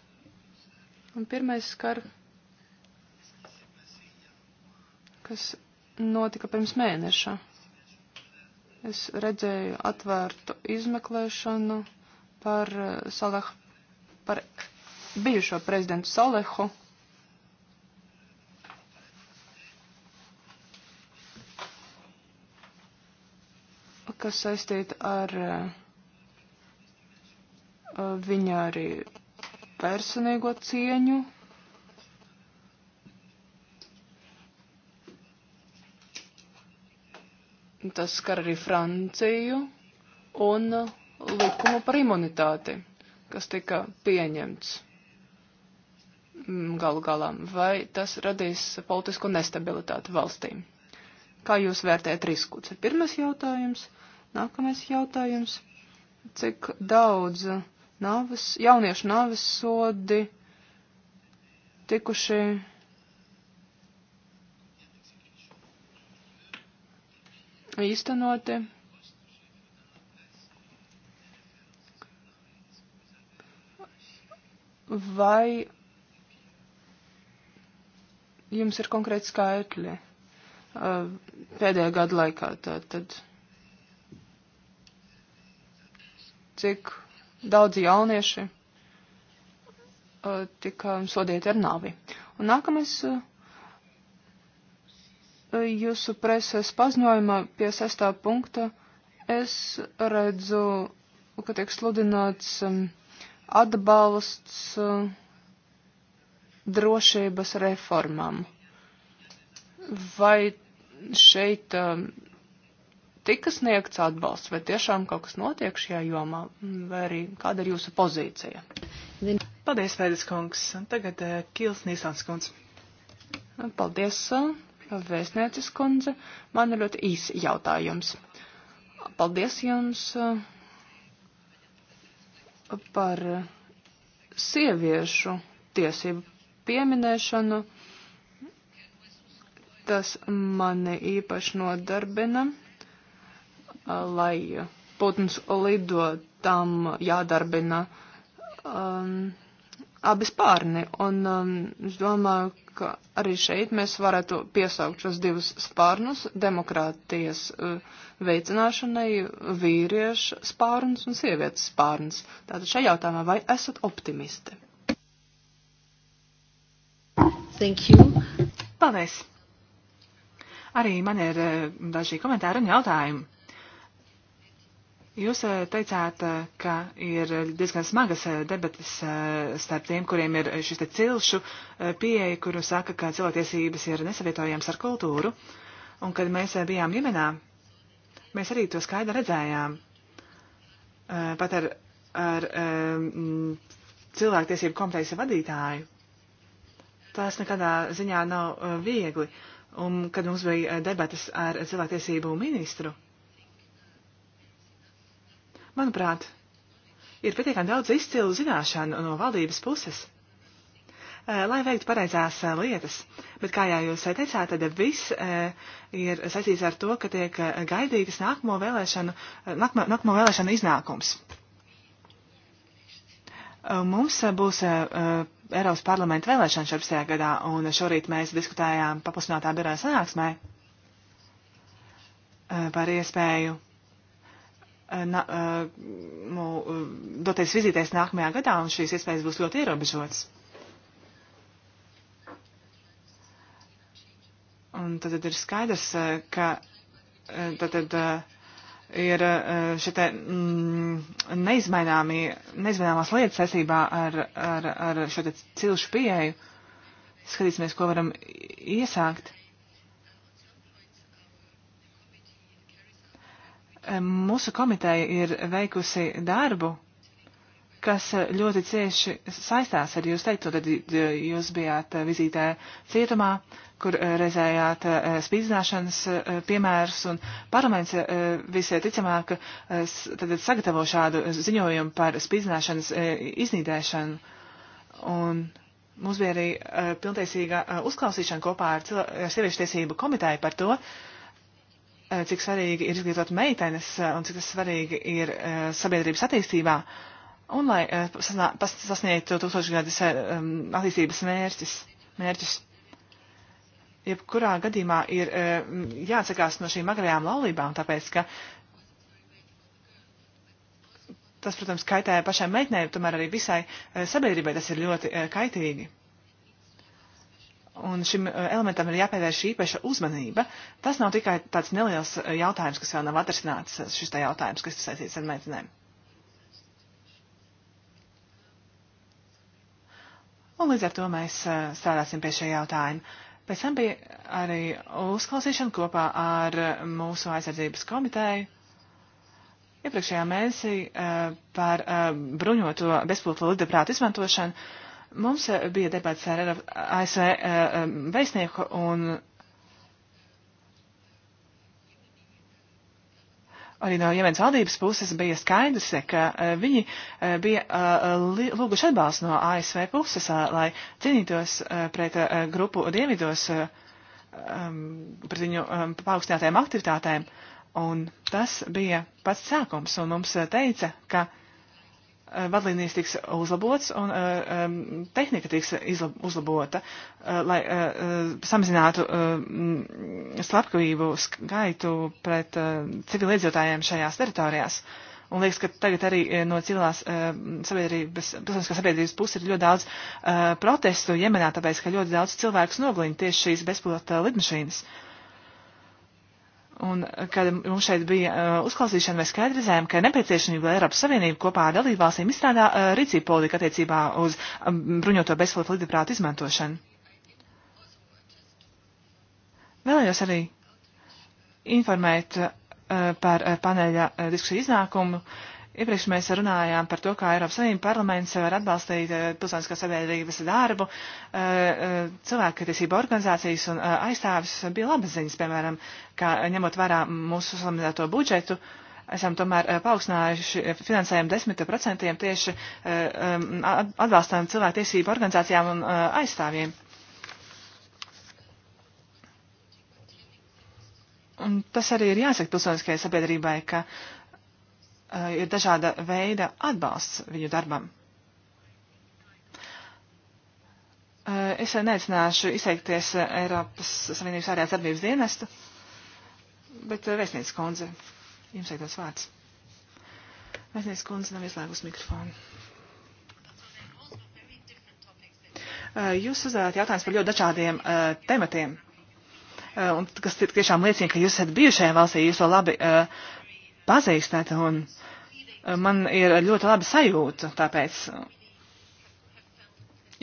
Un pirmais skar, kas notika pirms mēneša. Es redzēju atvērtu izmeklēšanu par uh, Salah bijušo prezidentu Solehu. kas saistīta ar uh, viņa arī personīgo cieņu. Tas skar arī Franciju un likumu par imunitāti, kas tika pieņemts. Mm, galu galā, vai tas radīs politisko nestabilitāti valstīm? Kā jūs vērtējat risku? Tas ir pirmais jautājums. Nākamais jautājums. Cik daudz navas, jauniešu navas sodi tikuši īstenoti? Vai Jums ir konkrēti skaitļi uh, pēdējā gada laikā, tātad cik daudz jaunieši uh, tika sodīti ar nāvi. Un nākamais uh, jūsu preses paziņojumā pie sestā punkta es redzu, ka tiek sludināts um, atbalsts drošības reformām. Vai šeit um, tika sniegts atbalsts, vai tiešām kaut kas notiek šajā jomā, vai arī kāda ir jūsu pozīcija? Paldies, Vēdis kungs. Tagad uh, Kils Nīsāns kungs. Paldies, uh, vēstniecis kundze. Man ir ļoti īsi jautājums. Paldies jums uh, par uh, sieviešu tiesību pieminēšanu. Tas mani īpaši nodarbina, lai putns lido, tam jādarbina um, abi spārni. Un um, es domāju, ka arī šeit mēs varētu piesaukt šos divus spārnus demokrātijas uh, veicināšanai - vīriešu spārns un sievietes spārns. Tātad šajā jautājumā vai esat optimisti? Thank you. Paldies. Arī man ir eh, daži komentāri un jautājumi. Jūs eh, teicāt, eh, ka ir diezgan smagas debatas starp tiem, kuriem ir šis te cilšu pieeja, kuru saka, ka cilvēktiesības ir nesavietojams ar kultūru. Un kad mēs bijām Jemenā, mēs arī to skaidri redzējām. Pat ar, ar cilvēktiesību komitejas vadītāju tās nekādā ziņā nav uh, viegli. Un kad mums bija uh, debatas ar cilvēktiesību ministru, manuprāt, ir pietiekami daudz izcilu zināšanu no valdības puses, uh, lai veiktu pareizās lietas. Bet, kā jau jūs teicāt, tad viss ir saistīts ar to, ka tiek gaidītas nākamo vēlēšanu, nākamo, nākamo vēlēšanu iznākums. Mums būs Eiropas parlamenta vēlēšana 14. gadā, un šorīt mēs diskutējām paplašinātā birā sanāksmē eh, par iespēju eh, na, nu, doties vizītēs nākamajā gadā, un šīs iespējas būs ļoti ierobežotas. Un tad ir skaidrs, ka tad, tad ir eh, šie te mm, neizmaināmās lietas saistībā ar, ar, ar šo te cilšu pieeju. Skatīsimies, ko varam iesākt. Mūsu komiteja ir veikusi darbu kas eh, ļoti cieši saistās ar jūs teikto, tad eh, jūs bijāt eh, vizītē cietumā, kur reizējāt spīdzināšanas piemērus, un parlaments visai ticamāk tad sagatavo šādu ziņojumu par spīdzināšanas iznīdēšanu. Un mums bija arī pilntiesīga uzklausīšana kopā ar, ar sieviešu tiesību komiteju par to, cik svarīgi ir izglītot meitenes un cik tas svarīgi ir sabiedrības attīstībā. Uh, un lai eh, sasniegtu tūkstošgadus eh, attīstības mērķis, mērķis. Jebkurā gadījumā ir eh, jāatsakās no šīm agrajām laulībām, tāpēc, ka tas, protams, kaitē pašai meitnei, tomēr arī visai sabiedrībai tas ir ļoti kaitīgi. Un šim elementam ir jāpievērš īpaša uzmanība. Tas nav tikai tāds neliels jautājums, kas vēl nav atrasināts, šis tā jautājums, kas saistīts ar meitenēm. Un līdz ar to mēs strādāsim pie šī jautājuma. Pēc tam bija arī uzklausīšana kopā ar mūsu aizsardzības komiteju. Iepriekšējā mēnesī par bruņoto bezpilota lidaprātu izmantošanu mums bija debats ar ASV vēstnieku un arī no Jemenas valdības puses bija skaidrs, ka e, viņi e, bija e, lūguši atbalstu no ASV puses, lai cīnītos pret grupu dienvidos, um, pret viņu um, paaugstinātajām aktivitātēm. Un tas bija pats sākums, un mums teica, ka Eh, vadlīnijas tiks uzlabots un uh, um, tehnika tiks izlab, uzlabota, uh, lai uh, samazinātu slepkavību skaitu pret civiliedzotājiem šajās teritorijās. Un liekas, ka tagad arī no civilās sabiedrības, pilsoniskās sabiedrības puses ir ļoti daudz protestu Jemenā, tāpēc, ka ļoti daudz cilvēkus noglina tieši šīs bezpilota lidmašīnas. Uh, Un, kad mums šeit bija uh, uzklausīšana, mēs skaidrizējām, ka nepieciešamība, lai Eiropas Savienība kopā ar dalībvalstīm izstrādā uh, rīcību politiku attiecībā uz um, bruņoto bezpilotu lidaprātu izmantošanu. Vēlējos arī informēt uh, par uh, paneļa uh, diskusiju iznākumu. Uh, Iepriekš mēs runājām par to, kā Eiropas Savienība parlaments var atbalstīt eh, pilsoniskās sabiedrības darbu. Eh, eh, cilvēktiesība organizācijas un aizstāvis bija labas ziņas, piemēram, kā ņemot vērā mūsu samazinēto budžetu, esam tomēr paaugstinājuši finansējumu 10% tieši atbalstām cilvēktiesību organizācijām un aizstāvjiem. Un tas arī ir jāsaka pilsoniskajai sabiedrībai, ka uh, Eh, ir dažāda veida atbalsts viņu darbam. Eh, es neicināšu izteikties Eiropas Savienības ārējās darbības dienestu, bet eh, vēstniec kundze, jums ir tas vārds. Vēstniec kundze nav ieslēgus mikrofonu. Jūs uzdevāt jautājumus par ļoti dažādiem uh, tematiem, uh, un kas tiešām liecina, ka jūs esat bijušajā valstī, jūs to labi uh, pazīstēta un eh, man ir ļoti laba sajūta, tāpēc eh,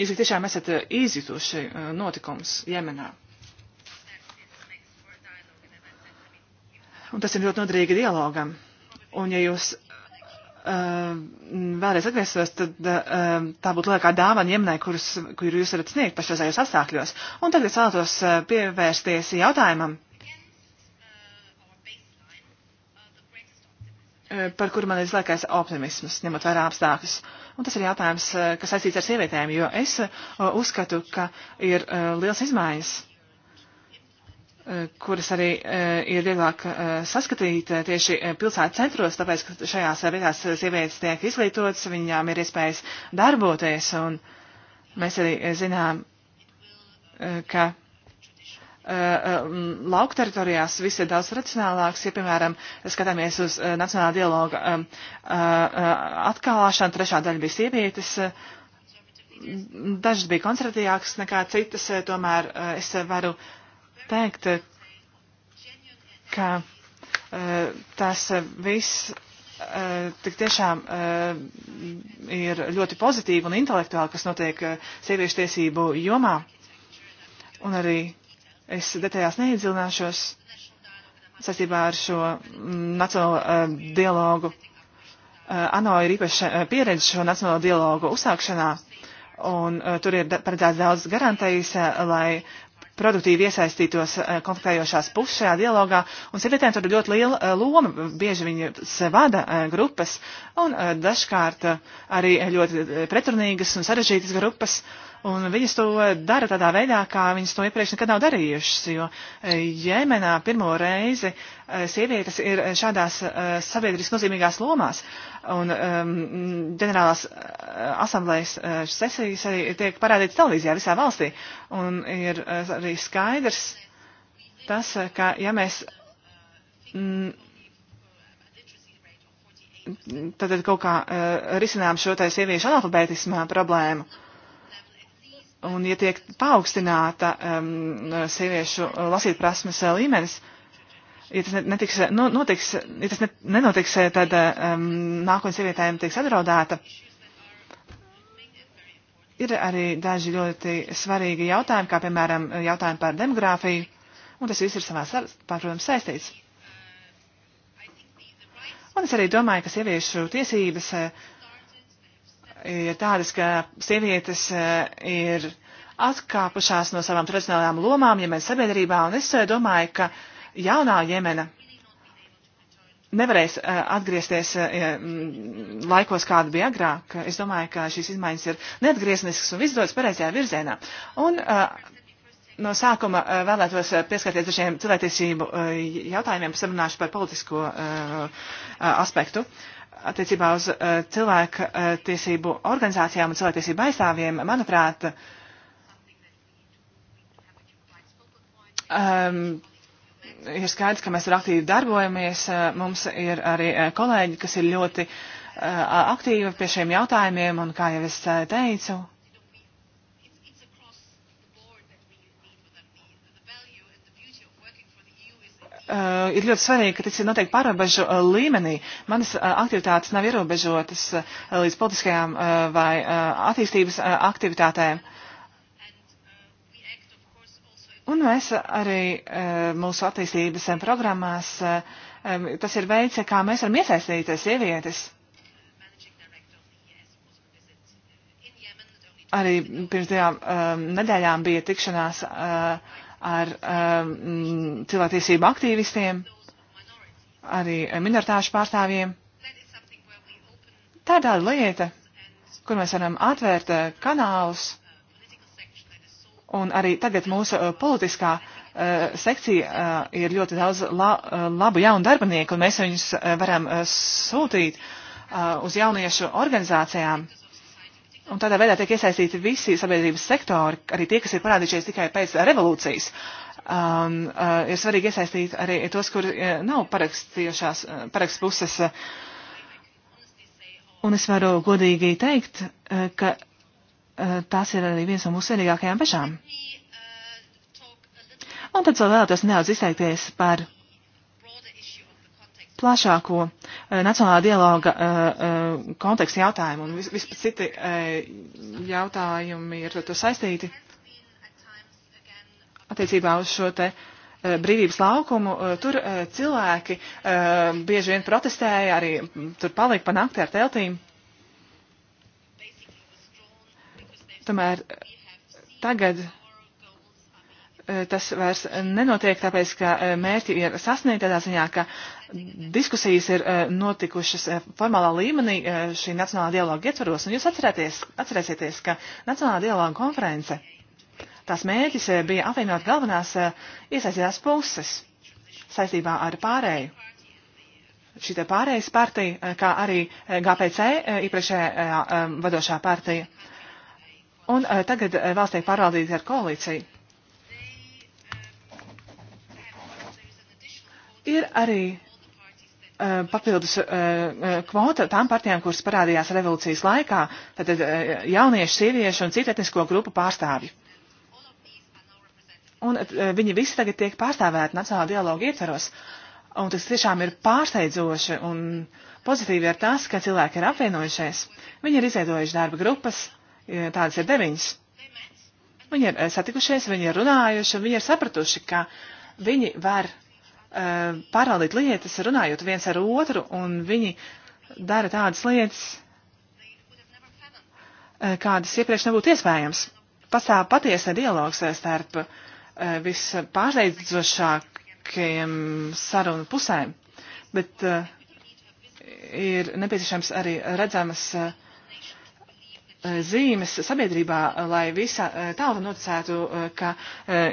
jūs tiešām esat eh, izjutuši notikums Jemenā. Un tas ir ļoti noderīgi dialogam. Un ja jūs uh, vēlreiz atgrieztos, tad uh, tā būtu lielākā dāvana Jemenai, kurus, kuru jūs varat sniegt pašreizējos apstākļos. Un tagad es vēlētos pievērsties jautājumam Eh, par kuru man ir lielākais optimisms, ņemot vērā apstākļus. Un tas ir jautājums, eh, kas saistīts ar sievietēm, jo es eh, uzskatu, ka ir liels izmaiņas, kuras arī ir vieglāk saskatīt tieši pilsētu centros, tāpēc, ka šajās vietās sievietes tiek izglītotas, viņām ir iespējas darboties, un mēs arī zinām, ka Eh, eh, lauku teritorijās viss ir daudz racionālāks. Ja, piemēram, skatāmies uz eh, nacionālā dialoga atkālāšanu, trešā daļa bija sievietes, dažas bija konservatīvākas nekā citas, tomēr es varu teikt, ka tas viss tik tiešām ir ļoti pozitīvi un intelektuāli, kas notiek sieviešu tiesību jomā. Un arī Es detaļās neiedziļināšos saistībā ar šo mm, nacionālo uh, dialogu. Uh, ANO ir īpaša uh, pieredze šo nacionālo dialogu uzsākšanā, un uh, tur ir da paredzēts daudz garantijas, uh, lai produktīvi iesaistītos eh, konfliktējošās puses šajā dialogā, un sievietēm tur ir ļoti liela eh, loma, bieži viņas vada eh, grupas, un dažkārt arī ļoti pretrunīgas un sarežģītas grupas, un viņas to dara tādā veidā, kā viņas to iepriekš nekad nav darījušas, jo Jemenā pirmo reizi sievietes ir šādās sabiedriski nozīmīgās lomās, Un um, ģenerālās uh, asamblējas uh, sesijas arī tiek parādītas televīzijā visā valstī. Un ir uh, arī skaidrs tas, ka ja mēs. Mm, Tātad kaut kā uh, risinām šo tā sieviešu analfabētismā problēmu. Un, ja tiek paaugstināta um, sieviešu lasīt prasmes līmenis, uh, ja tas netiks, nu, notiks, ja tas nenotiks, tad um, nākotnes sievietēm tiks apdraudēta. Ir arī daži ļoti svarīgi jautājumi, kā piemēram jautājumi par demogrāfiju, un tas viss ir savā pārprotams saistīts. Un es arī domāju, ka sieviešu tiesības eh, ir tādas, ka sievietes eh, ir atkāpušās no savām tradicionālām lomām, ja mēs sabiedrībā, un es eh, domāju, ka uh, jaunā Jemena nevarēs uh, atgriezties uh, laikos, kāda bija agrāk. Es domāju, ka šīs izmaiņas ir neatgriezniskas un izdodas pareizajā virzienā. Un uh, no sākuma vēlētos pieskarties dažiem cilvēktiesību jautājumiem, sarunāšu par politisko aspektu attiecībā uz cilvēku tiesību organizācijām un cilvēktiesību aizstāvjiem. Manuprāt, um, ir skaidrs, ka mēs tur aktīvi darbojamies. Eh, mums ir arī eh, kolēģi, kas ir ļoti eh, aktīvi pie šiem jautājumiem, un kā jau es teicu, uh, ir ļoti svarīgi, ka tas ir noteikti pārobežu uh, līmenī. Manas uh, aktivitātes nav ierobežotas uh, līdz politiskajām uh, vai uh, attīstības uh, aktivitātēm. Uh, Un mēs arī e, mūsu attīstības programmās, e, e, tas ir veids, kā mēs varam iesaistīties sievietes. Arī pirms divām nedēļām bija tikšanās ar cilvēktiesību aktīvistiem, arī minoritāšu pārstāvjiem. Tā ir tāda lieta, kur mēs varam atvērt kanālus Un arī tagad mūsu uh, politiskā uh, sekcija uh, ir ļoti daudz la, labu jaunu darbinieku, un mēs viņus varam sūtīt uz jauniešu organizācijām. Un tādā veidā tiek iesaistīti visi sabiedrības sektori, arī tie, kas ir parādījušies tikai pēc revolūcijas. Um, uh, ir svarīgi iesaistīt arī tos, kur uh, nav parakstījušās uh, paraksts puses. Uh, un es varu godīgi teikt, uh, ka Eh, tās ir arī viens no mūsu svarīgākajām pašām. Uh, un tad vēl vēlētos nedaudz izteikties par plašāko eh, nacionālā dialoga eh, kontekstu jautājumu un vispār citi jautājumi ir ar to saistīti attiecībā uz šo te brīvības laukumu. Tur cilvēki bieži vien protestēja, arī tur palika pa nakti ar teltīm. Tomēr tagad eh, tas vairs nenotiek, tāpēc, ka eh, mērķi ir sasniegti tādā ziņā, ka diskusijas ir eh, notikušas formālā līmenī šī nacionālā dialoga ietvaros, un jūs atcerēsieties, ka nacionālā dialoga konference, tās mērķis bija apvienot galvenās iesaistītās puses saistībā ar pārēju. Šī te pārējais partija, kā arī GPC, iepriekšējā vadošā partija Un eh, tagad eh, valsts tiek pārvaldīta ar koalīciju. Ir arī eh, papildus kvota tām partijām, kuras parādījās revolūcijas laikā, tad jauniešu, sieviešu un citu etnisko grupu pārstāvju. Un viņi visi tagad tiek pārstāvēti nacionālā dialoga ietvaros. Un tas tiešām ir pārsteidzoši un pozitīvi ir tas, ka cilvēki ir apvienojušies. Viņi ir izveidojuši darba grupas, tādas ir deviņas. Viņi ir eh, satikušies, viņi ir runājuši, un viņi ir sapratuši, ka viņi var uh, eh, parādīt lietas, runājot viens ar otru, un viņi dara tādas lietas, uh, kādas iepriekš nebūtu iespējams. Pastāv patiesa dialogs starp uh, vispārsteidzošākajiem sarunu pusēm, bet uh, ir nepieciešams arī redzamas uh, Eh, zīmes sabiedrībā, eh, lai visa eh, tauta noticētu, ka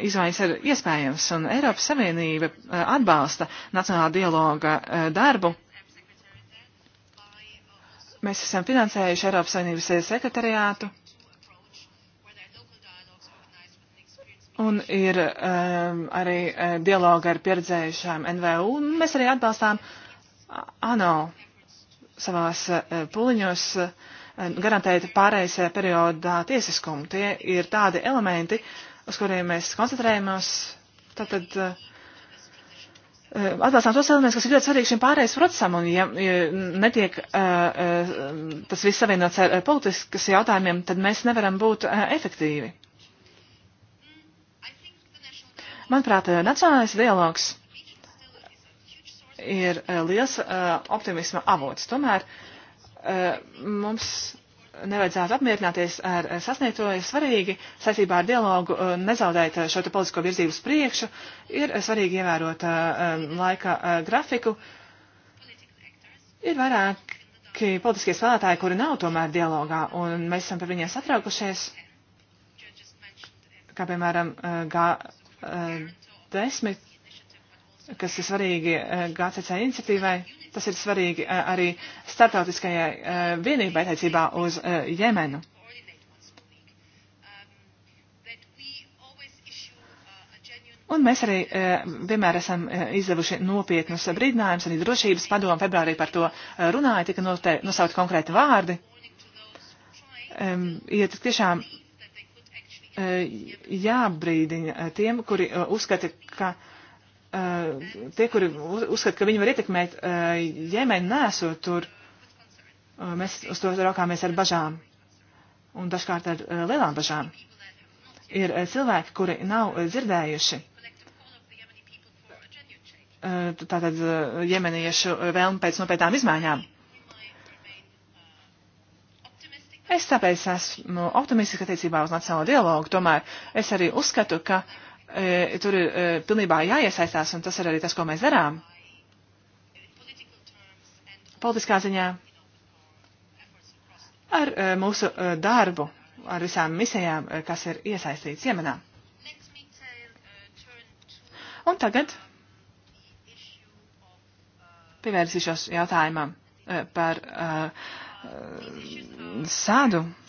izmaiņas ir iespējams. Un Eiropas Savienība atbalsta nacionālā dialoga darbu. Mēs esam finansējuši Eiropas Savienības sekretariātu. Un ir um, arī dialoga ar pieredzējušām NVU. Mēs arī atbalstām ANO savās uh, puliņos. Uh, Eh, garantēt pārējais eh, periodā tiesiskumu. Tie ir tādi elementi, uz kuriem mēs koncentrējamies. Tātad eh, atbalstām tos elementus, kas ir ļoti svarīgi šim pārējais procesam, un ja, ja netiek tas viss savienots ar politiskas jautājumiem, tad mēs nevaram būt efektīvi. Manuprāt, nacionālais dialogs ir liels optimisma avots. Tomēr uh, Eh, mums nevajadzētu apmierināties ar eh, sasniegto, ir svarīgi saistībā ar dialogu eh, nezaudēt šo te politisko virzību uz priekšu, ir svarīgi ievērot laika grafiku. Ir vairāki politiskie spēlētāji, kuri nav tomēr dialogā, un mēs esam par viņiem satraukušies, kā piemēram G10, kas ir svarīgi GCC iniciatīvai Tas ir svarīgi eh, arī starptautiskajai eh, vienībai attiecībā uz eh, Jemenu. Un mēs arī vienmēr esam izdevuši nopietnus brīdinājumus, arī drošības padomu februārī par to runāja, tika nosaukt konkrēti vārdi. Ir tiešām jābrīdiņa tiem, kuri uzskata, ka Eh, tie, kuri uzskata, ka viņi var ietekmēt eh, Jemeni, nesot tur, eh, mēs uz to raukāmies ar bažām un dažkārt ar lielām bažām. Ir cilvēki, kuri nav dzirdējuši tātad jemeniešu vēlmi pēc nopietnām izmaiņām. Es tāpēc esmu optimistiski attiecībā uz nacionālo dialogu, tomēr es arī uzskatu, ka uh, E, tur ir e, pilnībā jāiesaistās, un tas ir arī tas, ko mēs darām. Politiskā ziņā ar e, mūsu darbu, ar visām misijām, kas ir iesaistīts Jemenā. Un tagad pievērsīšos jautājumam par sādu. Uh,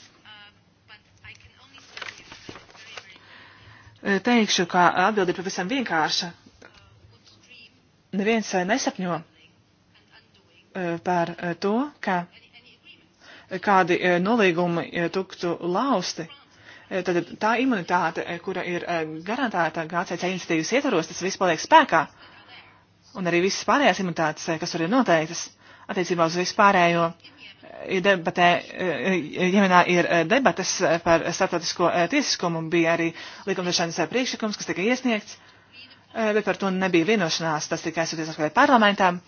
Eh, teikšu, ka atbildi ir pavisam vienkārša. Neviens eh, nesapņo eh, par to, ka kādi nolīgumi tuktu lausti. Tad tā imunitāte, kura ir garantēta GCC iniciatīvas ietvaros, tas viss paliek spēkā. Un arī visas pārējās imunitātes, kas tur ir noteiktas attiecībā uz vispārējo. pārējo debatē, eh, Jemenā ir eh, debatas eh, par starptautisko tiesiskumu, bija arī likumdošanas priekšlikums, kas tika iesniegts, bet par to nebija vienošanās, tas tika aizsūties atpakaļ parlamentām,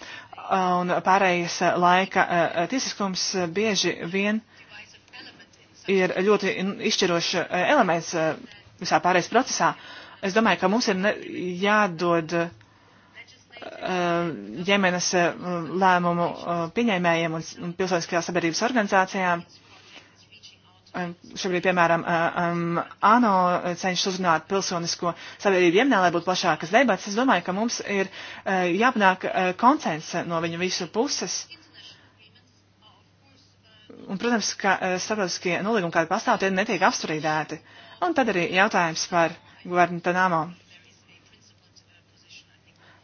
un pārējais laika tiesiskums bieži vien ir ļoti izšķirošs elements visā pārējais procesā. Es domāju, ka mums ir jādod ģimenes eh, eh, lēmumu eh, pieņēmējiem un pilsoniskajām sabiedrības organizācijām. Šobrīd, piemēram, ANO cenšas uzrunāt pilsonisko sabiedrību Jemenā, lai būtu plašākas debatas. Es domāju, ka mums ir jāpanāk konsens no viņu visu puses. Un, protams, ka starptautiskie nolīgumi, kādi pastāv, tie netiek apstrīdēti. Un tad arī jautājums par Guarnitanamo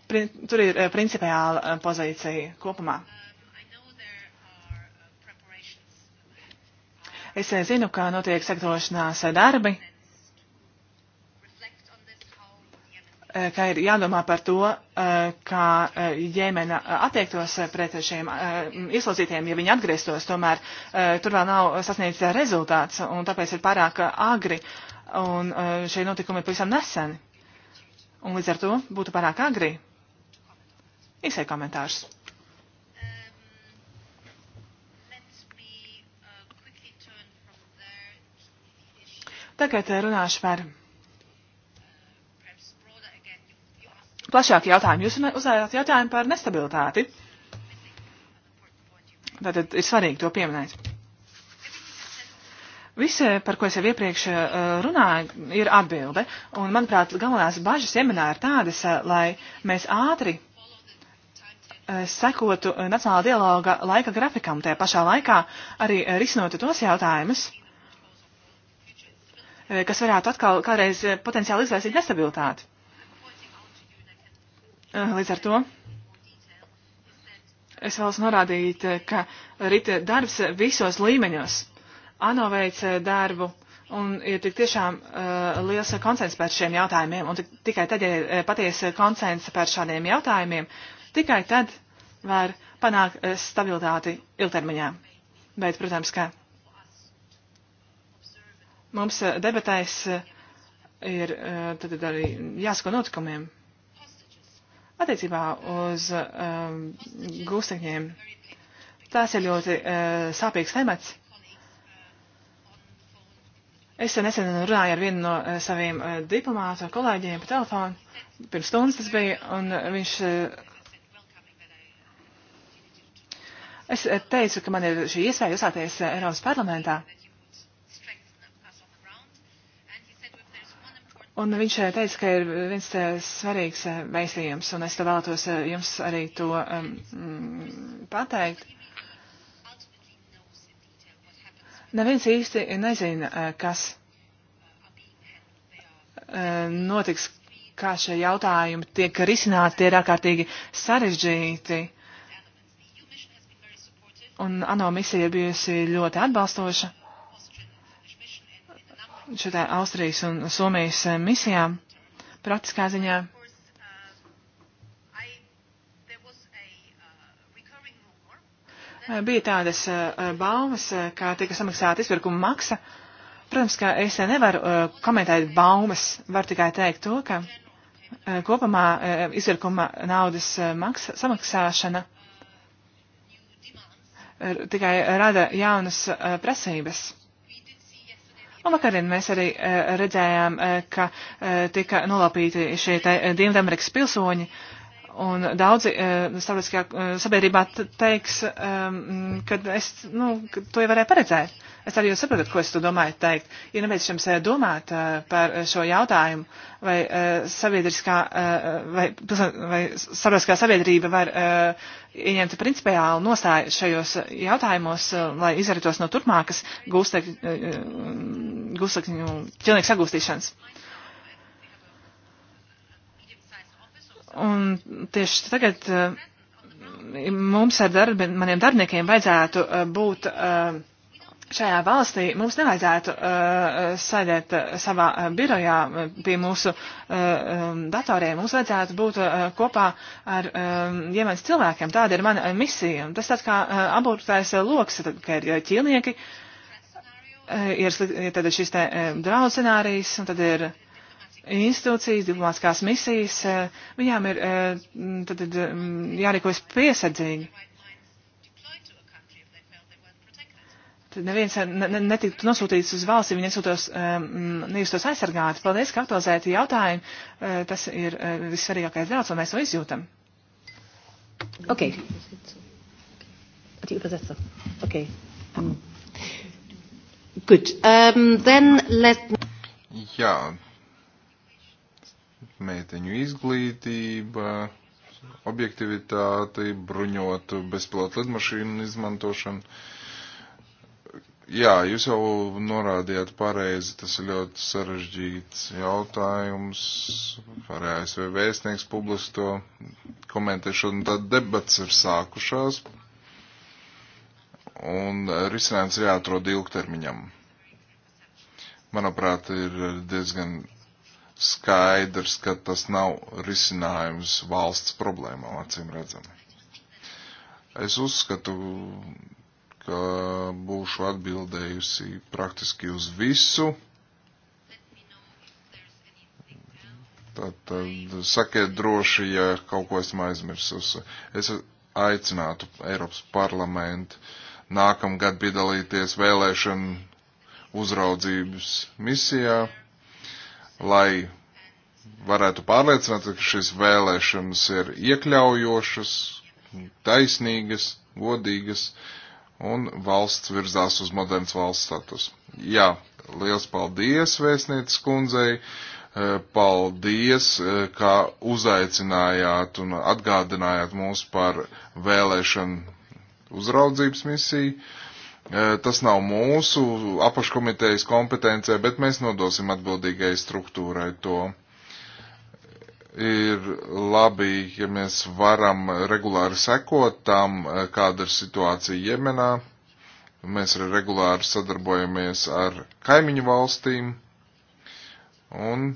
tur ir eh, principiāla eh, pozīcija kopumā. Es eh, zinu, ka notiek sagatavošanās darbi, ka ir jādomā par to, kā Jēmena attiektos pret šiem ieslodzītiem, ja viņi atgrieztos. Tomēr tur vēl nav sasniegts rezultāts, un tāpēc ir pārāk agri, un šie notikumi ir pavisam neseni. Un līdz ar to būtu pārāk agri Īsai komentārs. Tagad eh, runāšu par plašāku jautājumu. Jūs uzdevāt jautājumu par nestabilitāti. Tātad ir svarīgi to pieminēt. Viss, par ko es jau iepriekš eh, runāju, ir atbilde. Un, manuprāt, galvenās bažas iemanā ir tādas, eh, lai mēs ātri Eh, sekotu eh, nacionālā dialoga laika grafikam, tajā pašā laikā arī eh, risinotu tos jautājumus, kas varētu atkal kādreiz potenciāli izraisīt nestabilitāti. Līdz ar to es vēlos norādīt, ka rīta darbs visos līmeņos. ANO veic darbu un ir tik tiešām uh, liels konsens par šiem jautājumiem, un tik, tikai tad, ja ir patiesa konsens par šādiem jautājumiem, Tikai tad var panākt eh, stabilitāti ilgtermiņā. Bet, protams, kā mums eh, debatēs eh, ir tad arī jāsako notikumiem attiecībā uz um, gūstekņiem. Tās ir ļoti uh, sāpīgs temats. Es nesen runāju ar vienu no uh, saviem uh, diplomātu kolēģiem pa telefonu. Pirms stundas tas bija, un viņš uh, Es eh, teicu, ka man ir šī iespēja uzstāties eh, Eiropas parlamentā. Un viņš eh, teica, ka ir viens svarīgs veistījums, un es te vēlētos jums arī to um, pateikt. Neviens īsti nezina, kas notiks, kā šie jautājumi tiek risināti, tie ir ārkārtīgi sarežģīti. Un ANO misija ir bijusi ļoti atbalstoša šitā Austrijas un Somijas eh, misijām praktiskā ziņā. Eh, bija tādas eh, baumas, kā tika samaksāta izpirkuma maksa. Protams, ka es nevaru komentēt baumas, varu tikai teikt to, ka kopumā izpirkuma naudas maksa, samaksāšana tikai rada jaunas uh, prasības. Un vakarien mēs arī uh, redzējām, uh, ka tika nolapīti šie Dienvidamerikas pilsoņi. Un daudzi starptautiskajā sabiedrībā teiks, um, ka es, nu, ka to jau varēju paredzēt. Es arī jūs saprotat, ko es to domāju teikt. Ir nepieciešams domāt eh, par eh, šo jautājumu, vai eh, sabiedriskā, vai, vai sabiedriskā sabiedrība var ieņemt principiālu nostāju šajos jautājumos, lai izvairītos no turpmākas gūstekņu ķilnieku sagūstīšanas. Un tieši tagad mums ar darbi, maniem darbiniekiem vajadzētu būt uh, šajā valstī mums nevajadzētu uh, uh, sēdēt uh, savā uh, birojā uh, pie mūsu uh, um, datoriem. Mums vajadzētu būt uh, kopā ar um, Jemens cilvēkiem. Tāda ir mana uh, misija. Tas tāds kā uh, aburtais uh, loks, tad, ka ir ķīlnieki, uh, ir, ir tad šis te uh, draudz scenārijs, un tad ir institūcijas, diplomātskās misijas. Uh, viņām ir uh, tad, uh, jārīkojas piesardzīgi. Uh, neviens eh, ne, netiktu nosūtīts uz valsti, viņi nesūtos, um, eh, nejustos aizsargāti. Paldies, ka aktualizēti jautājumi. Uh, tas ir uh, vissvarīgākais draudz, un mēs to izjūtam. Ok. okay. Um. Good. Um, then let... Jā. Mēteņu izglītība, objektivitāte, bruņotu bezpilotu lidmašīnu izmantošana. Uh, Jā, jūs jau norādījāt pareizi, tas ir ļoti sarežģīts jautājums. Arī ASV vēstnieks publiski to komentēšanu, tad debats ir sākušās. Un risinājums ir jāatrod ilgtermiņam. Manuprāt, ir diezgan skaidrs, ka tas nav risinājums valsts problēmām, acīm redzami. Es uzskatu, ka būšu atbildējusi praktiski uz visu. Tātad sakiet droši, ja kaut ko esmu aizmirsusi. Es aicinātu Eiropas parlamentu nākamgad piedalīties vēlēšanu uzraudzības misijā, lai varētu pārliecināt, ka šīs vēlēšanas ir iekļaujošas, taisnīgas, godīgas, un valsts virzās uz modernas valsts status. Jā, liels paldies vēstnieces kundzei, e, paldies, e, ka uzaicinājāt un atgādinājāt mūs par vēlēšanu uzraudzības misiju. E, tas nav mūsu apakškomitejas kompetencija, bet mēs nodosim atbildīgai struktūrai to ir labi, ja mēs varam regulāri sekot tam, kāda ir situācija Jemenā. Mēs arī regulāri sadarbojamies ar kaimiņu valstīm un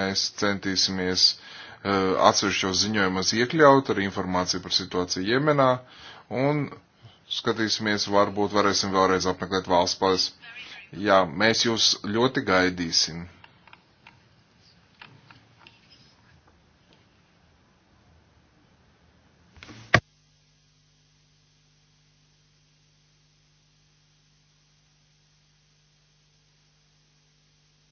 mēs centīsimies uh, atsevišķos ziņojumos iekļaut ar informāciju par situāciju Jemenā un skatīsimies, varbūt varēsim vēlreiz apmeklēt valsts. Jā, mēs jūs ļoti gaidīsim.